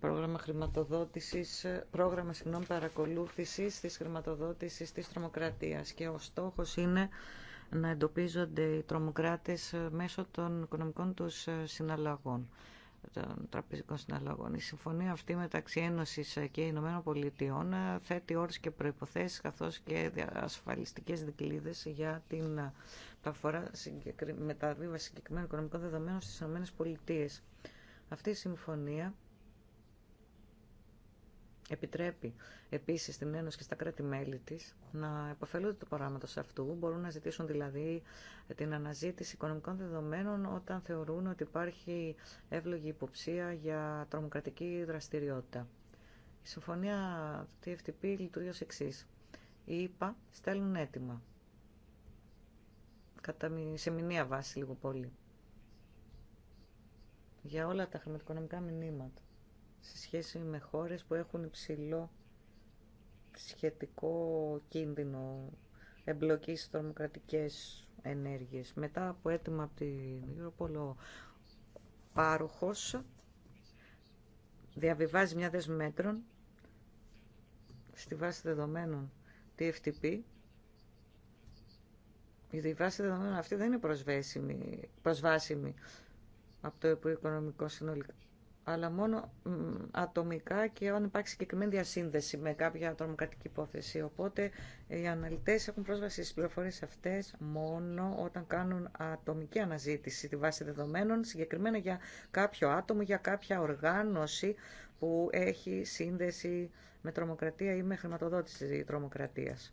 πρόγραμμα χρηματοδότησης, ε, πρόγραμμα συγγνώμη, παρακολούθησης της χρηματοδότησης της τρομοκρατίας και ο στόχος είναι να εντοπίζονται οι τρομοκράτες ε, μέσω των οικονομικών τους συναλλαγών των τραπεζικών συναλλαγών. Η συμφωνία αυτή μεταξύ Ένωση και Ηνωμένων Πολιτειών ε, θέτει όρους και προϋποθέσεις καθώς και ασφαλιστικές δικλείδες για την ε, μεταφορά μεταβίβαση συγκεκριμένων οικονομικών δεδομένων στις Ηνωμένες Πολιτείες. Αυτή η συμφωνία Επιτρέπει επίση στην Ένωση και στα κράτη-μέλη τη να επωφελούνται του παράματο αυτού. Μπορούν να ζητήσουν δηλαδή την αναζήτηση οικονομικών δεδομένων όταν θεωρούν ότι υπάρχει εύλογη υποψία για τρομοκρατική δραστηριότητα. Η συμφωνία του TFTP λειτουργεί ω εξή. Οι ΙΠΑ στέλνουν έτοιμα. Κατά, σε μηνύα βάση λίγο πολύ. Για όλα τα χρηματοοικονομικά μηνύματα σε σχέση με χώρες που έχουν υψηλό σχετικό κίνδυνο εμπλοκή στις τρομοκρατικές ενέργειες. Μετά από έτοιμα από την Europol, πάροχος διαβιβάζει μια δεσμέτρων στη βάση δεδομένων TFTP. Η βάση δεδομένων αυτή δεν είναι προσβάσιμη από το οικονομικό συνολικό αλλά μόνο ατομικά και αν υπάρχει συγκεκριμένη διασύνδεση με κάποια τρομοκρατική υπόθεση. Οπότε οι αναλυτές έχουν πρόσβαση στις πληροφορίες αυτές μόνο όταν κάνουν ατομική αναζήτηση στη βάση δεδομένων, συγκεκριμένα για κάποιο άτομο, για κάποια οργάνωση που έχει σύνδεση με τρομοκρατία ή με χρηματοδότηση τρομοκρατίας.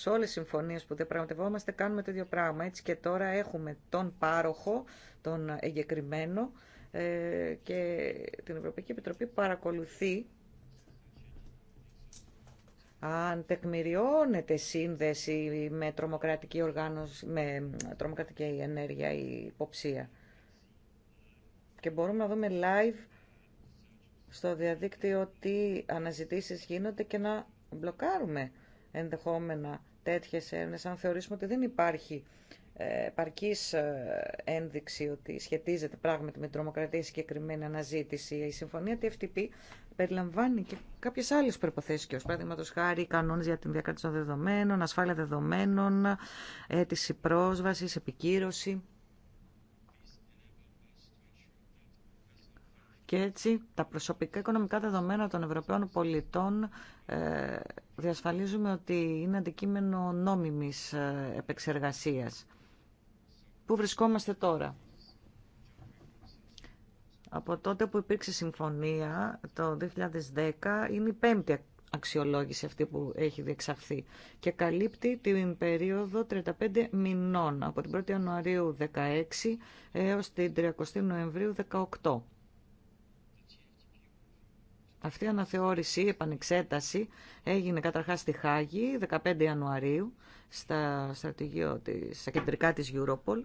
σε όλες τις συμφωνίες που διαπραγματευόμαστε κάνουμε το ίδιο πράγμα. Έτσι και τώρα έχουμε τον πάροχο, τον εγκεκριμένο ε, και την Ευρωπαϊκή Επιτροπή παρακολουθεί αν τεκμηριώνεται σύνδεση με τρομοκρατική οργάνωση, με τρομοκρατική ενέργεια ή υποψία. Και μπορούμε να δούμε live στο διαδίκτυο τι αναζητήσεις γίνονται και να μπλοκάρουμε ενδεχόμενα τέτοιες έρευνες, αν θεωρήσουμε ότι δεν υπάρχει ε, επαρκής ε, ένδειξη ότι σχετίζεται πράγματι με την τρομοκρατία συγκεκριμένη αναζήτηση. Η συμφωνία TFTP περιλαμβάνει και κάποιες άλλες προϋποθέσεις και ως παραδείγματο χάρη κανόνες για την διακράτηση των δεδομένων, ασφάλεια δεδομένων, αίτηση πρόσβασης, επικύρωση. Και έτσι τα προσωπικά οικονομικά δεδομένα των Ευρωπαίων πολιτών ε, διασφαλίζουμε ότι είναι αντικείμενο νόμιμης ε, επεξεργασίας. Πού βρισκόμαστε τώρα. Από τότε που υπήρξε συμφωνία, το 2010, είναι η πέμπτη αξιολόγηση αυτή που έχει διεξαχθεί και καλύπτει την περίοδο 35 μηνών από την 1η Ιανουαρίου 2016 έως την 30 Νοεμβρίου 2018. Αυτή η αναθεώρηση, η επανεξέταση έγινε καταρχάς στη Χάγη 15 Ιανουαρίου στα, στρατηγείο της, στα κεντρικά της Europol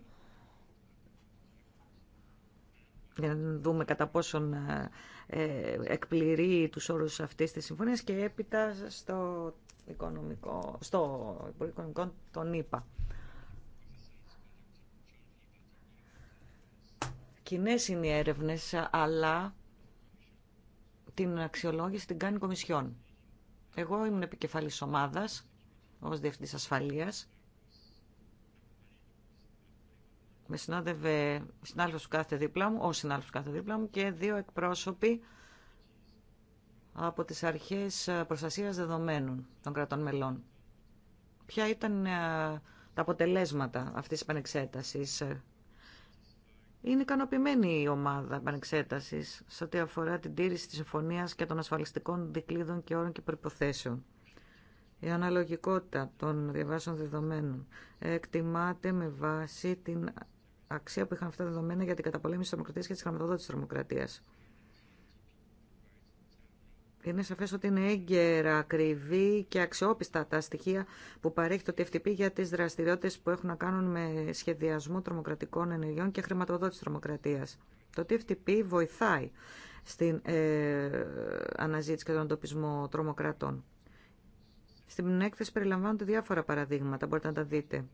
για να δούμε κατά πόσον ε, ε εκπληρεί τους όρους αυτής της συμφωνίας και έπειτα στο οικονομικό, στο οικονομικό τον είπα. Κοινέ είναι οι έρευνες, αλλά την αξιολόγηση την κάνει η Κομισιόν. Εγώ ήμουν επικεφαλής ομάδας ως Διευθυντής Ασφαλείας. Με συνάδευε συνάδελφος του κάθε δίπλα μου, ο συνάδελφο του κάθε δίπλα μου και δύο εκπρόσωποι από τις αρχές προστασίας δεδομένων των κρατών μελών. Ποια ήταν ε, τα αποτελέσματα αυτής της επανεξέταση. Ε, είναι ικανοποιημένη η ομάδα επανεξέταση σε ό,τι αφορά την τήρηση τη συμφωνία και των ασφαλιστικών δικλείδων και όρων και προποθέσεων. Η αναλογικότητα των διαβάσεων δεδομένων εκτιμάται με βάση την αξία που είχαν αυτά τα δεδομένα για την καταπολέμηση τη τρομοκρατία και τη χρηματοδότηση τη τρομοκρατία. Είναι σαφές ότι είναι έγκαιρα, ακριβή και αξιόπιστα τα στοιχεία που παρέχει το TFTP για τις δραστηριότητες που έχουν να κάνουν με σχεδιασμό τρομοκρατικών ενεργειών και χρηματοδότηση τρομοκρατίας. Το TFTP βοηθάει στην ε, αναζήτηση και τον εντοπισμό τρομοκρατών. Στην έκθεση περιλαμβάνονται διάφορα παραδείγματα, μπορείτε να τα δείτε,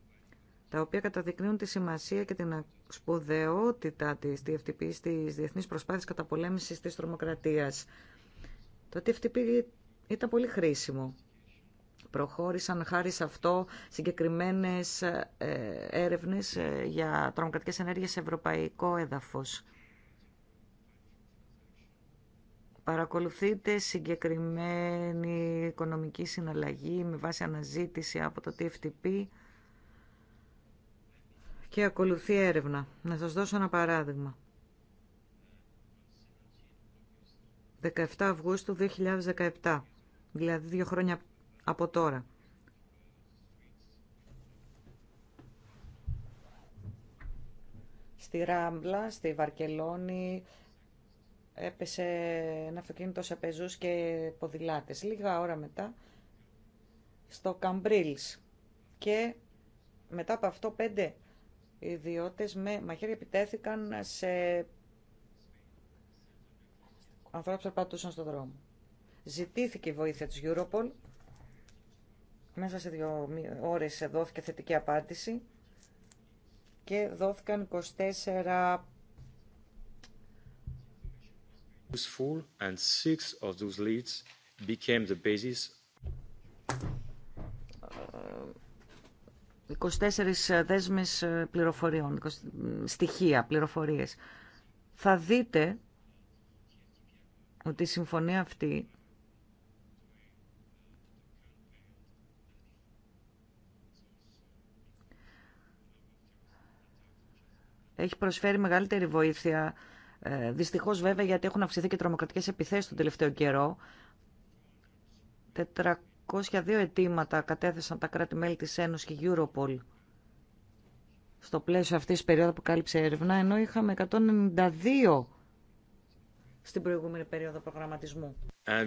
τα οποία καταδεικνύουν τη σημασία και την σπουδαιότητα της TFTP στις διεθνείς προσπάθειες καταπολέμησης της τρομοκρατίας. Το TFTP ήταν πολύ χρήσιμο. Προχώρησαν χάρη σε αυτό συγκεκριμένες ε, έρευνες ε, για τρομοκρατικές ενέργειες σε ευρωπαϊκό έδαφος. Παρακολουθείτε συγκεκριμένη οικονομική συναλλαγή με βάση αναζήτηση από το TFTP και ακολουθεί έρευνα. Να σας δώσω ένα παράδειγμα. 17 Αυγούστου 2017, δηλαδή δύο χρόνια από τώρα. Στη Ράμπλα, στη Βαρκελόνη, έπεσε ένα αυτοκίνητο σε πεζούς και ποδηλάτες. Λίγα ώρα μετά, στο Καμπρίλς. Και μετά από αυτό, πέντε ιδιώτες με μαχαίρια επιτέθηκαν σε ανθρώπους που στον δρόμο. Ζητήθηκε η βοήθεια της Europol. Μέσα σε δύο ώρες δόθηκε θετική απάντηση και δόθηκαν 24 of those leads became the basis 24 ε, δέσμες ε, πληροφοριών, στοιχεία, πληροφορίες. Θα δείτε ότι η συμφωνία αυτή έχει προσφέρει μεγαλύτερη βοήθεια. Ε, δυστυχώς βέβαια γιατί έχουν αυξηθεί και τρομοκρατικές επιθέσεις τον τελευταίο καιρό. 402 αιτήματα κατέθεσαν τα κράτη-μέλη της Ένωσης και Europol στο πλαίσιο αυτής της περίοδου που κάλυψε έρευνα, ενώ είχαμε 192 στην προηγούμενη περίοδο προγραμματισμού. Ε,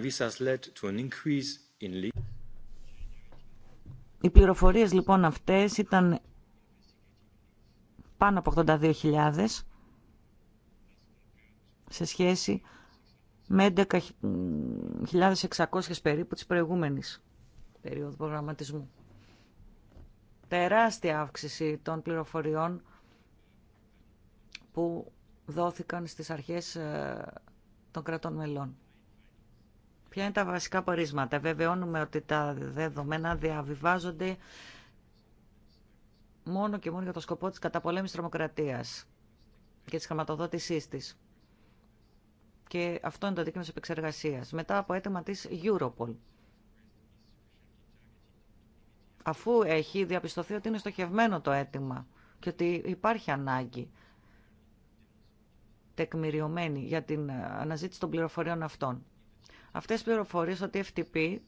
Οι πληροφορίες λοιπόν αυτές ήταν πάνω από 82.000 σε σχέση με 11.600 περίπου της προηγούμενης περίοδου προγραμματισμού. Τεράστια αύξηση των πληροφοριών που δόθηκαν στις αρχές ε, των κρατών μελών. Ποια είναι τα βασικά παρίσματα; Βεβαιώνουμε ότι τα δεδομένα διαβιβάζονται μόνο και μόνο για το σκοπό της καταπολέμησης τρομοκρατίας και της χρηματοδότησή της. Και αυτό είναι το δίκαιο Μετά από αίτημα της Europol. Αφού έχει διαπιστωθεί ότι είναι στοχευμένο το αίτημα και ότι υπάρχει ανάγκη τεκμηριωμένη για την ε, αναζήτηση των πληροφοριών αυτών. Αυτές οι πληροφορίες ότι FTP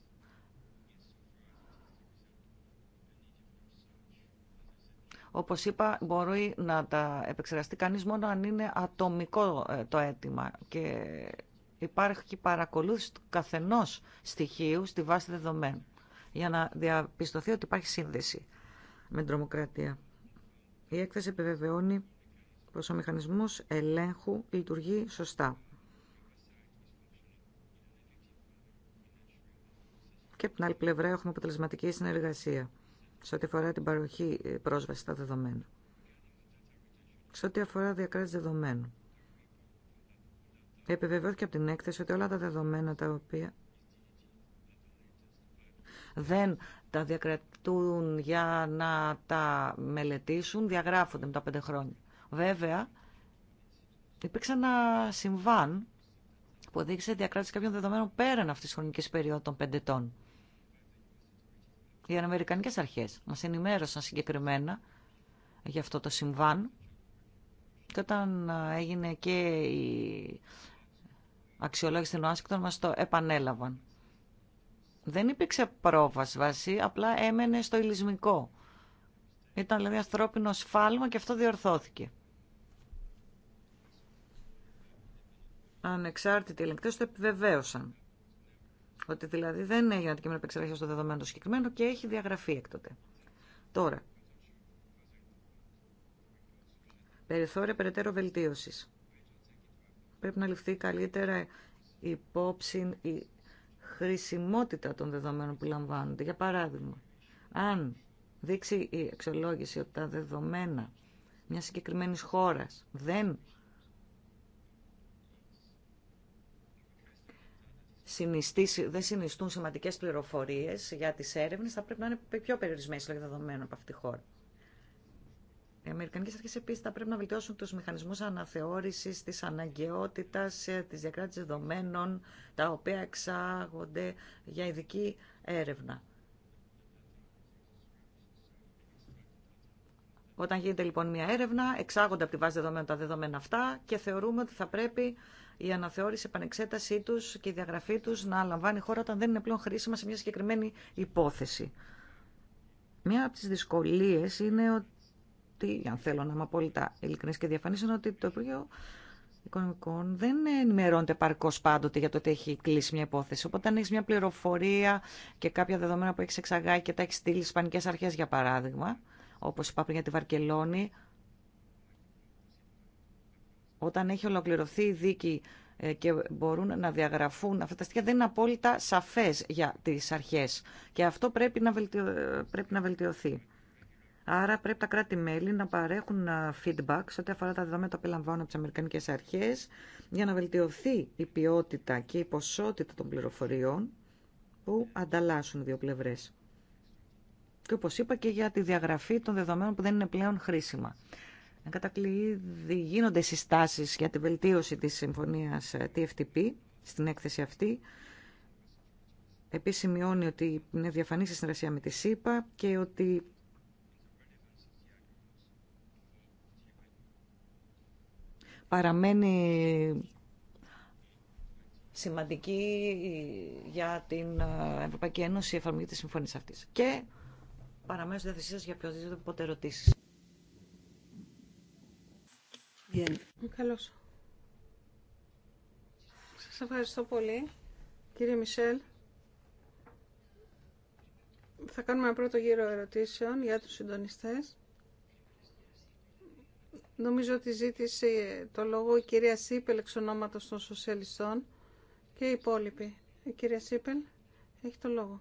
όπως είπα, μπορεί να τα επεξεργαστεί κανείς μόνο αν είναι ατομικό ε, το αίτημα και υπάρχει παρακολούθηση του καθενός στοιχείου στη βάση δεδομένων για να διαπιστωθεί ότι υπάρχει σύνδεση με την τρομοκρατία. Η έκθεση επιβεβαιώνει πως ο μηχανισμός ελέγχου λειτουργεί σωστά. Και από την άλλη πλευρά έχουμε αποτελεσματική συνεργασία σε ό,τι αφορά την παροχή ε, πρόσβαση στα δεδομένα. Σε ό,τι αφορά διακράτηση δεδομένων. Επιβεβαιώθηκε από την έκθεση ότι όλα τα δεδομένα τα οποία δεν τα διακρατούν για να τα μελετήσουν, διαγράφονται μετά πέντε χρόνια. Βέβαια, υπήρξε ένα συμβάν που οδήγησε διακράτηση κάποιων δεδομένων πέραν αυτή τη χρονική περίοδου των πέντε ετών. Οι Αμερικανικές αρχέ. μας ενημέρωσαν συγκεκριμένα για αυτό το συμβάν και όταν έγινε και η αξιολόγηση στην Ουάσιγκτον μας το επανέλαβαν. Δεν υπήρξε πρόβαση, απλά έμενε στο ηλισμικό. Ήταν δηλαδή ανθρώπινο σφάλμα και αυτό διορθώθηκε. ανεξάρτητοι ελεγκτές το επιβεβαίωσαν. Ότι δηλαδή δεν έγινε αντικείμενο επεξεργασία στο δεδομένο το συγκεκριμένο και έχει διαγραφεί έκτοτε. Τώρα, περιθώρια περαιτέρω βελτίωση. Πρέπει να ληφθεί καλύτερα υπόψη η χρησιμότητα των δεδομένων που λαμβάνονται. Για παράδειγμα, αν δείξει η εξολόγηση ότι τα δεδομένα μια συγκεκριμένη χώρα δεν δεν συνιστούν σημαντικές πληροφορίες για τις έρευνες, θα πρέπει να είναι πιο περιορισμένες λόγια δεδομένων από αυτή τη χώρα. Οι Αμερικανικέ Αρχέ επίση θα πρέπει να βελτιώσουν του μηχανισμού αναθεώρηση τη αναγκαιότητα ε, τη διακράτηση δεδομένων, τα οποία εξάγονται για ειδική έρευνα. Όταν γίνεται λοιπόν μια έρευνα, εξάγονται από τη βάση δεδομένων τα δεδομένα αυτά και θεωρούμε ότι θα πρέπει η αναθεώρηση, η επανεξέτασή του και η διαγραφή του να λαμβάνει χώρα όταν δεν είναι πλέον χρήσιμα σε μια συγκεκριμένη υπόθεση. Μία από τι δυσκολίε είναι ότι, αν θέλω να είμαι απόλυτα ειλικρινή και διαφανή, είναι ότι το Υπουργείο Οικονομικών δεν ενημερώνεται παρκώ πάντοτε για το ότι έχει κλείσει μια υπόθεση. Οπότε, αν έχει μια πληροφορία και κάποια δεδομένα που έχει εξαγάγει και τα έχει στείλει στι Ισπανικέ Αρχέ, για παράδειγμα, όπω είπα πριν για τη Βαρκελόνη, όταν έχει ολοκληρωθεί η δίκη ε, και μπορούν να διαγραφούν αυτά τα στοιχεία δεν είναι απόλυτα σαφές για τις αρχές και αυτό πρέπει να, βελτιωθεί. Άρα πρέπει τα κράτη-μέλη να παρέχουν ε, feedback σε ό,τι αφορά τα δεδομένα που απελαμβάνουν από τι Αμερικανικές Αρχές για να βελτιωθεί η ποιότητα και η ποσότητα των πληροφοριών που ανταλλάσσουν δύο πλευρές. Και όπως είπα και για τη διαγραφή των δεδομένων που δεν είναι πλέον χρήσιμα. Εν κατακλείδη γίνονται συστάσεις για την βελτίωση της συμφωνίας ε, TFTP στην έκθεση αυτή. Επίσης σημειώνει ότι είναι διαφανή η συνεργασία με τη ΣΥΠΑ και ότι παραμένει σημαντική για την ε, Ευρωπαϊκή Ένωση η εφαρμογή της συμφωνίας αυτής. Και παραμένω στη σας για οποιοδήποτε ερωτήσεις. Σα Σας ευχαριστώ πολύ, κύριε Μισελ. Θα κάνουμε ένα πρώτο γύρο ερωτήσεων για τους συντονιστές. Νομίζω ότι ζήτησε το λόγο η κυρία Σίπελ εξ ονόματος των σοσιαλιστών και οι υπόλοιποι. Η κυρία Σίπελ έχει το λόγο.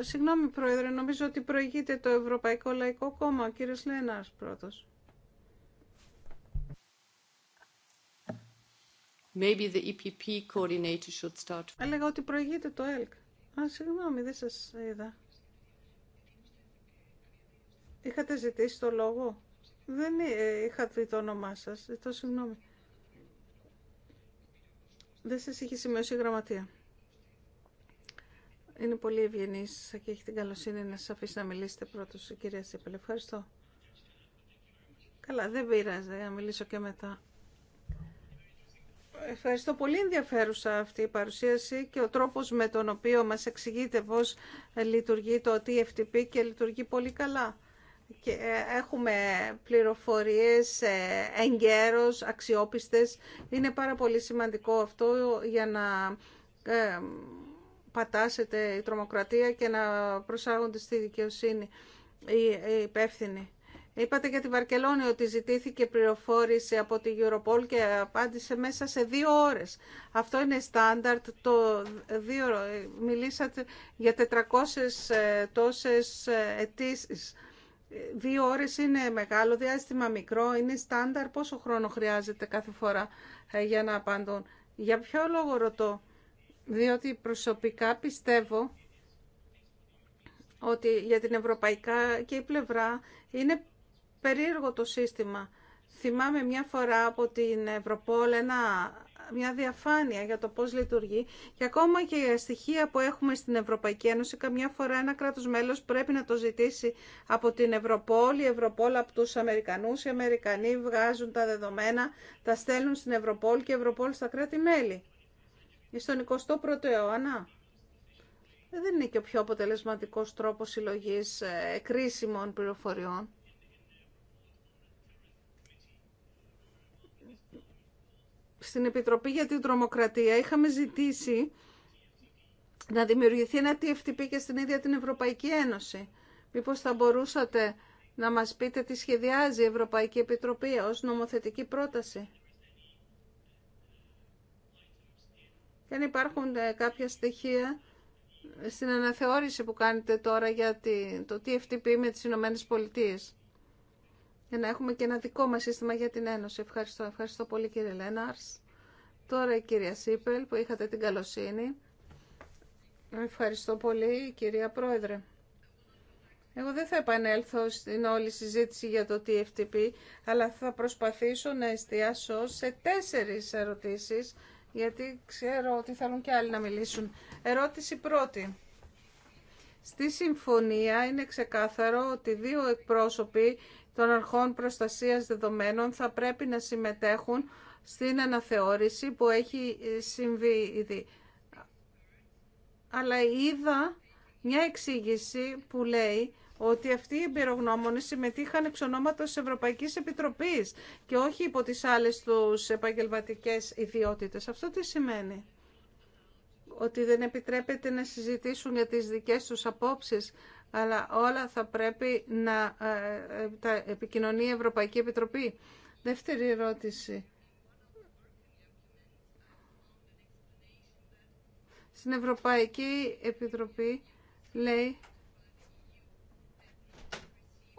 Συγγνώμη, Πρόεδρε, νομίζω ότι προηγείται το Ευρωπαϊκό Λαϊκό Κόμμα. Ο κύριος Λενάς, πρώτος. Maybe the EPP coordinator should start. Έλεγα ότι προηγείται το ΕΛΚ. Α, συγγνώμη, δεν σας είδα. Είχατε ζητήσει το λόγο. Δεν ε, είχατε το όνομά σας. Ζητώ συγγνώμη. Δεν σας είχε σημειώσει η γραμματεία. Είναι πολύ ευγενή και έχει την καλοσύνη να σα αφήσει να μιλήσετε πρώτο, κυρία Σίπελ. Ευχαριστώ. Καλά, δεν πειράζει, να μιλήσω και μετά. Ευχαριστώ πολύ ενδιαφέρουσα αυτή η παρουσίαση και ο τρόπος με τον οποίο μας εξηγείτε πώς λειτουργεί το TFTP και λειτουργεί πολύ καλά. Και ε, έχουμε πληροφορίες ε, εγκαίρως, αξιόπιστες. Είναι πάρα πολύ σημαντικό αυτό για να ε, πατάσετε η τρομοκρατία και να προσάγονται στη δικαιοσύνη οι υπεύθυνοι. Είπατε για τη Βαρκελόνη ότι ζητήθηκε πληροφόρηση από τη Europol και απάντησε μέσα σε δύο ώρες. Αυτό είναι στάνταρτ. Το δύο, μιλήσατε για 400 ε, τόσες ε, αιτήσει. Δύο ώρες είναι μεγάλο διάστημα, μικρό, είναι στάνταρ. Πόσο χρόνο χρειάζεται κάθε φορά ε, για να απαντούν. Για ποιο λόγο ρωτώ διότι προσωπικά πιστεύω ότι για την ευρωπαϊκά και η πλευρά είναι περίεργο το σύστημα. Θυμάμαι μια φορά από την Ευρωπόλ μια διαφάνεια για το πώς λειτουργεί και ακόμα και η στοιχεία που έχουμε στην Ευρωπαϊκή Ένωση καμιά φορά ένα κράτος μέλος πρέπει να το ζητήσει από την Ευρωπόλ, η Ευρωπόλ από τους Αμερικανούς, οι Αμερικανοί βγάζουν τα δεδομένα, τα στέλνουν στην Ευρωπόλ και η Ευρωπόλ στα κράτη-μέλη στον 21ο αιώνα ε, δεν είναι και ο πιο αποτελεσματικός τρόπος συλλογής ε, κρίσιμων πληροφοριών. Στην Επιτροπή για την Τρομοκρατία είχαμε ζητήσει να δημιουργηθεί ένα TFTP και στην ίδια την Ευρωπαϊκή Ένωση. Μήπως θα μπορούσατε να μας πείτε τι σχεδιάζει η Ευρωπαϊκή Επιτροπή ως νομοθετική πρόταση. δεν υπάρχουν ε, κάποια στοιχεία στην αναθεώρηση που κάνετε τώρα για το TFTP με τις Ηνωμένες Πολιτείες. Για να έχουμε και ένα δικό μας σύστημα για την Ένωση. Ευχαριστώ, ευχαριστώ πολύ κύριε Λέναρς. Τώρα η κυρία Σίπελ που είχατε την καλοσύνη. Ευχαριστώ πολύ κυρία Πρόεδρε. Εγώ δεν θα επανέλθω στην όλη συζήτηση για το TFTP, αλλά θα προσπαθήσω να εστιάσω σε τέσσερις ερωτήσεις γιατί ξέρω ότι θέλουν και άλλοι να μιλήσουν. Ερώτηση πρώτη. Στη συμφωνία είναι ξεκάθαρο ότι δύο εκπρόσωποι των αρχών προστασίας δεδομένων θα πρέπει να συμμετέχουν στην αναθεώρηση που έχει συμβεί ήδη. Αλλά είδα μια εξήγηση που λέει ότι αυτοί οι εμπειρογνώμονε συμμετείχαν εξ ονόματος ευρωπαϊκή Επιτροπής και όχι υπό τις άλλε του επαγγελματικέ ιδιότητες. Αυτό τι σημαίνει. Ότι δεν επιτρέπεται να συζητήσουν για τις δικές τους απόψεις, αλλά όλα θα πρέπει να ε, ε, τα επικοινωνεί η Ευρωπαϊκή Επιτροπή. Δεύτερη ερώτηση. Στην Ευρωπαϊκή Επιτροπή λέει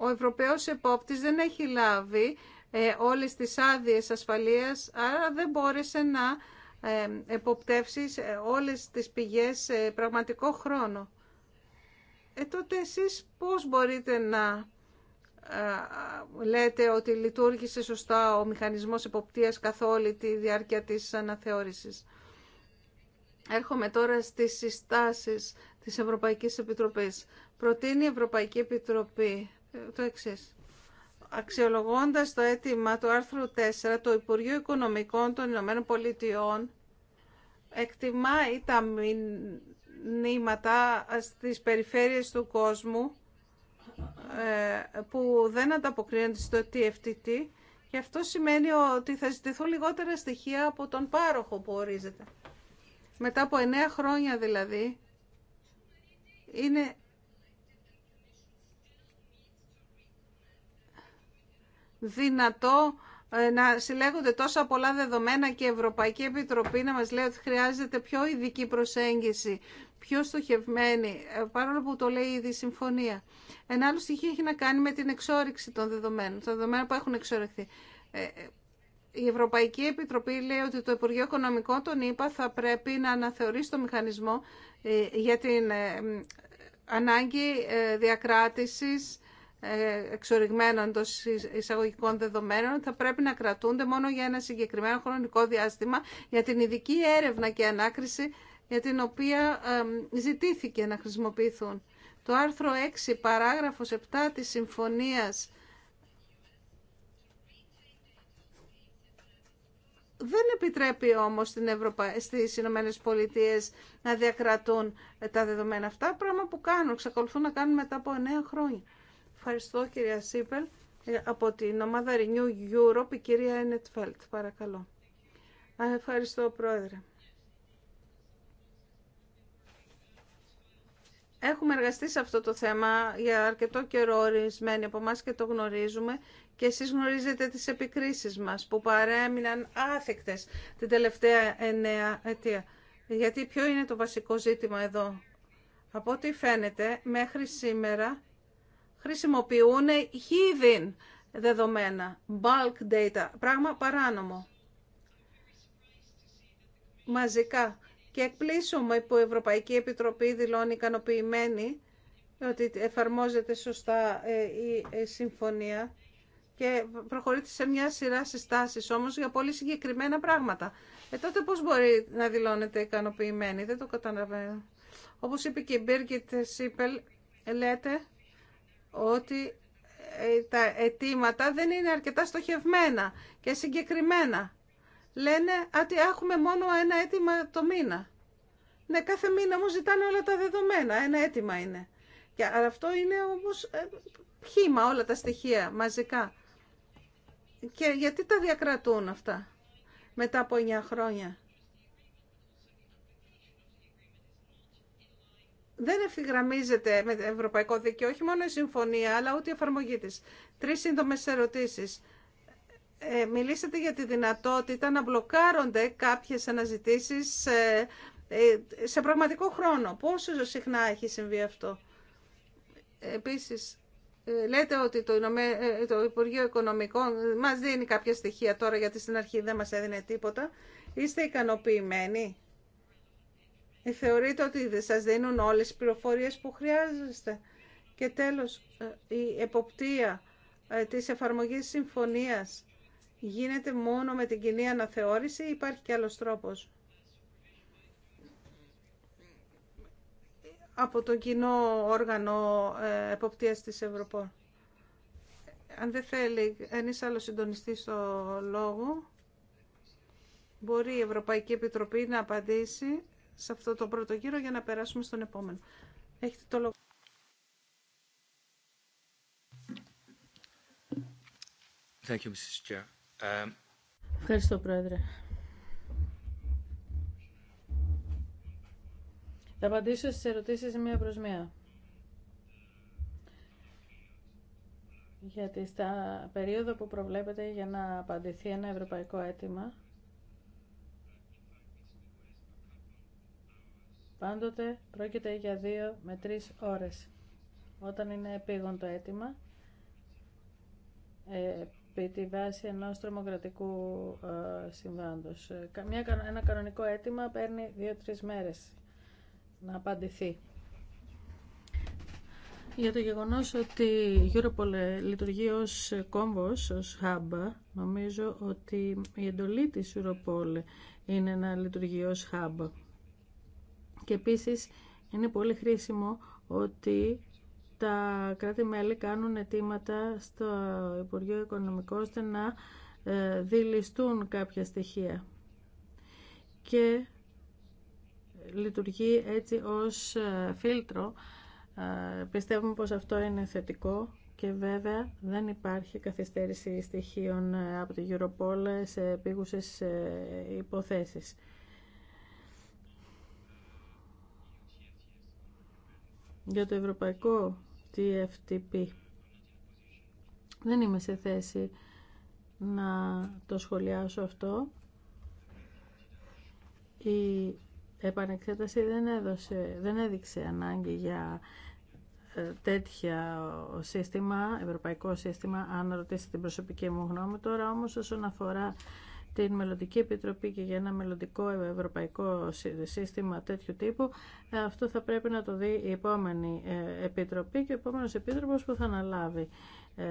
ο Ευρωπαίος επόπτης δεν έχει λάβει ε, όλες τις άδειες ασφαλείας, άρα δεν μπόρεσε να ε, εποπτεύσει όλες τις πηγές σε πραγματικό χρόνο. Ε, τότε εσείς πώς μπορείτε να ε, λέτε ότι λειτουργήσε σωστά ο μηχανισμός εποπτείας καθ' όλη τη διάρκεια της αναθεώρησης. Έρχομαι τώρα στις συστάσεις της Ευρωπαϊκής Επιτροπής. Προτείνει η Ευρωπαϊκή Επιτροπή ε, το εξή. Αξιολογώντας το αίτημα του άρθρου 4 του Υπουργείο Οικονομικών των Ηνωμένων Πολιτειών εκτιμάει τα μηνύματα στις περιφέρειες του κόσμου ε, που δεν ανταποκρίνονται στο TFTT και αυτό σημαίνει ότι θα ζητηθούν λιγότερα στοιχεία από τον πάροχο που ορίζεται. Μετά από εννέα χρόνια δηλαδή είναι δυνατό ε, να συλλέγονται τόσα πολλά δεδομένα και η Ευρωπαϊκή Επιτροπή να μας λέει ότι χρειάζεται πιο ειδική προσέγγιση, πιο στοχευμένη, ε, παρόλο που το λέει ήδη η συμφωνία. Ένα άλλο στοιχείο έχει να κάνει με την εξόρυξη των δεδομένων, τα δεδομένα που έχουν εξόρυχθει. Ε, η Ευρωπαϊκή Επιτροπή λέει ότι το Υπουργείο Οικονομικών, τον είπα, θα πρέπει να αναθεωρήσει το μηχανισμό για την ανάγκη διακράτησης ε, εξοριγμένων εντό εισαγωγικών δεδομένων θα πρέπει να κρατούνται μόνο για ένα συγκεκριμένο χρονικό διάστημα για την ειδική έρευνα και ανάκριση για την οποία ζητήθηκε να χρησιμοποιηθούν. Το άρθρο 6 παράγραφος 7 της Συμφωνίας δεν επιτρέπει όμως στην Ευρωπα... στις Ηνωμένες Πολιτείες να διακρατούν τα δεδομένα αυτά, πράγμα που κάνουν, εξακολουθούν να κάνουν μετά από 9 χρόνια. Ευχαριστώ κυρία Σίπελ. Ε, από την ομάδα Renew Europe, η κυρία Ενετφέλτ, παρακαλώ. Ευχαριστώ, Πρόεδρε. Έχουμε εργαστεί σε αυτό το θέμα για αρκετό καιρό ορισμένοι από εμά και το γνωρίζουμε και εσείς γνωρίζετε τις επικρίσεις μας που παρέμειναν άθεκτες την τελευταία εννέα αιτία. Γιατί ποιο είναι το βασικό ζήτημα εδώ. Από ό,τι φαίνεται μέχρι σήμερα χρησιμοποιούν hidden δεδομένα, bulk data, πράγμα παράνομο. Μαζικά. Και εκπλήσουμε που η Ευρωπαϊκή Επιτροπή δηλώνει ικανοποιημένη ότι εφαρμόζεται σωστά ε, η ε, συμφωνία και προχωρείται σε μια σειρά συστάσεις όμως για πολύ συγκεκριμένα πράγματα. Ε, τότε πώς μπορεί να δηλώνεται ικανοποιημένη, δεν το καταλαβαίνω. Όπως είπε και η Μπίργκιτ Σίπελ, λέτε ότι ε, τα αιτήματα δεν είναι αρκετά στοχευμένα και συγκεκριμένα. Λένε ότι έχουμε μόνο ένα αίτημα το μήνα. Ναι, κάθε μήνα μου ζητάνε όλα τα δεδομένα. Ένα αίτημα είναι. Και αυτό είναι όμως ε, χήμα όλα τα στοιχεία μαζικά. Και γιατί τα διακρατούν αυτά μετά από 9 χρόνια. δεν ευθυγραμμίζεται με το ευρωπαϊκό δίκαιο, όχι μόνο η συμφωνία, αλλά ούτε η εφαρμογή της. Τρεις σύντομες ερωτήσεις. Ε, μιλήσατε για τη δυνατότητα να μπλοκάρονται κάποιες αναζητήσεις ε, ε, σε πραγματικό χρόνο. Πόσο συχνά έχει συμβεί αυτό. Επίσης, ε, λέτε ότι το, το Υπουργείο Οικονομικών μας δίνει κάποια στοιχεία τώρα γιατί στην αρχή δεν μας έδινε τίποτα. Είστε ικανοποιημένοι ε, θεωρείτε ότι δεν σας δίνουν όλες τις πληροφορίες που χρειάζεστε. Και τέλος, ε, η εποπτεία ε, της εφαρμογής συμφωνίας γίνεται μόνο με την κοινή αναθεώρηση ή υπάρχει και άλλος τρόπος. Από το κοινό όργανο εποπτείας της ευρωπό. Αν δεν θέλει ενείς άλλο συντονιστή στο λόγο, μπορεί η Ευρωπαϊκή Επιτροπή να απαντήσει σε αυτό το πρώτο γύρο για να περάσουμε στον επόμενο. Έχετε το λόγο. Um, Ευχαριστώ, Πρόεδρε. Θα απαντήσω στις ερωτήσεις μία προς μία. Γιατί στα περίοδο που προβλέπετε για να απαντηθεί ένα ευρωπαϊκό αίτημα, Πάντοτε πρόκειται για δύο με τρεις ώρες. Όταν είναι επίγον το αίτημα, ε, επί τη βάση ενός τρομοκρατικού ε, συμβάντος. Ε, ένα κανονικό αίτημα παίρνει δύο-τρεις μέρες να απαντηθεί. Για το γεγονός ότι η Europol λειτουργεί ως κόμβος, ως hub, νομίζω ότι η εντολή της Europol είναι να λειτουργεί ως hub. Και επίσης είναι πολύ χρήσιμο ότι τα κράτη-μέλη κάνουν αιτήματα στο Υπουργείο Οικονομικό ώστε να ε, δηληστούν κάποια στοιχεία. Και λειτουργεί έτσι ως ε, φίλτρο. Πιστεύουμε πως αυτό είναι θετικό και βέβαια δεν υπάρχει καθυστέρηση στοιχείων ε, από τη Europol σε επίγουσες υποθέσεις. για το ευρωπαϊκό TFTP. Δεν είμαι σε θέση να το σχολιάσω αυτό. Η επανεξέταση δεν, έδωσε, δεν έδειξε ανάγκη για ε, τέτοια σύστημα, ευρωπαϊκό σύστημα, αν ρωτήσετε την προσωπική μου γνώμη. Τώρα όμως όσον αφορά την Μελλοντική Επιτροπή και για ένα μελλοντικό ευρωπαϊκό σύστημα τέτοιου τύπου, ε, αυτό θα πρέπει να το δει η επόμενη ε, Επιτροπή και ο επόμενος Επίτροπος που θα αναλάβει ε,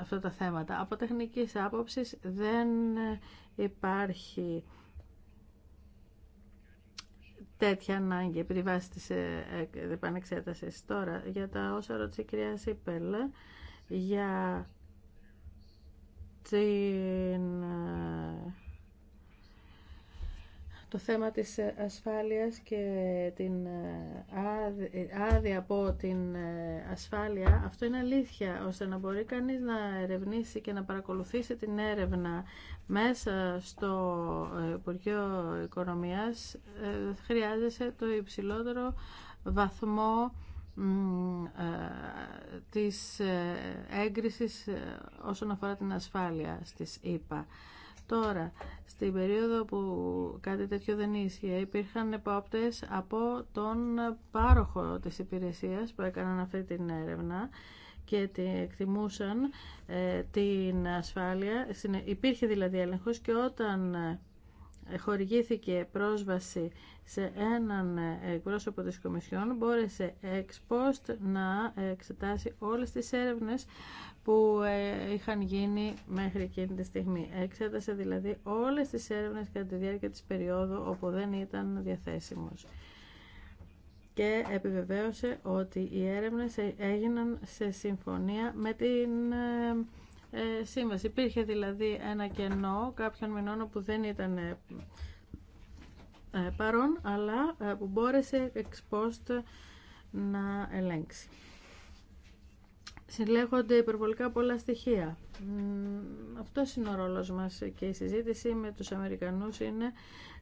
αυτά τα θέματα. Από τεχνική άποψης δεν υπάρχει τέτοια ανάγκη επί τη βάση της επανεξέτασης. Τώρα, για τα όσα ρώτησε η κυρία Σίπελ, για την ε, το θέμα της ε, ασφάλειας και την ε, άδεια από την ασφάλεια, αυτό είναι αλήθεια, ώστε να μπορεί κανείς να ερευνήσει και να παρακολουθήσει την έρευνα μέσα στο Υπουργείο Οικονομίας, χρειάζεσαι το υψηλότερο βαθμό ε, της ε, έγκρισης ε, όσον αφορά την ασφάλεια στις ΕΠΑ. Τώρα, στην περίοδο που κάτι τέτοιο δεν ίσχυε, υπήρχαν επόπτες από τον πάροχο της υπηρεσίας που έκαναν αυτή την έρευνα και εκτιμούσαν την ασφάλεια. Υπήρχε δηλαδή έλεγχος και όταν χορηγήθηκε πρόσβαση σε έναν εκπρόσωπο της Κομισιόν μπόρεσε εξ να εξετάσει όλες τις έρευνες που ε, είχαν γίνει μέχρι εκείνη τη στιγμή. Εξέτασε δηλαδή όλες τις έρευνες κατά τη διάρκεια της περίοδου όπου δεν ήταν διαθέσιμος και επιβεβαίωσε ότι οι έρευνες έγιναν σε συμφωνία με την ε, ε, σύμβαση. Υπήρχε δηλαδή ένα κενό κάποιων μηνών που δεν ήταν ε, ε, παρόν, αλλά που μπόρεσε εξ να ελέγξει. Συλλέγονται υπερβολικά πολλά στοιχεία. Αυτό είναι ο ρόλος μας και η συζήτηση με τους Αμερικανούς είναι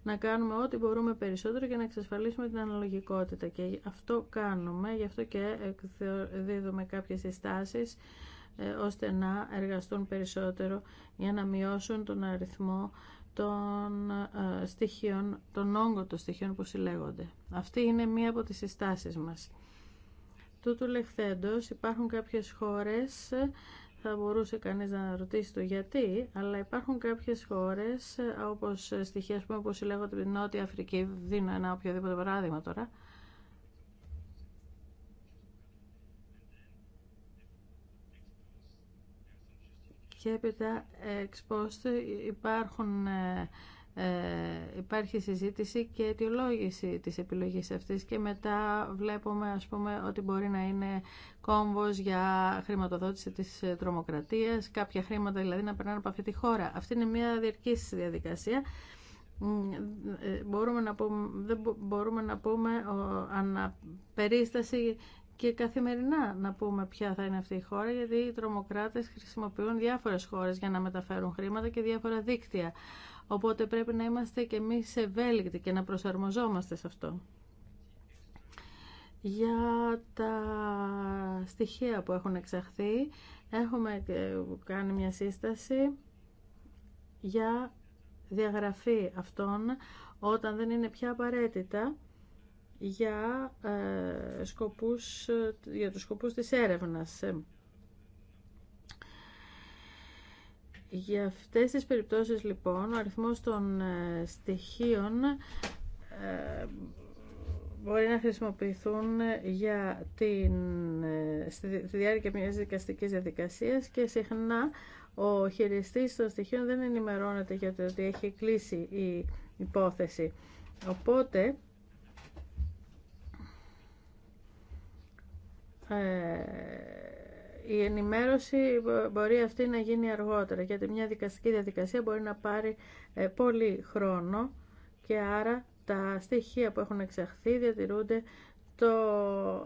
να κάνουμε ό,τι μπορούμε περισσότερο για να εξασφαλίσουμε την αναλογικότητα. Και αυτό κάνουμε, γι' αυτό και δίδουμε κάποιες συστάσεις ε, ώστε να εργαστούν περισσότερο για να μειώσουν τον αριθμό των ε, στοιχείων, τον όγκο των στοιχείων που συλλέγονται. Αυτή είναι μία από τις συστάσεις μας. Τούτου λεχθέντος υπάρχουν κάποιες χώρες θα μπορούσε κανείς να ρωτήσει το γιατί, αλλά υπάρχουν κάποιες χώρες, ε, όπως στοιχεία που συλλέγονται από την Νότια Αφρική, δίνω ένα οποιοδήποτε παράδειγμα τώρα, και έπειτα εξ υπάρχουν ε, ε, υπάρχει συζήτηση και αιτιολόγηση της επιλογής αυτής και μετά βλέπουμε ας πούμε ότι μπορεί να είναι κόμβος για χρηματοδότηση της ε, τρομοκρατίας, κάποια χρήματα δηλαδή να περνάνε από αυτή τη χώρα. Αυτή είναι μια διαρκής διαδικασία. Μπορούμε να πούμε, δεν μπορούμε να πούμε και καθημερινά να πούμε ποια θα είναι αυτή η χώρα, γιατί οι τρομοκράτες χρησιμοποιούν διάφορες χώρες για να μεταφέρουν χρήματα και διάφορα δίκτυα. Οπότε πρέπει να είμαστε και εμείς ευέλικτοι και να προσαρμοζόμαστε σε αυτό. Για τα στοιχεία που έχουν εξαχθεί, έχουμε κάνει μια σύσταση για διαγραφή αυτών όταν δεν είναι πια απαραίτητα για, ε, σκοπούς, ε, για τους σκοπούς της έρευνας. Ε, για αυτές τις περιπτώσεις λοιπόν ο αριθμός των στοιχείων μπορεί να χρησιμοποιηθούν για την, στη διάρκεια μιας δικαστικής διαδικασίας και συχνά ο χειριστής των στοιχείων δεν ενημερώνεται για το ότι έχει κλείσει η υπόθεση. Οπότε Ε, η ενημέρωση μπορεί αυτή να γίνει αργότερα, γιατί μια δικαστική διαδικασία μπορεί να πάρει ε, πολύ χρόνο και άρα τα στοιχεία που έχουν εξαχθεί διατηρούνται το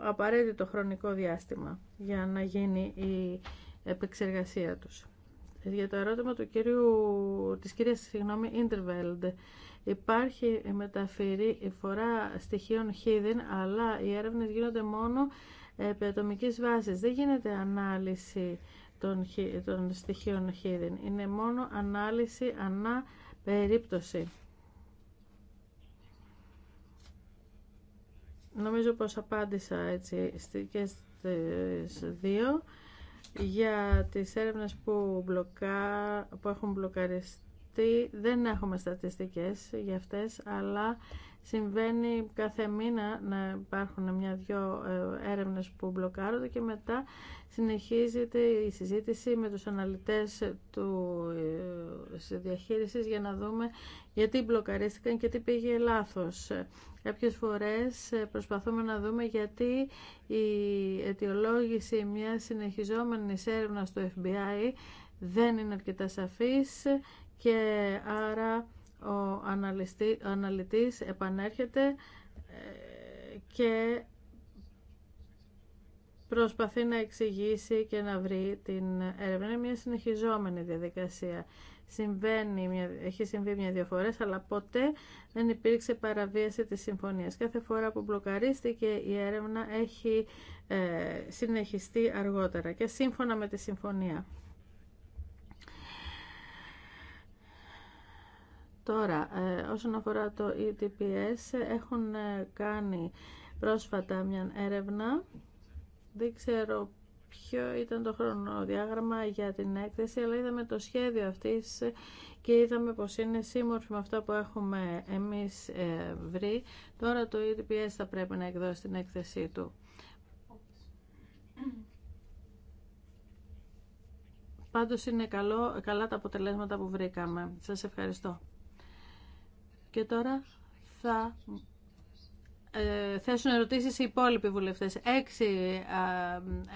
απαραίτητο χρονικό διάστημα για να γίνει η επεξεργασία τους. Για το ερώτημα του κυρίου, της κυρίας συγγνώμη, Interveld, υπάρχει φορά στοιχείων χίδιν, αλλά οι έρευνες γίνονται μόνο ατομικής βάσης. Δεν γίνεται ανάλυση των, στοιχείων χείριν. Είναι μόνο ανάλυση ανά περίπτωση. Νομίζω πως απάντησα έτσι και στις δύο για τις έρευνες που, που έχουν μπλοκαριστεί. Δεν έχουμε στατιστικές για αυτές, αλλά Συμβαίνει κάθε μήνα να υπάρχουν μια-δυο ε, έρευνες που μπλοκάρονται και μετά συνεχίζεται η συζήτηση με τους αναλυτές του ε, διαχείρισης για να δούμε γιατί μπλοκαρίστηκαν και τι πήγε λάθος. Κάποιες φορές ε, προσπαθούμε να δούμε γιατί η αιτιολόγηση μια συνεχιζόμενης έρευνας του FBI δεν είναι αρκετά σαφής και άρα ο αναλυτής επανέρχεται ε, και προσπαθεί να εξηγήσει και να βρει την έρευνα. Είναι μια συνεχιζόμενη διαδικασία. Συμβαίνει, έχει συμβεί μια δύο φορές, αλλά ποτέ δεν υπήρξε παραβίαση της συμφωνίας. Κάθε φορά που μπλοκαρίστηκε η έρευνα έχει ε, συνεχιστεί αργότερα και σύμφωνα με τη συμφωνία. Τώρα, ε, όσον αφορά το ETPS, έχουν ε, κάνει πρόσφατα μια έρευνα. Δεν ξέρω ποιο ήταν το χρονοδιάγραμμα για την έκθεση, αλλά είδαμε το σχέδιο αυτής και είδαμε πως είναι σύμμορφη με αυτά που έχουμε εμείς ε, βρει. Τώρα το EDPS θα πρέπει να εκδώσει την έκθεσή του. Πάντως είναι καλό, καλά τα αποτελέσματα που βρήκαμε. Σας ευχαριστώ. Και τώρα θα ε, θέσουν ερωτήσεις οι υπόλοιποι βουλευτές. Έξι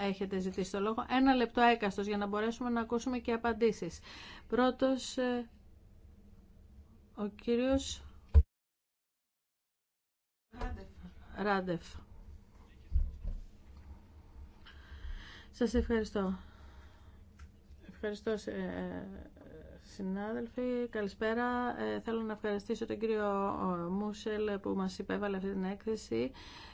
έχετε ζητήσει το λόγο. Ένα λεπτό έκαστος για να μπορέσουμε να ακούσουμε και απαντήσεις. Πρώτος, ε, ο κύριος Ράντεφ. Ράντεφ. Σας ευχαριστώ. Ευχαριστώ ε, ε, συνάδελφοι. Καλησπέρα. Ε, θέλω να ευχαριστήσω τον κύριο Μούσελ που μας υπέβαλε αυτή την έκθεση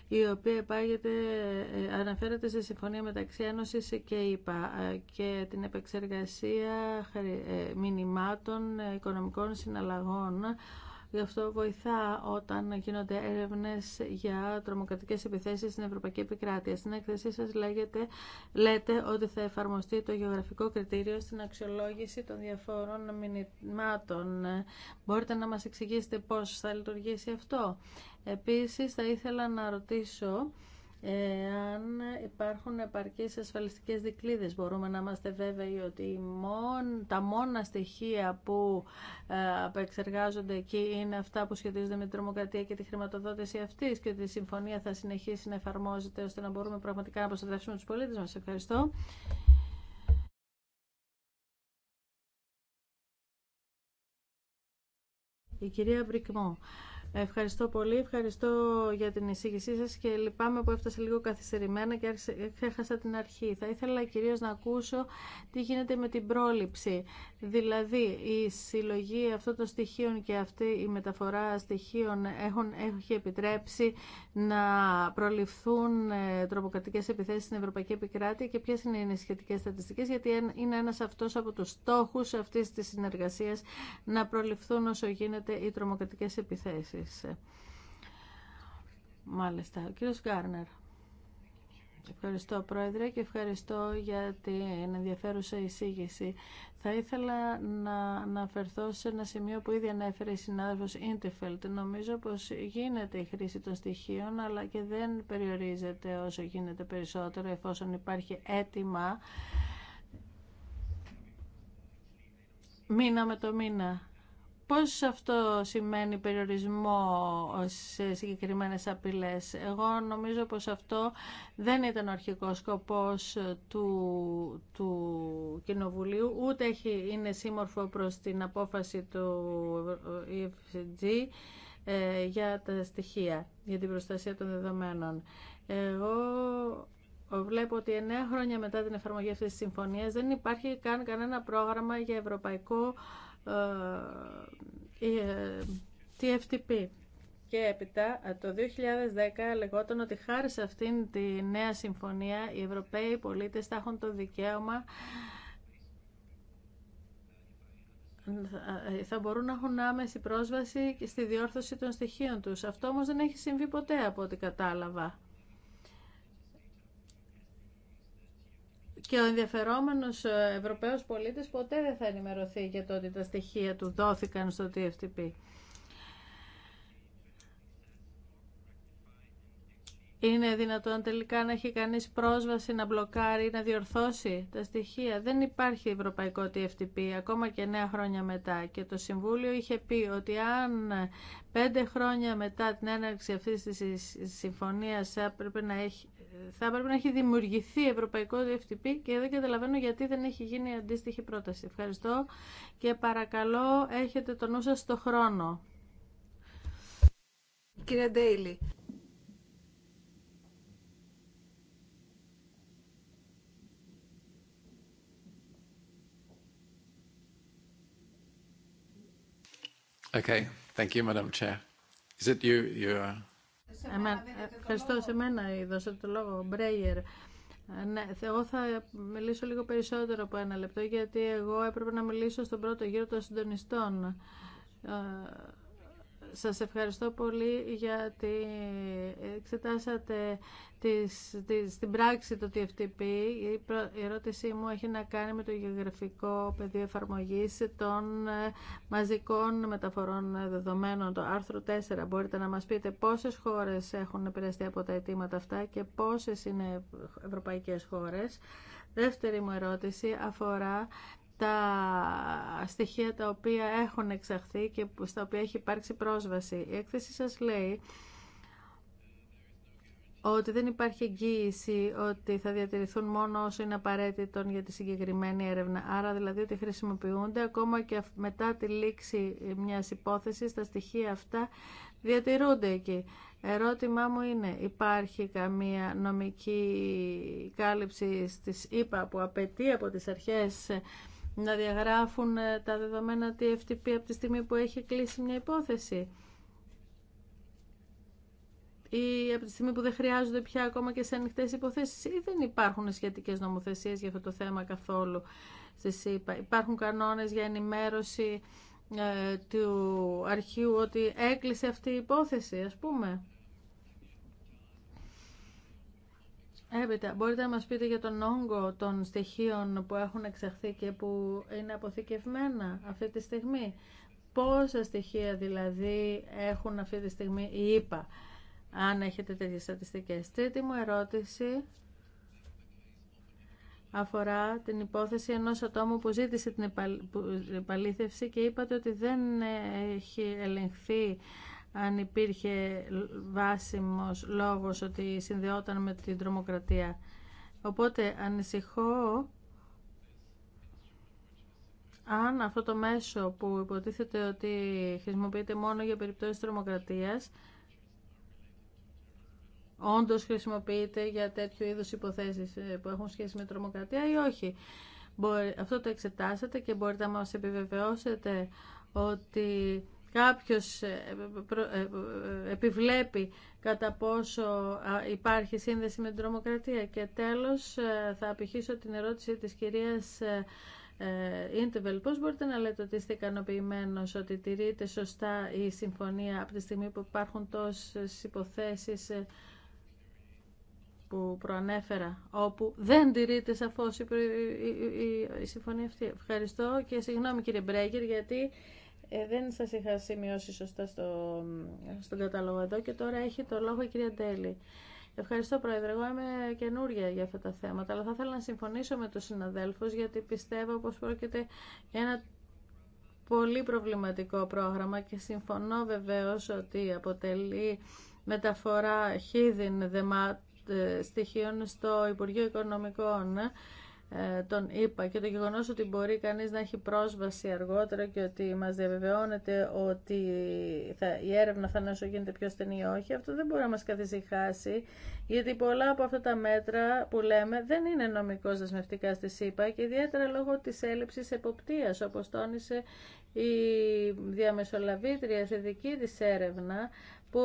η οποία ε, αναφέρεται σε συμφωνία μεταξύ Ένωσης και ΕΙΠΑ ε, και την επεξεργασία μηνυμάτων οικονομικών συναλλαγών Γι' αυτό βοηθά όταν γίνονται έρευνες για τρομοκρατικές επιθέσεις στην Ευρωπαϊκή Επικράτεια. Στην έκθεσή σας λέτε ότι θα εφαρμοστεί το γεωγραφικό κριτήριο στην αξιολόγηση των διαφόρων μηνυμάτων. Μπορείτε να μας εξηγήσετε πώς θα λειτουργήσει αυτό. Επίση, θα ήθελα να ρωτήσω αν υπάρχουν επαρκείς ασφαλιστικές δικλίδες. Μπορούμε να είμαστε βέβαιοι ότι τα μόνα στοιχεία που ε, απεξεργάζονται εκεί είναι αυτά που σχετίζονται με την τρομοκρατία και τη χρηματοδότηση αυτής και ότι η συμφωνία θα συνεχίσει να εφαρμόζεται ώστε να μπορούμε πραγματικά να προστατεύσουμε τους πολίτες μας. Ευχαριστώ. Η κυρία Μπρικμό. Ευχαριστώ πολύ, ευχαριστώ για την εισήγησή σας και λυπάμαι που έφτασα λίγο καθυστερημένα και έχασα την αρχή. Θα ήθελα κυρίως να ακούσω τι γίνεται με την πρόληψη, δηλαδή η συλλογή αυτών των στοιχείων και αυτή η μεταφορά στοιχείων έχουν, έχει επιτρέψει να προληφθούν ε, τρομοκρατικές επιθέσεις στην Ευρωπαϊκή Επικράτη και ποιες είναι οι σχετικές στατιστικές, γιατί είναι ένας αυτός από τους στόχους αυτής της συνεργασίας να προληφθούν όσο γίνεται οι τρομοκρατικές επιθέσεις. Ε, μάλιστα. Ο κύριος Γκάρνερ. Ευχαριστώ Πρόεδρε και ευχαριστώ για την ενδιαφέρουσα εισήγηση. Θα ήθελα να αναφερθώ σε ένα σημείο που ήδη ανέφερε η συνάδελφος Ιντεφελτ. Νομίζω πως γίνεται η χρήση των στοιχείων αλλά και δεν περιορίζεται όσο γίνεται περισσότερο εφόσον υπάρχει έτοιμα μήνα με το μήνα Πώς αυτό σημαίνει περιορισμό σε συγκεκριμένες απειλές. Εγώ νομίζω πως αυτό δεν ήταν ο αρχικός σκοπός του, του Κοινοβουλίου, ούτε έχει, είναι σύμμορφο προς την απόφαση του EFG ε, για τα στοιχεία, για την προστασία των δεδομένων. Εγώ βλέπω ότι εννέα χρόνια μετά την εφαρμογή αυτής της συμφωνίας δεν υπάρχει καν κανένα πρόγραμμα για ευρωπαϊκό ε, ε, TFTP. Και έπειτα ε, το 2010 λεγόταν ότι χάρη σε αυτήν τη νέα συμφωνία οι Ευρωπαίοι πολίτες θα έχουν το δικαίωμα θα μπορούν να έχουν άμεση πρόσβαση στη διόρθωση των στοιχείων τους. Αυτό όμως δεν έχει συμβεί ποτέ από ό,τι κατάλαβα. και ο ενδιαφερόμενο ε, Ευρωπαίος πολίτης ποτέ δεν θα ενημερωθεί για το ότι τα στοιχεία του δόθηκαν στο TFTP. Είναι δυνατόν τελικά να έχει κανείς πρόσβαση να μπλοκάρει ή να διορθώσει τα στοιχεία. Δεν υπάρχει ευρωπαϊκό TFTP ακόμα και νέα χρόνια μετά και το Συμβούλιο είχε πει ότι αν πέντε χρόνια μετά την έναρξη αυτής της συμφωνίας έπρεπε να έχει θα έπρεπε να έχει δημιουργηθεί ευρωπαϊκό FTP και δεν καταλαβαίνω γιατί δεν έχει γίνει αντίστοιχη πρόταση. Ευχαριστώ και παρακαλώ έχετε το νου σας στο χρόνο. Κύριε Ντέιλι. Okay, thank you, Madam Chair. Is it you, you are... Εμένα, ευχαριστώ σε μένα η το λόγο. Μπρέιερ. Ναι, εγώ θα μιλήσω λίγο περισσότερο από ένα λεπτό γιατί εγώ έπρεπε να μιλήσω στον πρώτο γύρο των συντονιστών. Ε, σας ευχαριστώ πολύ γιατί εξετάσατε τις, στην πράξη το TFTP. Η, ερώτησή μου έχει να κάνει με το γεωγραφικό πεδίο εφαρμογής των ε, μαζικών μεταφορών δεδομένων, το άρθρο 4. Μπορείτε να μας πείτε πόσες χώρες έχουν επηρεαστεί από τα αιτήματα αυτά και πόσες είναι ευρωπαϊκές χώρες. Δεύτερη μου ερώτηση αφορά τα στοιχεία τα οποία έχουν εξαχθεί και στα οποία έχει υπάρξει πρόσβαση. Η έκθεση σας λέει ότι δεν υπάρχει εγγύηση ότι θα διατηρηθούν μόνο όσο είναι απαραίτητο για τη συγκεκριμένη έρευνα. Άρα δηλαδή ότι χρησιμοποιούνται ακόμα και μετά τη λήξη μιας υπόθεσης, τα στοιχεία αυτά διατηρούνται εκεί. Ερώτημά μου είναι, υπάρχει καμία νομική κάλυψη στις ΕΠΑ που απαιτεί από τις αρχές να διαγράφουν ε, τα δεδομένα FTP από τη στιγμή που έχει κλείσει μια υπόθεση ή από τη στιγμή που δεν χρειάζονται πια ακόμα και σε ανοιχτέ θέμα καθόλου. Υπάρχουν κανόνες για ενημέρωση του αρχείου ότι έκλεισε αυτή ή δεν υπάρχουν σχετικες νομοθεσιες για αυτό το θέμα καθόλου Υπάρχουν κανονες για ενημέρωση ε, του αρχείου ότι έκλεισε αυτή η υπόθεση, ας πούμε. Έπειτα, μπορείτε να μας πείτε για τον όγκο των στοιχείων που έχουν εξαχθεί και που είναι αποθηκευμένα αυτή τη στιγμή. Πόσα στοιχεία δηλαδή έχουν αυτή τη στιγμή η ΕΠΑ, αν έχετε τέτοιες στατιστικές. Τρίτη μου ερώτηση αφορά την υπόθεση ενός ατόμου που ζήτησε την επαλήθευση και είπατε ότι δεν έχει ελεγχθεί αν υπήρχε βάσιμος λόγος ότι συνδεόταν με την τρομοκρατία. Οπότε ανησυχώ αν αυτό το μέσο που υποτίθεται ότι χρησιμοποιείται μόνο για περιπτώσεις τρομοκρατίας όντως χρησιμοποιείται για τέτοιου είδους υποθέσεις ε, που έχουν σχέση με τρομοκρατία ή όχι. Αυτό το εξετάσατε και μπορείτε να μας επιβεβαιώσετε ότι κάποιος ε, ε, επιβλέπει κατά πόσο υπάρχει σύνδεση με την τρομοκρατία. Και τέλος ε, θα απηχήσω την ερώτηση της κυρίας Ιντεβελ. Πώς μπορείτε να λέτε ότι είστε ικανοποιημένο ότι τηρείται σωστά η συμφωνία από τη στιγμή που υπάρχουν τόσες υποθέσεις που προανέφερα, όπου δεν τηρείται σαφώς η συμφωνία αυτή. Ευχαριστώ και συγγνώμη κύριε Μπρέγκερ γιατί ε, δεν σας είχα σημειώσει σωστά στο, στον κατάλογο εδώ και τώρα έχει το λόγο η κυρία Ντέλη. Ευχαριστώ Πρόεδρε, εγώ είμαι καινούρια για αυτά τα θέματα, αλλά θα ήθελα να συμφωνήσω με τους συναδέλφους γιατί πιστεύω πως πρόκειται για ένα πολύ προβληματικό πρόγραμμα και συμφωνώ βεβαίως ότι αποτελεί μεταφορά χίδιν ε, στοιχείων στο Υπουργείο Οικονομικών ε, τον είπα και το γεγονός ότι μπορεί κανείς να έχει πρόσβαση αργότερα και ότι μας διαβεβαιώνεται ότι θα, η έρευνα θα είναι όσο γίνεται πιο στενή ή όχι, αυτό δεν μπορεί να μας καθυσυχάσει γιατί πολλά από αυτά τα μέτρα που λέμε δεν είναι νομικώς δεσμευτικά στη ΣΥΠΑ και ιδιαίτερα λόγω της έλλειψης εποπτείας όπως τόνισε η διαμεσολαβήτρια στη δική της έρευνα που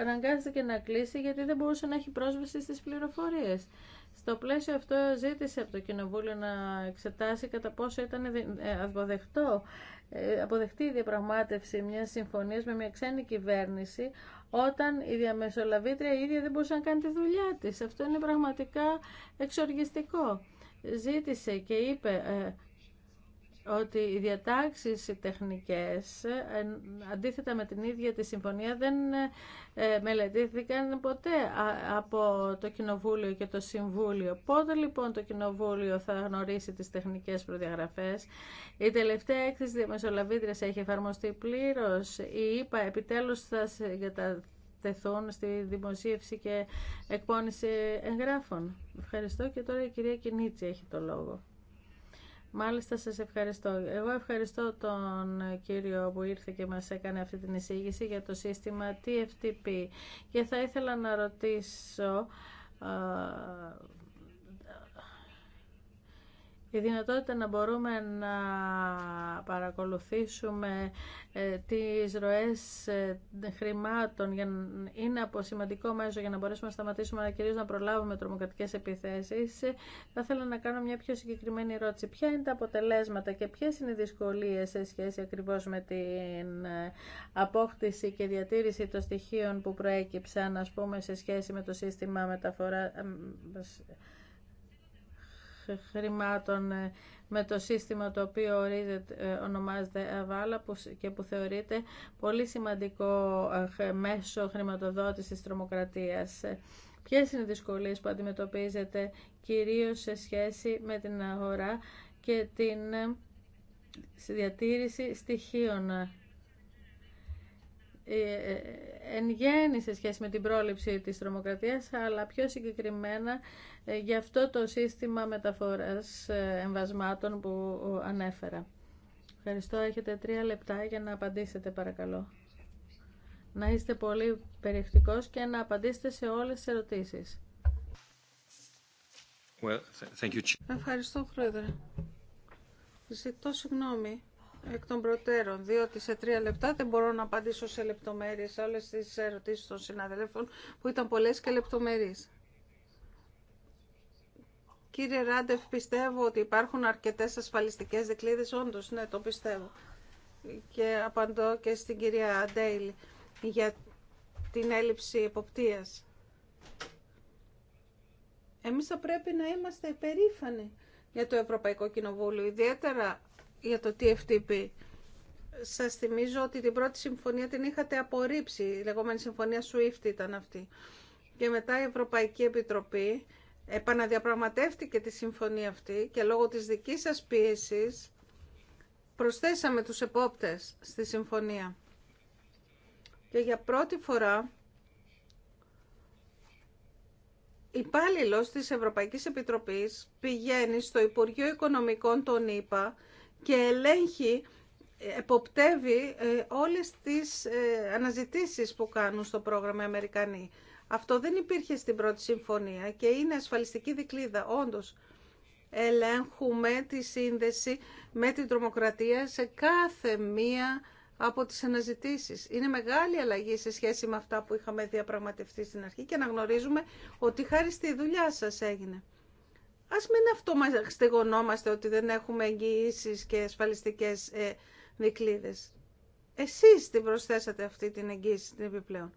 αναγκάστηκε να κλείσει γιατί δεν μπορούσε να έχει πρόσβαση στις πληροφορίες. Στο πλαίσιο αυτό ζήτησε από το Κοινοβούλιο να εξετάσει κατά πόσο ήταν αποδεκτό, αποδεκτή ε, η διαπραγμάτευση μιας συμφωνίας με μια ξένη κυβέρνηση όταν η διαμεσολαβήτρια η ίδια δεν μπορούσε να κάνει τη δουλειά της. Αυτό είναι πραγματικά εξοργιστικό. Ζήτησε και είπε ε, ότι οι διατάξεις τεχνικές, ε, αντίθετα με την ίδια τη συμφωνία, δεν ε, μελετήθηκαν ποτέ από το Κοινοβούλιο και το Συμβούλιο. Πότε λοιπόν το Κοινοβούλιο θα γνωρίσει τις τεχνικές προδιαγραφές. Η τελευταία έκθεση διαμεσολαβήτριας έχει εφαρμοστεί πλήρως. Η ΕΠΑ επιτέλους θα τεθούν στη δημοσίευση και εκπόνηση εγγράφων. Ευχαριστώ και τώρα η κυρία Κινίτση έχει το λόγο. Μάλιστα σας ευχαριστώ. Εγώ ευχαριστώ τον κύριο που ήρθε και μας έκανε αυτή την εισήγηση για το σύστημα TFTP και θα ήθελα να ρωτήσω η δυνατότητα να μπορούμε να παρακολουθήσουμε ε, τις ροές ε, χρημάτων για είναι από σημαντικό μέσο για να μπορέσουμε να σταματήσουμε αλλά κυρίως να προλάβουμε τρομοκρατικές επιθέσεις. Ε, θα ήθελα να κάνω μια πιο συγκεκριμένη ερώτηση. Ποια είναι τα αποτελέσματα και ποιες είναι οι δυσκολίες σε σχέση ακριβώς με την απόκτηση και διατήρηση των στοιχείων που προέκυψαν, ας πούμε, σε σχέση με το σύστημα μεταφορά χρημάτων ε, με το σύστημα το οποίο ορίζεται, ε, ονομάζεται ΑΒΑΛΑ και που θεωρείται πολύ σημαντικό ε, μέσο χρηματοδότησης τρομοκρατίας. Ποιες είναι οι δυσκολίες που αντιμετωπίζετε κυρίως σε σχέση με την αγορά και την διατήρηση στοιχείων ε, εν γέννη σε σχέση με την πρόληψη της τρομοκρατίας, αλλά πιο συγκεκριμένα ε, για αυτό το σύστημα μεταφοράς ε, εμβασμάτων που ανέφερα. Ευχαριστώ. Έχετε τρία λεπτά για να απαντήσετε παρακαλώ. Να είστε πολύ περιεκτικός και να απαντήσετε σε όλες τις ερωτήσεις. Well, thank you. Ευχαριστώ, Πρόεδρε. Ζητώ συγγνώμη εκ των προτέρων, διότι σε τρία λεπτά δεν μπορώ να απαντήσω σε λεπτομέρειες σε όλες τις ερωτήσεις των συναδέλφων που ήταν πολλές και λεπτομερείς. Κύριε Ράντεφ, πιστεύω ότι υπάρχουν αρκετές ασφαλιστικές δικλείδες, όντω. ναι, το πιστεύω. Και απαντώ και στην κυρία Ντέιλι για την έλλειψη εποπτείας. Εμείς θα πρέπει να είμαστε περήφανοι για το Ευρωπαϊκό Κοινοβούλιο, ιδιαίτερα για το TFTP. Σας θυμίζω ότι την πρώτη συμφωνία την είχατε απορρίψει, η λεγόμενη συμφωνία SWIFT ήταν αυτή. Και μετά η Ευρωπαϊκή Επιτροπή επαναδιαπραγματεύτηκε τη συμφωνία αυτή και λόγω της δικής σας πίεσης προσθέσαμε τους επόπτες στη συμφωνία. Και για πρώτη φορά υπάλληλο της Ευρωπαϊκής Επιτροπής πηγαίνει στο Υπουργείο Οικονομικών των ΗΠΑ και ελέγχει, εποπτεύει ε, όλες τις ε, αναζητήσεις που κάνουν στο πρόγραμμα οι Αμερικανοί. Αυτό δεν υπήρχε στην πρώτη συμφωνία και είναι ασφαλιστική δικλίδα, όντως. Ελέγχουμε τη σύνδεση με την τρομοκρατία σε κάθε μία από τις αναζητήσεις. Είναι μεγάλη αλλαγή σε σχέση με αυτά που είχαμε διαπραγματευτεί στην αρχή και γνωρίζουμε ότι χάρη στη δουλειά σας έγινε. Ας μην αυτομαστεγωνόμαστε ότι δεν έχουμε εγγυήσεις και ασφαλιστικές ε, δικλείδες. Εσείς την προσθέσατε αυτή την εγγύηση την επιπλέον.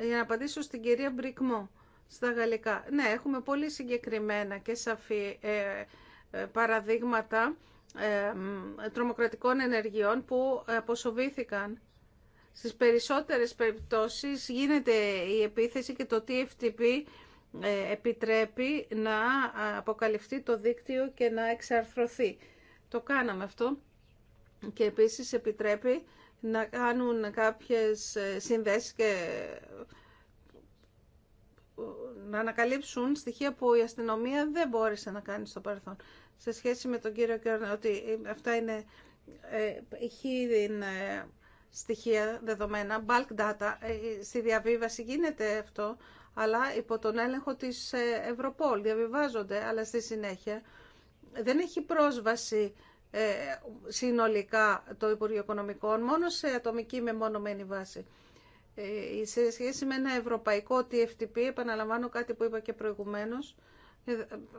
Για να απαντήσω στην κυρία Μπρικμό στα γαλλικά. Ναι, έχουμε πολύ συγκεκριμένα και σαφή ε, ε παραδείγματα ε, τρομοκρατικών ενεργειών που αποσοβήθηκαν. Στις περισσότερες περιπτώσεις γίνεται η επίθεση και το TFTP ε, επιτρέπει να αποκαλυφθεί το δίκτυο και να εξαρθρωθεί. Το κάναμε αυτό και επίσης επιτρέπει να κάνουν κάποιες ε, συνδέσεις και ε, να ανακαλύψουν στοιχεία που η αστυνομία δεν μπόρεσε να κάνει στο παρελθόν. Σε σχέση με τον κύριο Κέρνα, ότι αυτά είναι χίδιν στοιχεία δεδομένα, bulk data, στη διαβίβαση γίνεται αυτό, αλλά υπό τον έλεγχο της ε, Ευρωπόλ. Διαβιβάζονται, αλλά στη συνέχεια δεν έχει πρόσβαση ε, συνολικά το Υπουργείο Οικονομικών, μόνο σε ατομική μεμονωμένη βάση. Ε, σε σχέση με ένα ευρωπαϊκό TFTP, επαναλαμβάνω κάτι που είπα και προηγουμένως,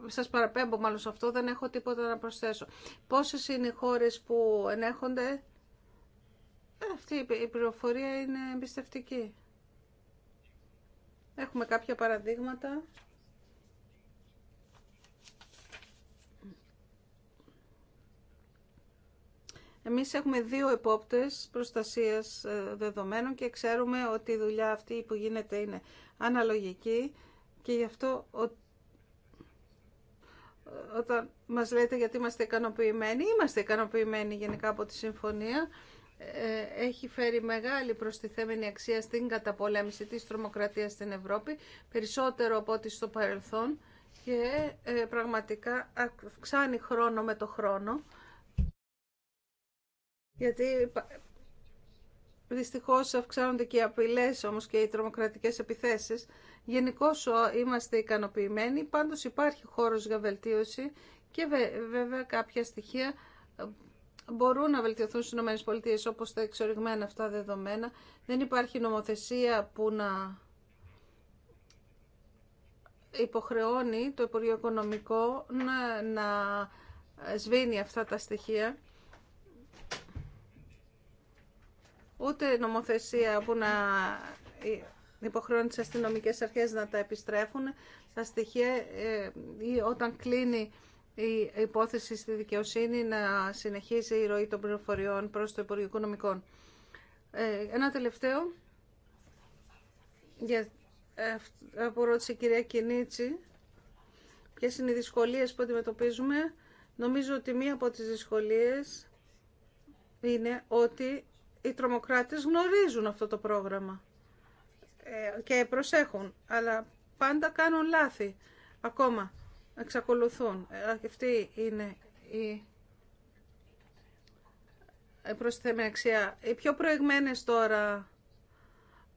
σας παραπέμπω μάλλον σε αυτό, δεν έχω τίποτα να προσθέσω. Πόσες είναι οι χώρες που ενέχονται, αυτή η πληροφορία είναι εμπιστευτική. Έχουμε κάποια παραδείγματα. Εμείς έχουμε δύο επόπτες προστασίας ε, δεδομένων και ξέρουμε ότι η δουλειά αυτή που γίνεται είναι αναλογική και γι' αυτό όταν μας λέτε γιατί είμαστε ικανοποιημένοι, είμαστε ικανοποιημένοι γενικά από τη συμφωνία ε, έχει φέρει μεγάλη προστιθέμενη αξία στην καταπολέμηση της τρομοκρατίας στην Ευρώπη, περισσότερο από ό,τι στο παρελθόν και ε, πραγματικά αυξάνει χρόνο με το χρόνο, γιατί δυστυχώς αυξάνονται και οι απειλές όμως και οι τρομοκρατικές επιθέσεις. Γενικώ είμαστε ικανοποιημένοι, πάντως υπάρχει χώρος για βελτίωση και βέβαια κάποια στοιχεία μπορούν να βελτιωθούν στι ΗΠΑ όπως τα εξοριγμένα αυτά δεδομένα. Δεν υπάρχει νομοθεσία που να υποχρεώνει το Υπουργείο Οικονομικό να, να σβήνει αυτά τα στοιχεία. Ούτε νομοθεσία που να υποχρεώνει τις αστυνομικές αρχές να τα επιστρέφουν Τα στοιχεία ε, ή όταν κλείνει η υπόθεση στη δικαιοσύνη να συνεχίζει η ροή των πληροφοριών προς το Υπουργείο Οικονομικών. Ε, ένα τελευταίο για, από ρώτησε η κυρία Κινίτσι ποιες είναι οι δυσκολίες που αντιμετωπίζουμε. Νομίζω ότι μία από τις δυσκολίες είναι ότι οι τρομοκράτες γνωρίζουν αυτό το πρόγραμμα ε, και προσέχουν, αλλά πάντα κάνουν λάθη ακόμα εξακολουθούν. Ε, αυτή είναι η προσθέμενη αξία. Οι πιο προηγμένες τώρα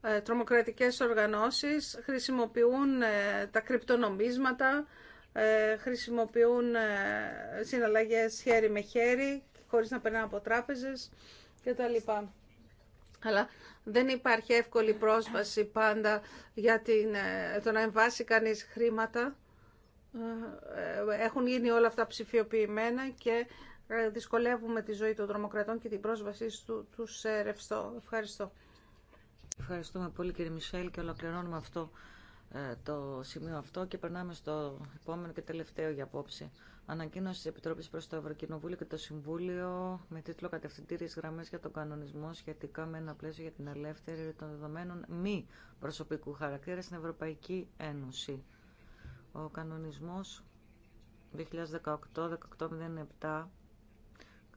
ε, τρομοκρατικές οργανώσεις χρησιμοποιούν ε, τα κρυπτονομίσματα, χρησιμοποιούν συναλλαγές χέρι με χέρι, χωρίς να περνάνε από τράπεζες κτλ. Αλλά δεν υπάρχει εύκολη πρόσβαση πάντα για την, το να εμβάσει κανείς χρήματα ε, έχουν γίνει όλα αυτά ψηφιοποιημένα και ε, δυσκολεύουμε τη ζωή των τρομοκρατών και την πρόσβασή του σε ρευστό. Ευχαριστώ. Ευχαριστούμε πολύ κύριε Μισελ και ολοκληρώνουμε αυτό ε, το σημείο αυτό και περνάμε στο επόμενο και τελευταίο για απόψη. Ανακοίνωση τη Επιτροπή προ το Ευρωκοινοβούλιο και το Συμβούλιο με τίτλο Κατευθυντήριε γραμμέ για τον κανονισμό σχετικά με ένα πλαίσιο για την ελεύθερη των δεδομένων μη προσωπικού χαρακτήρα στην Ευρωπαϊκή Ένωση. Ο κανονισμός 2018-1807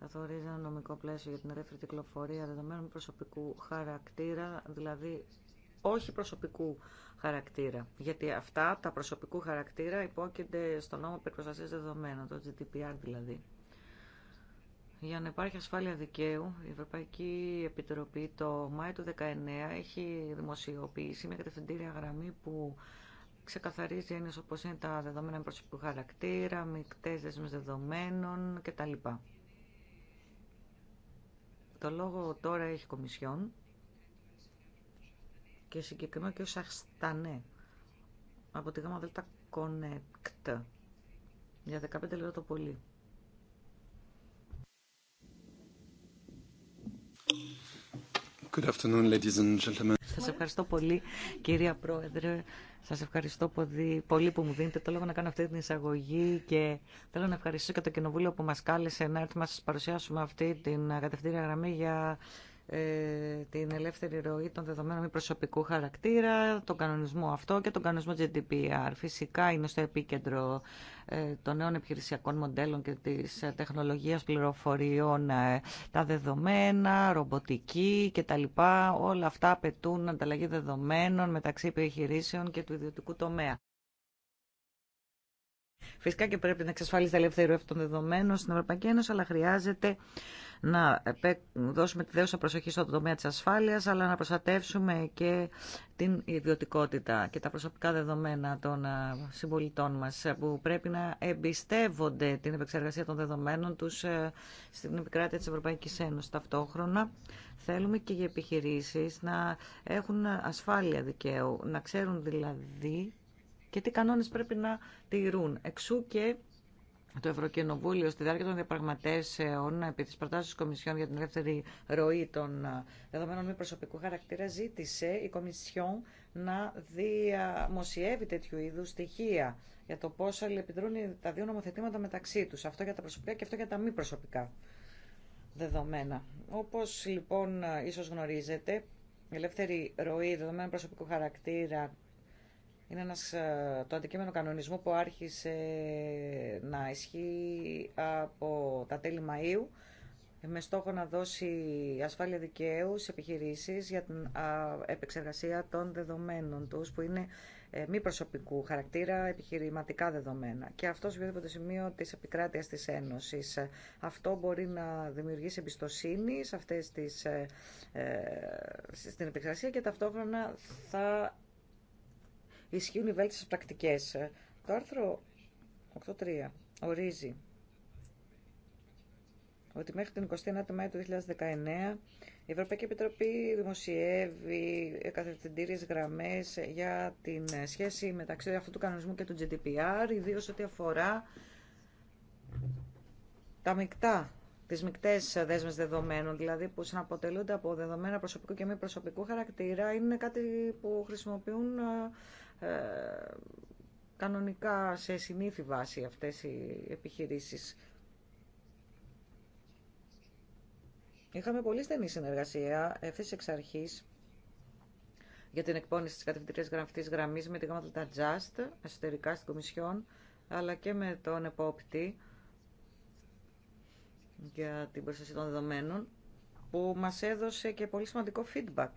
καθορίζει ένα νομικό πλαίσιο για την ελεύθερη κυκλοφορία δεδομένων προσωπικού χαρακτήρα, δηλαδή όχι προσωπικού χαρακτήρα. Γιατί αυτά τα προσωπικού χαρακτήρα υπόκεινται στο νόμο περί δεδομένων, το GDPR δηλαδή. Για να υπάρχει ασφάλεια δικαίου, η Ευρωπαϊκή Επιτροπή το Μάιο του 2019 έχει δημοσιοποιήσει μια κατευθυντήρια γραμμή που ξεκαθαρίζει έννοιε όπως είναι τα δεδομένα προσωπικού χαρακτήρα, μεικτέ δέσμε δεδομένων κτλ. Το λόγο τώρα έχει κομισιόν και συγκεκριμένα και ο Σαχστανέ από τη γάμα δελτα Connect για 15 λεπτά το πολύ. Good afternoon, ladies and gentlemen. Σας ευχαριστώ πολύ, κυρία Πρόεδρε. Σας ευχαριστώ πολύ που μου δίνετε το λόγο να κάνω αυτή την εισαγωγή και θέλω να ευχαριστήσω και το Κοινοβούλιο που μας κάλεσε να έρθουμε να σα παρουσιάσουμε αυτή την ε, κατευθύνια γραμμή για ε, την ελεύθερη ροή των δεδομένων μη προσωπικού χαρακτήρα, τον κανονισμό αυτό και τον κανονισμό GDPR. Φυσικά είναι στο επίκεντρο ε, των νέων επιχειρησιακών μοντέλων και της ε, τεχνολογίας πληροφοριών τα δεδομένα, ρομποτική κτλ. Όλα αυτά απαιτούν ανταλλαγή δεδομένων μεταξύ επιχειρήσεων και του ιδιωτικού τομέα. Φυσικά και πρέπει να εξασφαλίσει τα ελευθερία αυτών των δεδομένων στην Ευρωπαϊκή Ένωση, αλλά χρειάζεται να δώσουμε τη δέουσα προσοχή στον τομέα της ασφάλειας, αλλά να προστατεύσουμε και την ιδιωτικότητα και τα προσωπικά δεδομένα των ε, συμπολιτών μας, ε, που πρέπει να εμπιστεύονται την επεξεργασία των δεδομένων τους ε, στην επικράτεια της Ευρωπαϊκής Ένωσης. Ταυτόχρονα θέλουμε και οι επιχειρήσεις να έχουν ασφάλεια δικαίου, να ξέρουν δηλαδή και τι κανόνες πρέπει να τηρούν. Εξού και το Ευρωκοινοβούλιο στη διάρκεια των διαπραγματεύσεων επί τη προτάσει τη Κομισιόν για την ελεύθερη ροή των ε, δεδομένων μη προσωπικού χαρακτήρα ζήτησε η Κομισιόν να διαμοσιεύει τέτοιου είδου στοιχεία για το πώ αλληλεπιδρούν τα δύο νομοθετήματα μεταξύ του. Αυτό για τα προσωπικά και αυτό για τα μη προσωπικά δεδομένα. Όπω λοιπόν ε, ίσω γνωρίζετε, η ελεύθερη ροή δεδομένων προσωπικού χαρακτήρα είναι ένας, ε, το αντικείμενο κανονισμού που άρχισε να ισχύει από τα τέλη Μαΐου με στόχο να δώσει ασφάλεια δικαίου σε επιχειρήσεις για την επεξεργασία των δεδομένων τους που είναι ε, μη προσωπικού χαρακτήρα επιχειρηματικά δεδομένα. Και αυτό σε οποιοδήποτε σημείο της επικράτειας της Ένωσης. Αυτό μπορεί να δημιουργήσει εμπιστοσύνη αυτές τις, ε, στην επεξεργασία και ταυτόχρονα θα ισχύουν οι βέλτιστε πρακτικές. Το άρθρο 8.3 ορίζει ότι μέχρι την 29η Μάη του 2019 η Ευρωπαϊκή Επιτροπή δημοσιεύει καθευθυντήριες γραμμές για την σχέση μεταξύ αυτού του κανονισμού και του GDPR, ιδίω ό,τι αφορά τα μεικτά, τις μεικτές δέσμες δεδομένων, δηλαδή που συναποτελούνται από δεδομένα προσωπικού και μη προσωπικού χαρακτήρα, είναι κάτι που χρησιμοποιούν ε, κανονικά σε συνήθι βάση αυτές οι επιχειρήσεις. Είχαμε πολύ στενή συνεργασία ευθύ εξ αρχής για την εκπόνηση της κατευθυντήριας γραφτής γραμμής με τη γάμα Just εσωτερικά στην Κομισιόν αλλά και με τον επόπτη για την προστασία των δεδομένων που μας έδωσε και πολύ σημαντικό feedback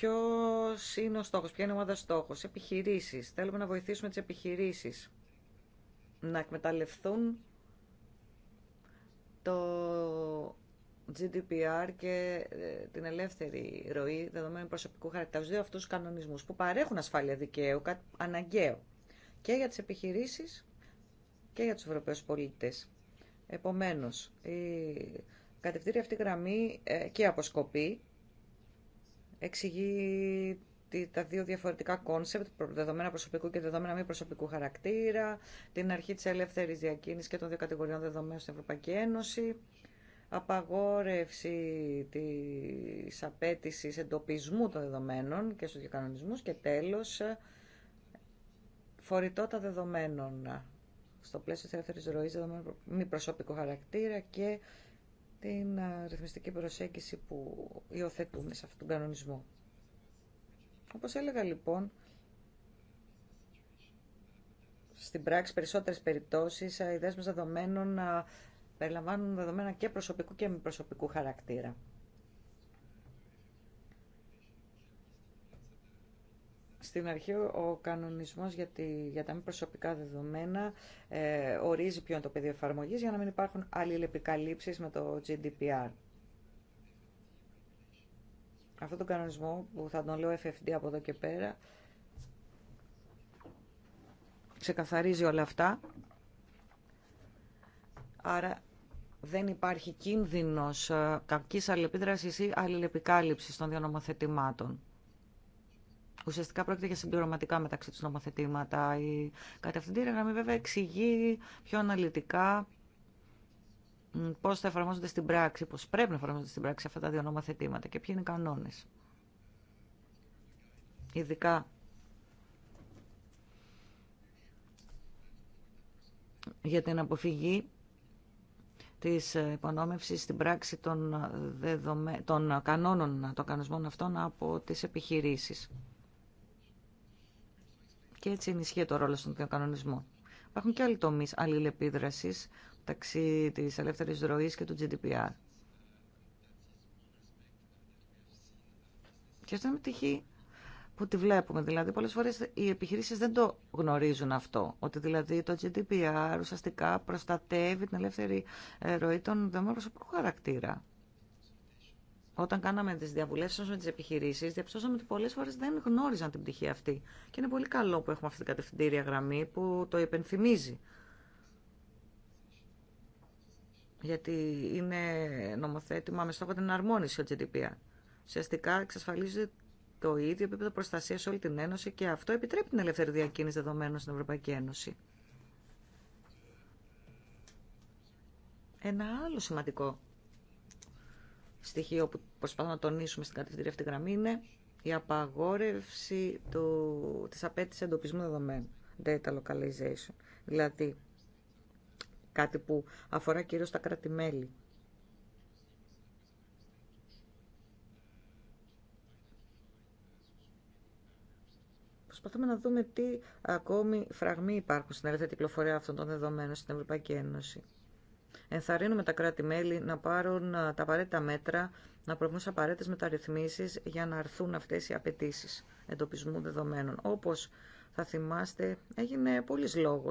Ποιο είναι ο στόχο, ποια είναι η ομάδα στόχος, επιχειρήσεις. Θέλουμε να βοηθήσουμε τις επιχειρήσεις να εκμεταλλευτούν το GDPR και ε, την ελεύθερη ροή δεδομένου προσωπικού χαρακτήρα. δύο αυτούς τους κανονισμούς που παρέχουν ασφάλεια δικαίου, αναγκαίο και για τις επιχειρήσεις και για τους Ευρωπαίους πολίτες. Επομένω, η κατευθύνει αυτή γραμμή ε, και αποσκοπεί εξηγεί τα δύο διαφορετικά κόνσεπτ, δεδομένα προσωπικού και δεδομένα μη προσωπικού χαρακτήρα, την αρχή της ελεύθερης διακίνησης και των δύο κατηγοριών δεδομένων στην Ευρωπαϊκή Ένωση, απαγόρευση της απέτηση εντοπισμού των δεδομένων και στους διακανονισμούς και τέλος φορητότητα δεδομένων στο πλαίσιο της ελεύθερης ροής δεδομένων μη προσωπικού χαρακτήρα και την ρυθμιστική προσέγγιση που υιοθετούμε σε αυτόν τον κανονισμό. Όπως έλεγα λοιπόν, στην πράξη περισσότερες περιπτώσεις οι δέσμες δεδομένων περιλαμβάνουν δεδομένα και προσωπικού και μη προσωπικού χαρακτήρα. Στην αρχή ο κανονισμός για, για τα μη προσωπικά δεδομένα ε, ορίζει ποιο είναι το πεδίο εφαρμογή για να μην υπάρχουν αλληλεπικαλύψεις με το GDPR. Αυτό τον κανονισμό που θα τον λέω FFD από εδώ και πέρα ξεκαθαρίζει όλα αυτά. Άρα δεν υπάρχει κίνδυνος ε, κακής αλληλεπίδρασης ή αλληλεπικάλυψης των νομοθετημάτων. Ουσιαστικά πρόκειται για συμπληρωματικά μεταξύ του νομοθετήματα. Η κατευθυντήρια γραμμή βέβαια εξηγεί πιο αναλυτικά πώ θα εφαρμόζονται στην πράξη, πώ πρέπει να εφαρμόζονται στην πράξη αυτά τα δύο νομοθετήματα και ποιοι είναι οι κανόνε. Ειδικά για την αποφυγή της υπονόμευσης στην πράξη των, δεδομέ... των κανόνων των κανονισμών αυτών από τις επιχειρήσεις και έτσι ενισχύεται ο ρόλο των κανονισμών. Υπάρχουν και άλλοι τομεί αλληλεπίδραση μεταξύ της ελεύθερη ροή και του GDPR. Και αυτό είναι τυχή που τη βλέπουμε. Δηλαδή, πολλές φορές οι επιχειρήσεις δεν το γνωρίζουν αυτό. Ότι δηλαδή το GDPR ουσιαστικά προστατεύει την ελεύθερη ε, ροή των δεδομένων προσωπικού χαρακτήρα. Όταν κάναμε τι διαβουλεύσει με τι επιχειρήσει, διαπιστώσαμε ότι πολλέ φορέ δεν γνώριζαν την πτυχή αυτή. Και είναι πολύ καλό που έχουμε αυτή την κατευθυντήρια γραμμή που το υπενθυμίζει. Γιατί είναι νομοθέτημα με στόχο την αρμόνιση ο GDPR. Ουσιαστικά εξασφαλίζει το ίδιο επίπεδο προστασία σε όλη την Ένωση και αυτό επιτρέπει την ελεύθερη διακίνηση δεδομένων στην Ευρωπαϊκή Ένωση. Ένα άλλο σημαντικό στοιχείο που προσπαθούμε να τονίσουμε στην κατευθυντήρια αυτή γραμμή είναι η απαγόρευση του, της απέτησης εντοπισμού δεδομένων, data localization. Δηλαδή, κάτι που αφορά κυρίως τα κράτη-μέλη. Προσπαθούμε να δούμε τι ακόμη φραγμοί υπάρχουν στην ελεύθερη κυκλοφορία αυτών των δεδομένων στην Ευρωπαϊκή Ένωση. Ενθαρρύνουμε τα κράτη-μέλη να πάρουν τα απαραίτητα μέτρα, να προβούν σε απαραίτητε μεταρρυθμίσει για να αρθούν αυτέ οι απαιτήσει εντοπισμού δεδομένων. Όπω θα θυμάστε, έγινε πολλή λόγο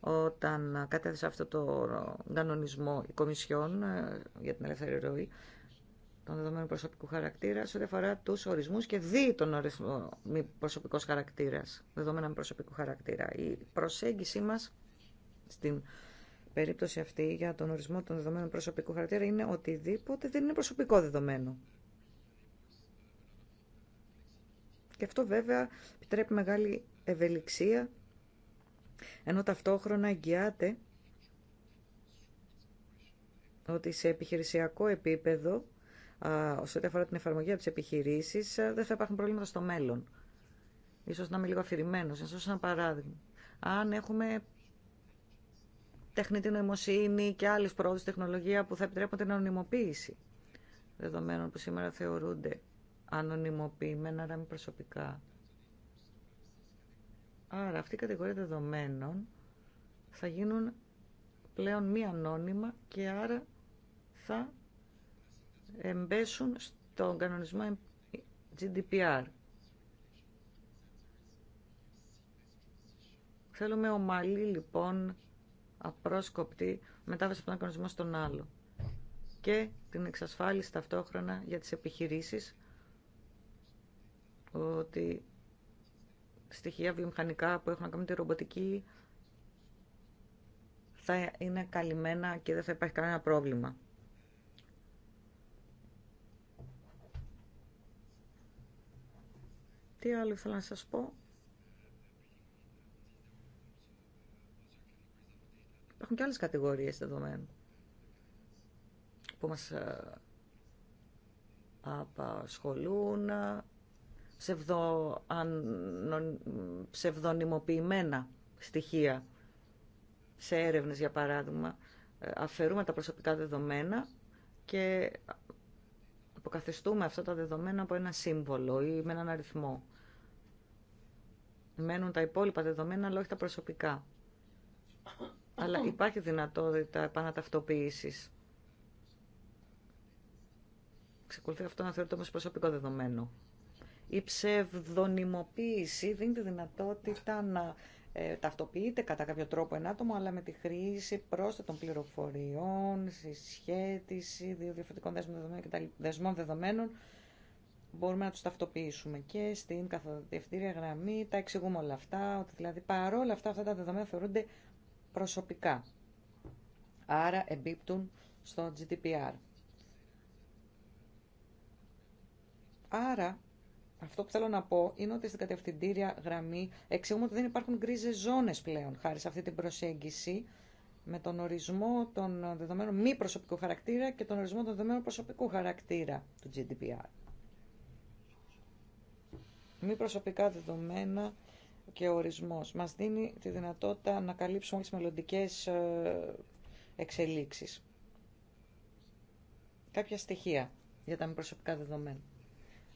όταν κατέθεσε αυτό το κανονισμό η Κομισιόν για την ελεύθερη ροή των δεδομένων προσωπικού χαρακτήρα σε ό,τι αφορά του ορισμού και δι τον ορισμό μη προσωπικό χαρακτήρα, δεδομένα προσωπικού χαρακτήρα. Η προσέγγιση μα στην περίπτωση αυτή για τον ορισμό των δεδομένων προσωπικού χαρακτήρα είναι οτιδήποτε δεν είναι προσωπικό δεδομένο. Και αυτό βέβαια επιτρέπει μεγάλη ευελιξία, ενώ ταυτόχρονα εγγυάται ότι σε επιχειρησιακό επίπεδο, όσο αφορά την εφαρμογή από τις επιχειρήσεις, δεν θα υπάρχουν προβλήματα στο μέλλον. Ίσως να είμαι λίγο αφηρημένος, ίσως ένα παράδειγμα. Αν έχουμε τεχνητή νοημοσύνη και άλλες πρόοδε τεχνολογία που θα επιτρέπουν την ανωνυμοποίηση δεδομένων που σήμερα θεωρούνται ανωνυμοποιημένα, άρα μη προσωπικά. Άρα αυτή η κατηγορία δεδομένων θα γίνουν πλέον μη ανώνυμα και άρα θα εμπέσουν στον κανονισμό GDPR. Θέλουμε ομαλή λοιπόν απρόσκοπτη μετάβαση από τον κανονισμό στον άλλο και την εξασφάλιση ταυτόχρονα για τις επιχειρήσεις ότι στοιχεία βιομηχανικά που έχουν κάνει τη ρομποτική θα είναι καλυμμένα και δεν θα υπάρχει κανένα πρόβλημα. Τι άλλο ήθελα να σας πω. Υπάρχουν και άλλες κατηγορίες δεδομένων που μας ε, απασχολούν ε, ψευδο, αν, ψευδονυμοποιημένα στοιχεία σε έρευνες για παράδειγμα ε, αφαιρούμε τα προσωπικά δεδομένα και αποκαθιστούμε αυτά τα δεδομένα από ένα σύμβολο ή με έναν αριθμό. Μένουν τα υπόλοιπα δεδομένα αλλά όχι τα προσωπικά αλλά ναι. υπάρχει δυνατότητα επαναταυτοποίηση. Ξεκολουθεί αυτό να θεωρείται όμω προσωπικό δεδομένο. Η ψευδονυμοποίηση δίνει τη δυνατότητα να ε, ταυτοποιείται κατά κάποιο τρόπο ένα άτομο, αλλά με τη χρήση πρόσθετων πληροφοριών, συσχέτιση, δύο διαφορετικών δεσμών δεδομένων, και δεσμών δεδομένων μπορούμε να τους ταυτοποιήσουμε και στην καθοδευτήρια γραμμή τα εξηγούμε όλα αυτά, ότι δηλαδή παρόλα αυτά αυτά τα δεδομένα θεωρούνται προσωπικά. Άρα εμπίπτουν στο GDPR. Άρα, αυτό που θέλω να πω είναι ότι στην κατευθυντήρια γραμμή εξηγούμε ότι δεν υπάρχουν γκρίζε ζώνες πλέον χάρη σε αυτή την προσέγγιση με τον ορισμό των δεδομένων μη προσωπικού χαρακτήρα και τον ορισμό των δεδομένων προσωπικού χαρακτήρα του GDPR. Μη προσωπικά δεδομένα και ο ορισμός. Μας δίνει τη δυνατότητα να καλύψουμε τις μελλοντικές ε, εξελίξεις. Κάποια στοιχεία για τα μη προσωπικά δεδομένα.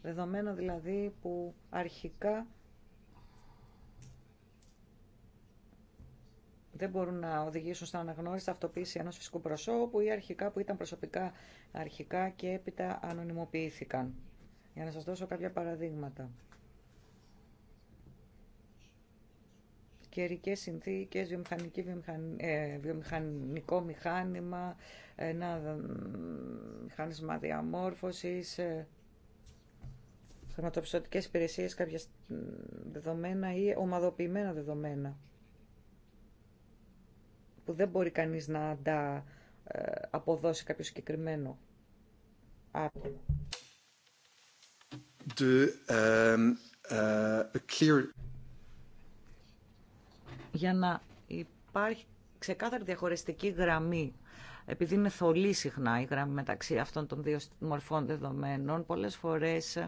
Δεδομένα δηλαδή που αρχικά δεν μπορούν να οδηγήσουν στα αναγνώριση αυτοποίηση ενός φυσικού προσώπου ή αρχικά που ήταν προσωπικά αρχικά και έπειτα ανωνυμοποιήθηκαν. Για να σας δώσω κάποια παραδείγματα. καιρικέ συνθήκε, βιομηχανική, ε, βιομηχανικό μηχάνημα, ένα μηχάνισμα διαμόρφωση, ε, χρηματοπιστωτικέ υπηρεσίε, κάποια δεδομένα ή ομαδοποιημένα δεδομένα που δεν μπορεί κανείς να τα ε, αποδώσει κάποιο συγκεκριμένο άτομο. Um, uh, για να υπάρχει ξεκάθαρη διαχωριστική γραμμή επειδή είναι θολή συχνά η γραμμή μεταξύ αυτών των δύο μορφών δεδομένων, πολλές φορές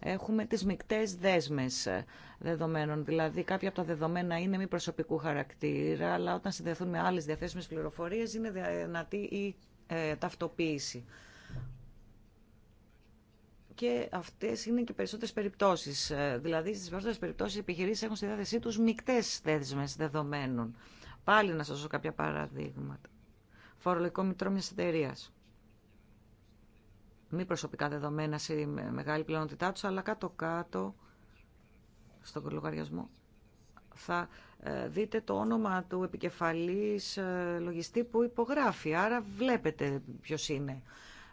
έχουμε τις μικτές δέσμες δεδομένων. Δηλαδή κάποια από τα δεδομένα είναι μη προσωπικού χαρακτήρα, αλλά όταν συνδεθούν με άλλες διαθέσιμες πληροφορίες είναι δυνατή η ε, ταυτοποίηση και αυτές είναι και περισσότερε περιπτώσεις. Ε, δηλαδή στις περισσότερες περιπτώσεις οι επιχειρήσει έχουν στη διάθεσή του μικτές δέσμε δεδομένων. Πάλι να σας δώσω κάποια παραδείγματα. Φορολογικό μητρό μια εταιρεία. Μη προσωπικά δεδομένα σε μεγάλη πλειονότητά του, αλλά κάτω-κάτω στον λογαριασμό θα ε, δείτε το όνομα του επικεφαλής ε, λογιστή που υπογράφει. Άρα βλέπετε ποιος είναι.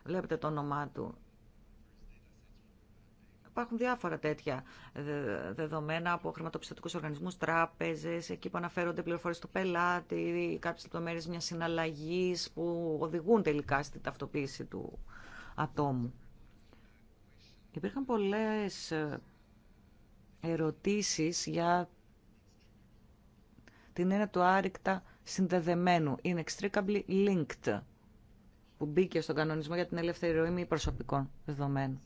Βλέπετε το όνομά του υπάρχουν διάφορα τέτοια ε, δεδομένα από χρηματοπιστωτικού οργανισμού, τράπεζε, εκεί που αναφέρονται πληροφορίε του πελάτη, κάποιε λεπτομέρειε μια συναλλαγή που οδηγούν τελικά στην ταυτοποίηση του ατόμου. Υπήρχαν πολλέ ε, ερωτήσει για την έννοια του άρρηκτα συνδεδεμένου, inextricably linked, που μπήκε στον κανονισμό για την ελεύθερη μη προσωπικών δεδομένων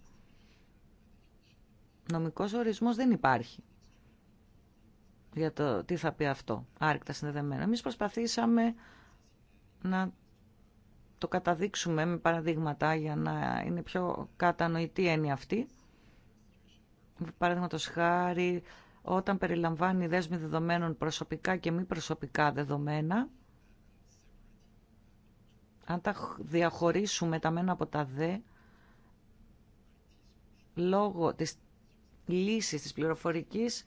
νομικός ορισμός δεν υπάρχει για το τι θα πει αυτό, άρρηκτα συνδεδεμένα. Εμείς προσπαθήσαμε να το καταδείξουμε με παραδείγματα για να είναι πιο κατανοητή έννοια αυτή. Παραδείγματο χάρη, όταν περιλαμβάνει δέσμη δεδομένων προσωπικά και μη προσωπικά δεδομένα, αν τα διαχωρίσουμε τα μένα από τα δε, λόγω της λύση της πληροφορικής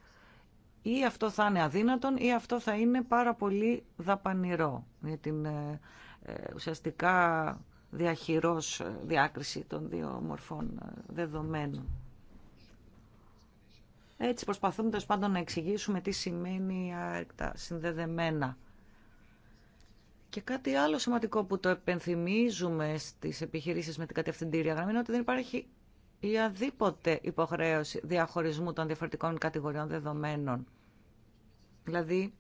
ή αυτό θα είναι αδύνατον ή αυτό θα είναι πάρα πολύ δαπανηρό για την ε, ε, ουσιαστικά διαχειρός ε, διάκριση των δύο μορφών δεδομένων. Έτσι προσπαθούμε τέλο πάντων να εξηγήσουμε τι σημαίνει τα συνδεδεμένα. Και κάτι άλλο σημαντικό που το επενθυμίζουμε στις επιχειρήσεις με την κατευθυντήρια γραμμή είναι ότι δεν υπάρχει ή αδίποτε υποχρέωση διαχωρισμού των διαφορετικών κατηγοριών δεδομένων. Δηλαδή,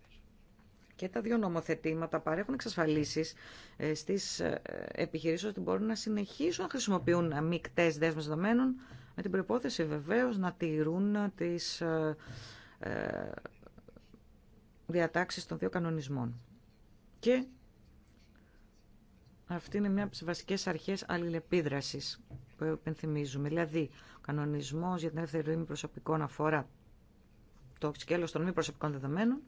και τα δύο νομοθετήματα παρέχουν εξασφαλίσεις ε, στις ε, επιχειρήσεις ότι μπορούν να συνεχίσουν να χρησιμοποιούν μεικτές δέσμες δεδομένων με την προπόθεση βεβαίως να τηρούν τις ε, διατάξεις των δύο κανονισμών. Και αυτή είναι μια από τις βασικές αρχές αλληλεπίδρασης που επενθυμίζουμε. Δηλαδή, ο κανονισμό για την ελεύθερη ροή μη προσωπικών αφορά το σκέλο των μη προσωπικών δεδομένων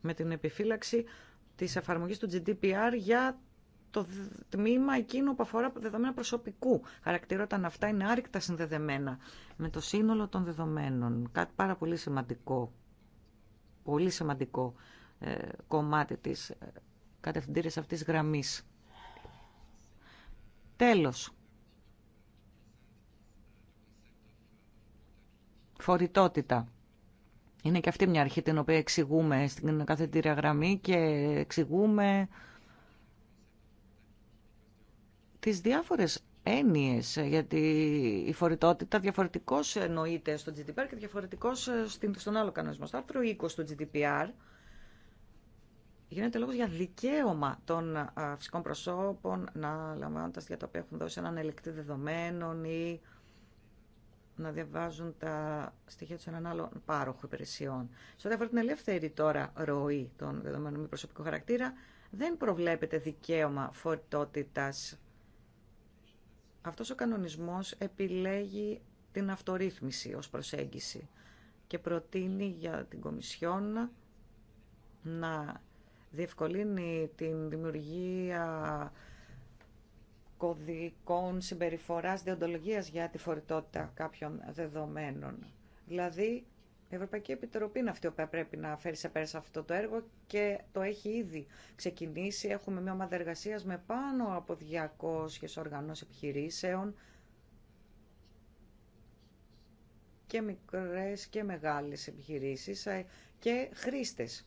με την επιφύλαξη της εφαρμογής του GDPR για το τμήμα εκείνο που αφορά δεδομένα προσωπικού χαρακτήρα όταν αυτά είναι άρρηκτα συνδεδεμένα με το σύνολο των δεδομένων. Κάτι πάρα πολύ σημαντικό, πολύ σημαντικό ε, κομμάτι της ε, κατευθυντήριας αυτής γραμμής. Τέλος, φορητότητα. Είναι και αυτή μια αρχή την οποία εξηγούμε στην καθετήρια γραμμή και εξηγούμε τις διάφορες έννοιες, γιατί η φορητότητα διαφορετικός εννοείται στο GDPR και διαφορετικώς στον άλλο κανονισμό. Στο άρθρο 20 του GDPR γίνεται λόγος για δικαίωμα των φυσικών προσώπων να λαμβάνουν τα τα οποία έχουν δώσει έναν ελεκτή δεδομένων ή να διαβάζουν τα στοιχεία του έναν άλλον πάροχο υπηρεσιών. Σε ό,τι αφορά την ελεύθερη τώρα ροή των δεδομένων μη προσωπικού χαρακτήρα, δεν προβλέπεται δικαίωμα φορτότητας. Αυτός ο κανονισμός επιλέγει την αυτορύθμιση ως προσέγγιση και προτείνει για την Κομισιόν να διευκολύνει την δημιουργία κωδικών συμπεριφοράς διοντολογίας για τη φορητότητα κάποιων δεδομένων. Δηλαδή, η Ευρωπαϊκή Επιτροπή είναι αυτή που πρέπει να φέρει σε πέρα σε αυτό το έργο και το έχει ήδη ξεκινήσει. Έχουμε μια ομάδα εργασία με πάνω από 200 οργανώσει επιχειρήσεων και μικρές και μεγάλες επιχειρήσεις ε, και χρήστες.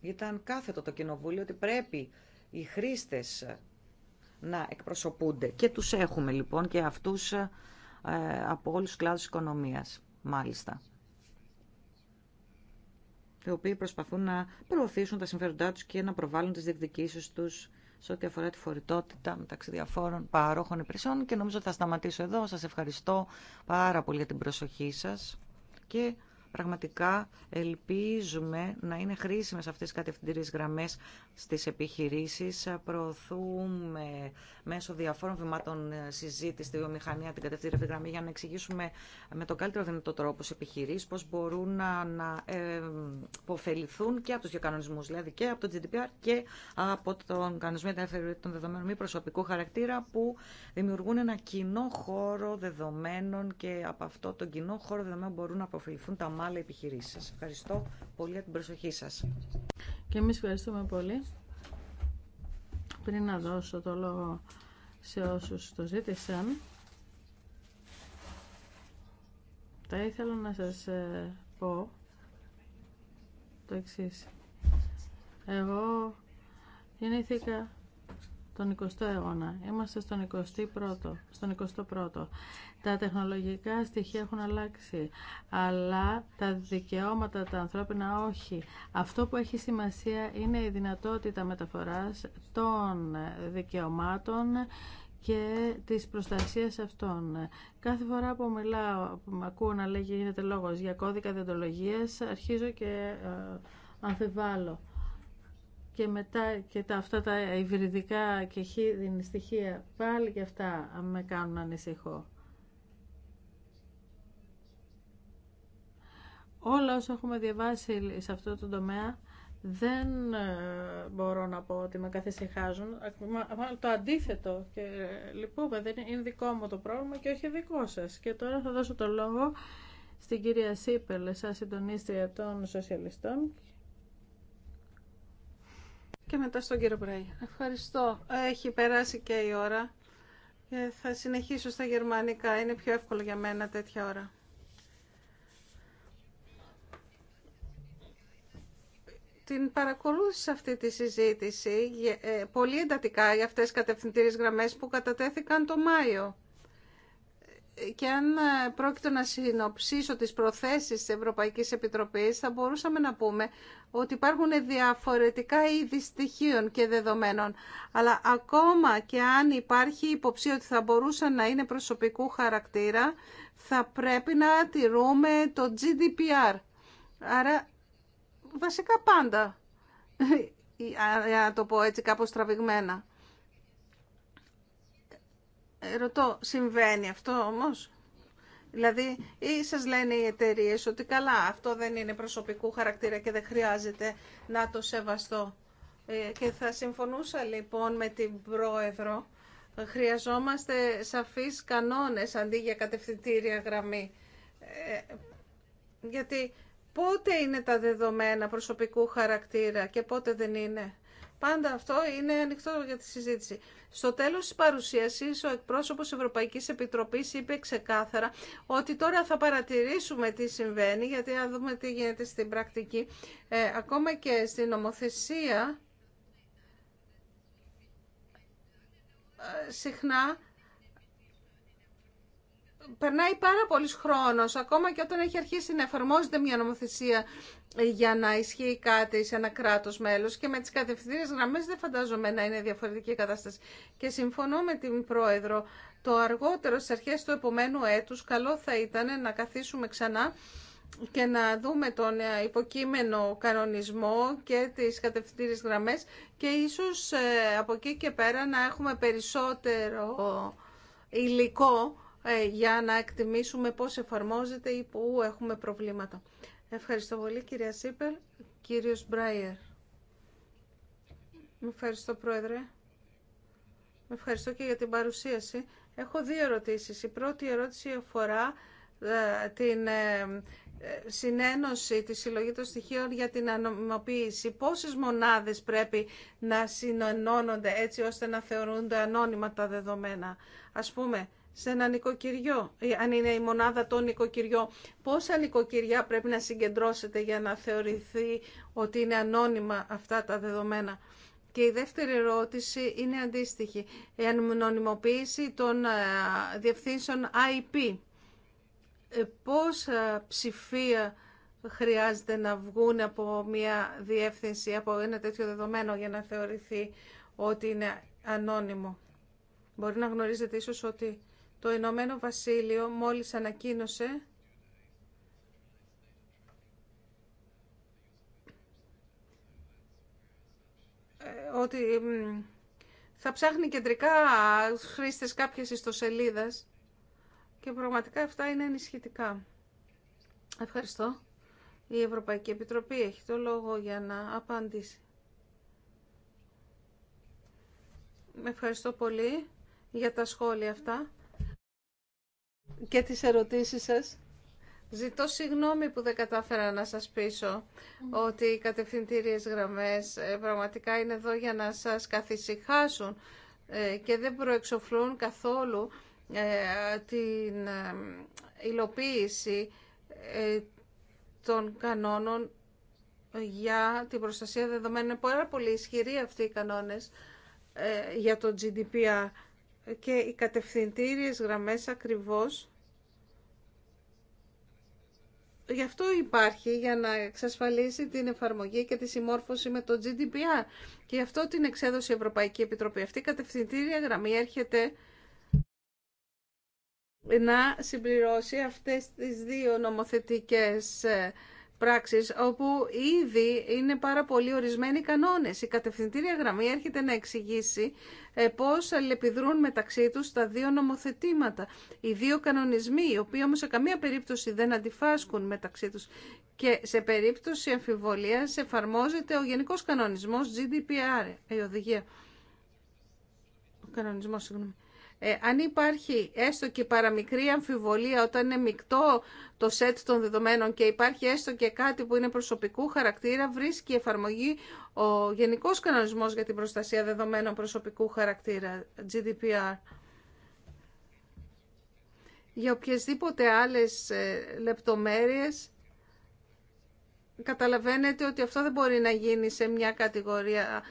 Ήταν κάθετο το κοινοβούλιο ότι πρέπει οι χρήστες να εκπροσωπούνται. Και τους έχουμε λοιπόν και αυτούς ε, από όλους τους κλάδους οικονομίας, μάλιστα. Οι οποίοι προσπαθούν να προωθήσουν τα συμφέροντά τους και να προβάλλουν τις διεκδικήσεις τους σε ό,τι αφορά τη φορητότητα μεταξύ διαφόρων παρόχων υπηρεσιών και νομίζω ότι θα σταματήσω εδώ. Σας ευχαριστώ πάρα πολύ για την προσοχή σας και Πραγματικά ελπίζουμε να είναι χρήσιμες αυτές οι κατευθυντήριες γραμμές στις επιχειρήσεις. Προωθούμε μέσω διαφόρων βημάτων συζήτηση στη βιομηχανία την κατευθυντήρια γραμμή για να εξηγήσουμε με τον καλύτερο δυνατό τρόπο στις επιχειρήσεις πώς μπορούν να, να ε, και από τους δύο δηλαδή και από το GDPR και από τον κανονισμό των δεδομένων μη προσωπικού χαρακτήρα που δημιουργούν ένα κοινό χώρο δεδομένων και από αυτό τον κοινό χώρο δεδομένων μπορούν να αποφεληθούν τα άλλα Ευχαριστώ πολύ για την προσοχή σας. Και εμείς ευχαριστούμε πολύ. Πριν να δώσω το λόγο σε όσους το ζήτησαν, θα ήθελα να σας ε, πω το εξής. Εγώ γεννήθηκα τον 20ο αιώνα. Είμαστε στον 21ο, ο Τα τεχνολογικά στοιχεία έχουν αλλάξει, αλλά τα δικαιώματα τα ανθρώπινα όχι. Αυτό που έχει σημασία είναι η δυνατότητα μεταφοράς των δικαιωμάτων και της προστασίας αυτών. Κάθε φορά που μιλάω, που με ακούω να λέγει γίνεται λόγος για κώδικα διοντολογίας, αρχίζω και ε, αμφιβάλλω και μετά και τα, αυτά τα υβριδικά και χίδιν στοιχεία πάλι και αυτά με κάνουν ανησυχώ. Όλα όσα έχουμε διαβάσει σε αυτό το τομέα δεν ε, μπορώ να πω ότι με καθησυχάζουν. το αντίθετο και ε, λυπούμε, δεν είναι δικό μου το πρόβλημα και όχι δικό σας. Και τώρα θα δώσω το λόγο στην κυρία Σίπελ, σαν συντονίστρια των σοσιαλιστών και μετά στον κύριο Μπρέι. Ευχαριστώ. Έχει περάσει και η ώρα. Και ε, θα συνεχίσω στα γερμανικά. Είναι πιο εύκολο για μένα τέτοια ώρα. την παρακολούθησα αυτή τη συζήτηση ε, πολύ εντατικά για αυτές τις κατευθυντήριες γραμμές που κατατέθηκαν το Μάιο και αν ε, πρόκειται να συνοψίσω τις προθέσεις της Ευρωπαϊκής Επιτροπής, θα μπορούσαμε να πούμε ότι υπάρχουν διαφορετικά είδη στοιχείων και δεδομένων. Αλλά ακόμα και αν υπάρχει υποψία ότι θα μπορούσαν να είναι προσωπικού χαρακτήρα, θα πρέπει να τηρούμε το GDPR. Άρα, βασικά πάντα, να [laughs] το πω έτσι κάπως τραβηγμένα. Ρωτώ, συμβαίνει αυτό όμως. Δηλαδή, ή σας λένε οι εταιρείε ότι καλά, αυτό δεν είναι προσωπικού χαρακτήρα και δεν χρειάζεται να το σεβαστώ. Ε, και θα συμφωνούσα λοιπόν με την Πρόεδρο, χρειαζόμαστε σαφείς κανόνες αντί για κατευθυντήρια γραμμή. Ε, γιατί πότε είναι τα δεδομένα προσωπικού χαρακτήρα και πότε δεν είναι. Πάντα αυτό είναι ανοιχτό για τη συζήτηση. Στο τέλο τη παρουσίαση, ο εκπρόσωπο Ευρωπαϊκή Επιτροπή είπε ξεκάθαρα ότι τώρα θα παρατηρήσουμε τι συμβαίνει, γιατί να δούμε τι γίνεται στην πρακτική. Ε, ακόμα και στην νομοθεσία, ε, συχνά περνάει πάρα πολύ χρόνο, ακόμα και όταν έχει αρχίσει να εφαρμόζεται μια νομοθεσία για να ισχύει κάτι σε ένα κράτο μέλο, και με τι κατευθυντήριες γραμμέ δεν φαντάζομαι να είναι διαφορετική η κατάσταση. Και συμφωνώ με την Πρόεδρο, το αργότερο στι αρχέ του επομένου έτου, καλό θα ήταν να καθίσουμε ξανά και να δούμε τον υποκείμενο κανονισμό και τις κατευθυντήριες γραμμές και ίσως ε, από εκεί και πέρα να έχουμε περισσότερο υλικό ε, για να εκτιμήσουμε πώς εφαρμόζεται ή που έχουμε προβλήματα. Ευχαριστώ πολύ κυρία Σίπελ. Κύριος Μπράιερ. Ευχαριστώ πρόεδρε. Ευχαριστώ και για την παρουσίαση. Έχω δύο ερωτήσεις. Η πρώτη ερώτηση αφορά ε, την ε, συνένωση, τη συλλογή των στοιχείων για την ανομιμοποίηση. Πόσες μονάδες πρέπει να συνενώνονται έτσι ώστε να θεωρούνται ανώνυμα τα δεδομένα. Ας πούμε, σε ένα νοικοκυριό, ε, αν είναι η μονάδα το νοικοκυριό. Πόσα νοικοκυριά πρέπει να συγκεντρώσετε για να θεωρηθεί ότι είναι ανώνυμα αυτά τα δεδομένα. Και η δεύτερη ερώτηση είναι αντίστοιχη. Η ανωνυμοποίηση των ε, διευθύνσεων IP. Ε, πόσα ψηφία χρειάζεται να βγουν από μια διεύθυνση, από ένα τέτοιο δεδομένο για να θεωρηθεί ότι είναι ανώνυμο. Μπορεί να γνωρίζετε ίσως ότι το Ηνωμένο Βασίλειο μόλις ανακοίνωσε ε, ότι θα ψάχνει κεντρικά χρήστες κάποιες ιστοσελίδας και πραγματικά αυτά είναι ενισχυτικά. Ευχαριστώ. Η Ευρωπαϊκή Επιτροπή έχει το λόγο για να απαντήσει. Ευχαριστώ πολύ για τα σχόλια αυτά και τις ερωτήσεις σας. Ζητώ συγγνώμη που δεν κατάφερα να σας πείσω ότι οι κατευθυντήριες γραμμές ε, πραγματικά είναι εδώ για να σας καθησυχάσουν ε, και δεν προεξοφλούν καθόλου ε, την υλοποίηση των κανόνων για την προστασία δεδομένων. Είναι πάρα πολύ ισχυροί αυτοί οι κανόνες για το GDPR και οι κατευθυντήριες γραμμές ακριβώς γι' αυτό υπάρχει για να εξασφαλίσει την εφαρμογή και τη συμμόρφωση με το GDPR και γι' αυτό την εξέδωσε η Ευρωπαϊκή Επιτροπή. Αυτή η κατευθυντήρια γραμμή έρχεται να συμπληρώσει αυτές τις δύο νομοθετικές ε, πράξεις όπου ήδη είναι πάρα πολύ ορισμένοι οι κανόνες. Η κατευθυντήρια γραμμή έρχεται να εξηγήσει ε, πώς αλληλεπιδρούν μεταξύ τους τα δύο νομοθετήματα. Οι δύο κανονισμοί, οι οποίοι όμως σε καμία περίπτωση δεν αντιφάσκουν μεταξύ τους. Και σε περίπτωση αμφιβολίας εφαρμόζεται ο Γενικός Κανονισμός GDPR, ε, η οδηγία. Ο κανονισμός, ε, αν υπάρχει έστω και παραμικρή αμφιβολία όταν είναι μεικτό το σετ των δεδομένων και υπάρχει έστω και κάτι που είναι προσωπικού χαρακτήρα, βρίσκει εφαρμογή ο Γενικός Κανονισμός για την Προστασία Δεδομένων Προσωπικού Χαρακτήρα, GDPR. Για οποιασδήποτε άλλες ε, λεπτομέρειες, καταλαβαίνετε ότι αυτό δεν μπορεί να γίνει σε μια κατηγορία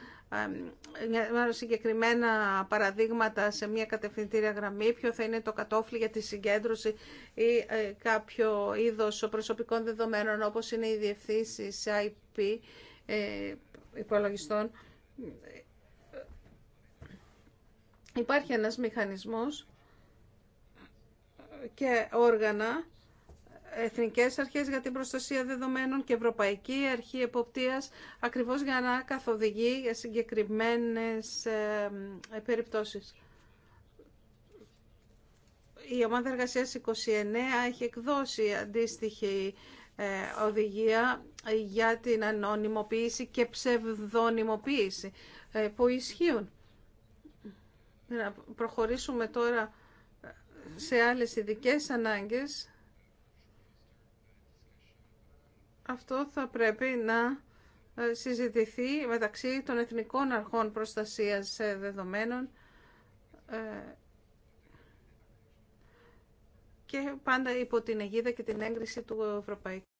συγκεκριμένα παραδείγματα σε μια κατευθυντήρια γραμμή, ποιο θα είναι το κατόφλι για τη συγκέντρωση ή ε, κάποιο είδος προσωπικών δεδομένων όπως είναι οι διευθύνσει IP ε, υπολογιστών. Υπάρχει ένας μηχανισμός και όργανα Εθνικές Αρχές για την Προστασία Δεδομένων και Ευρωπαϊκή Αρχή Εποπτείας ακριβώς για να καθοδηγεί για συγκεκριμένες ε, περιπτώσεις. Η ομάδα εργασίας 29 έχει εκδώσει αντίστοιχη ε, οδηγία για την ανώνυμοποίηση και ψευδονυμοποίηση ε, που ισχύουν. Να προχωρήσουμε τώρα σε άλλες ειδικέ ανάγκες αυτό θα πρέπει να ε, συζητηθεί μεταξύ των εθνικών αρχών προστασίας ε, δεδομένων ε, και πάντα υπό την αιγίδα και την έγκριση του Ευρωπαϊκού.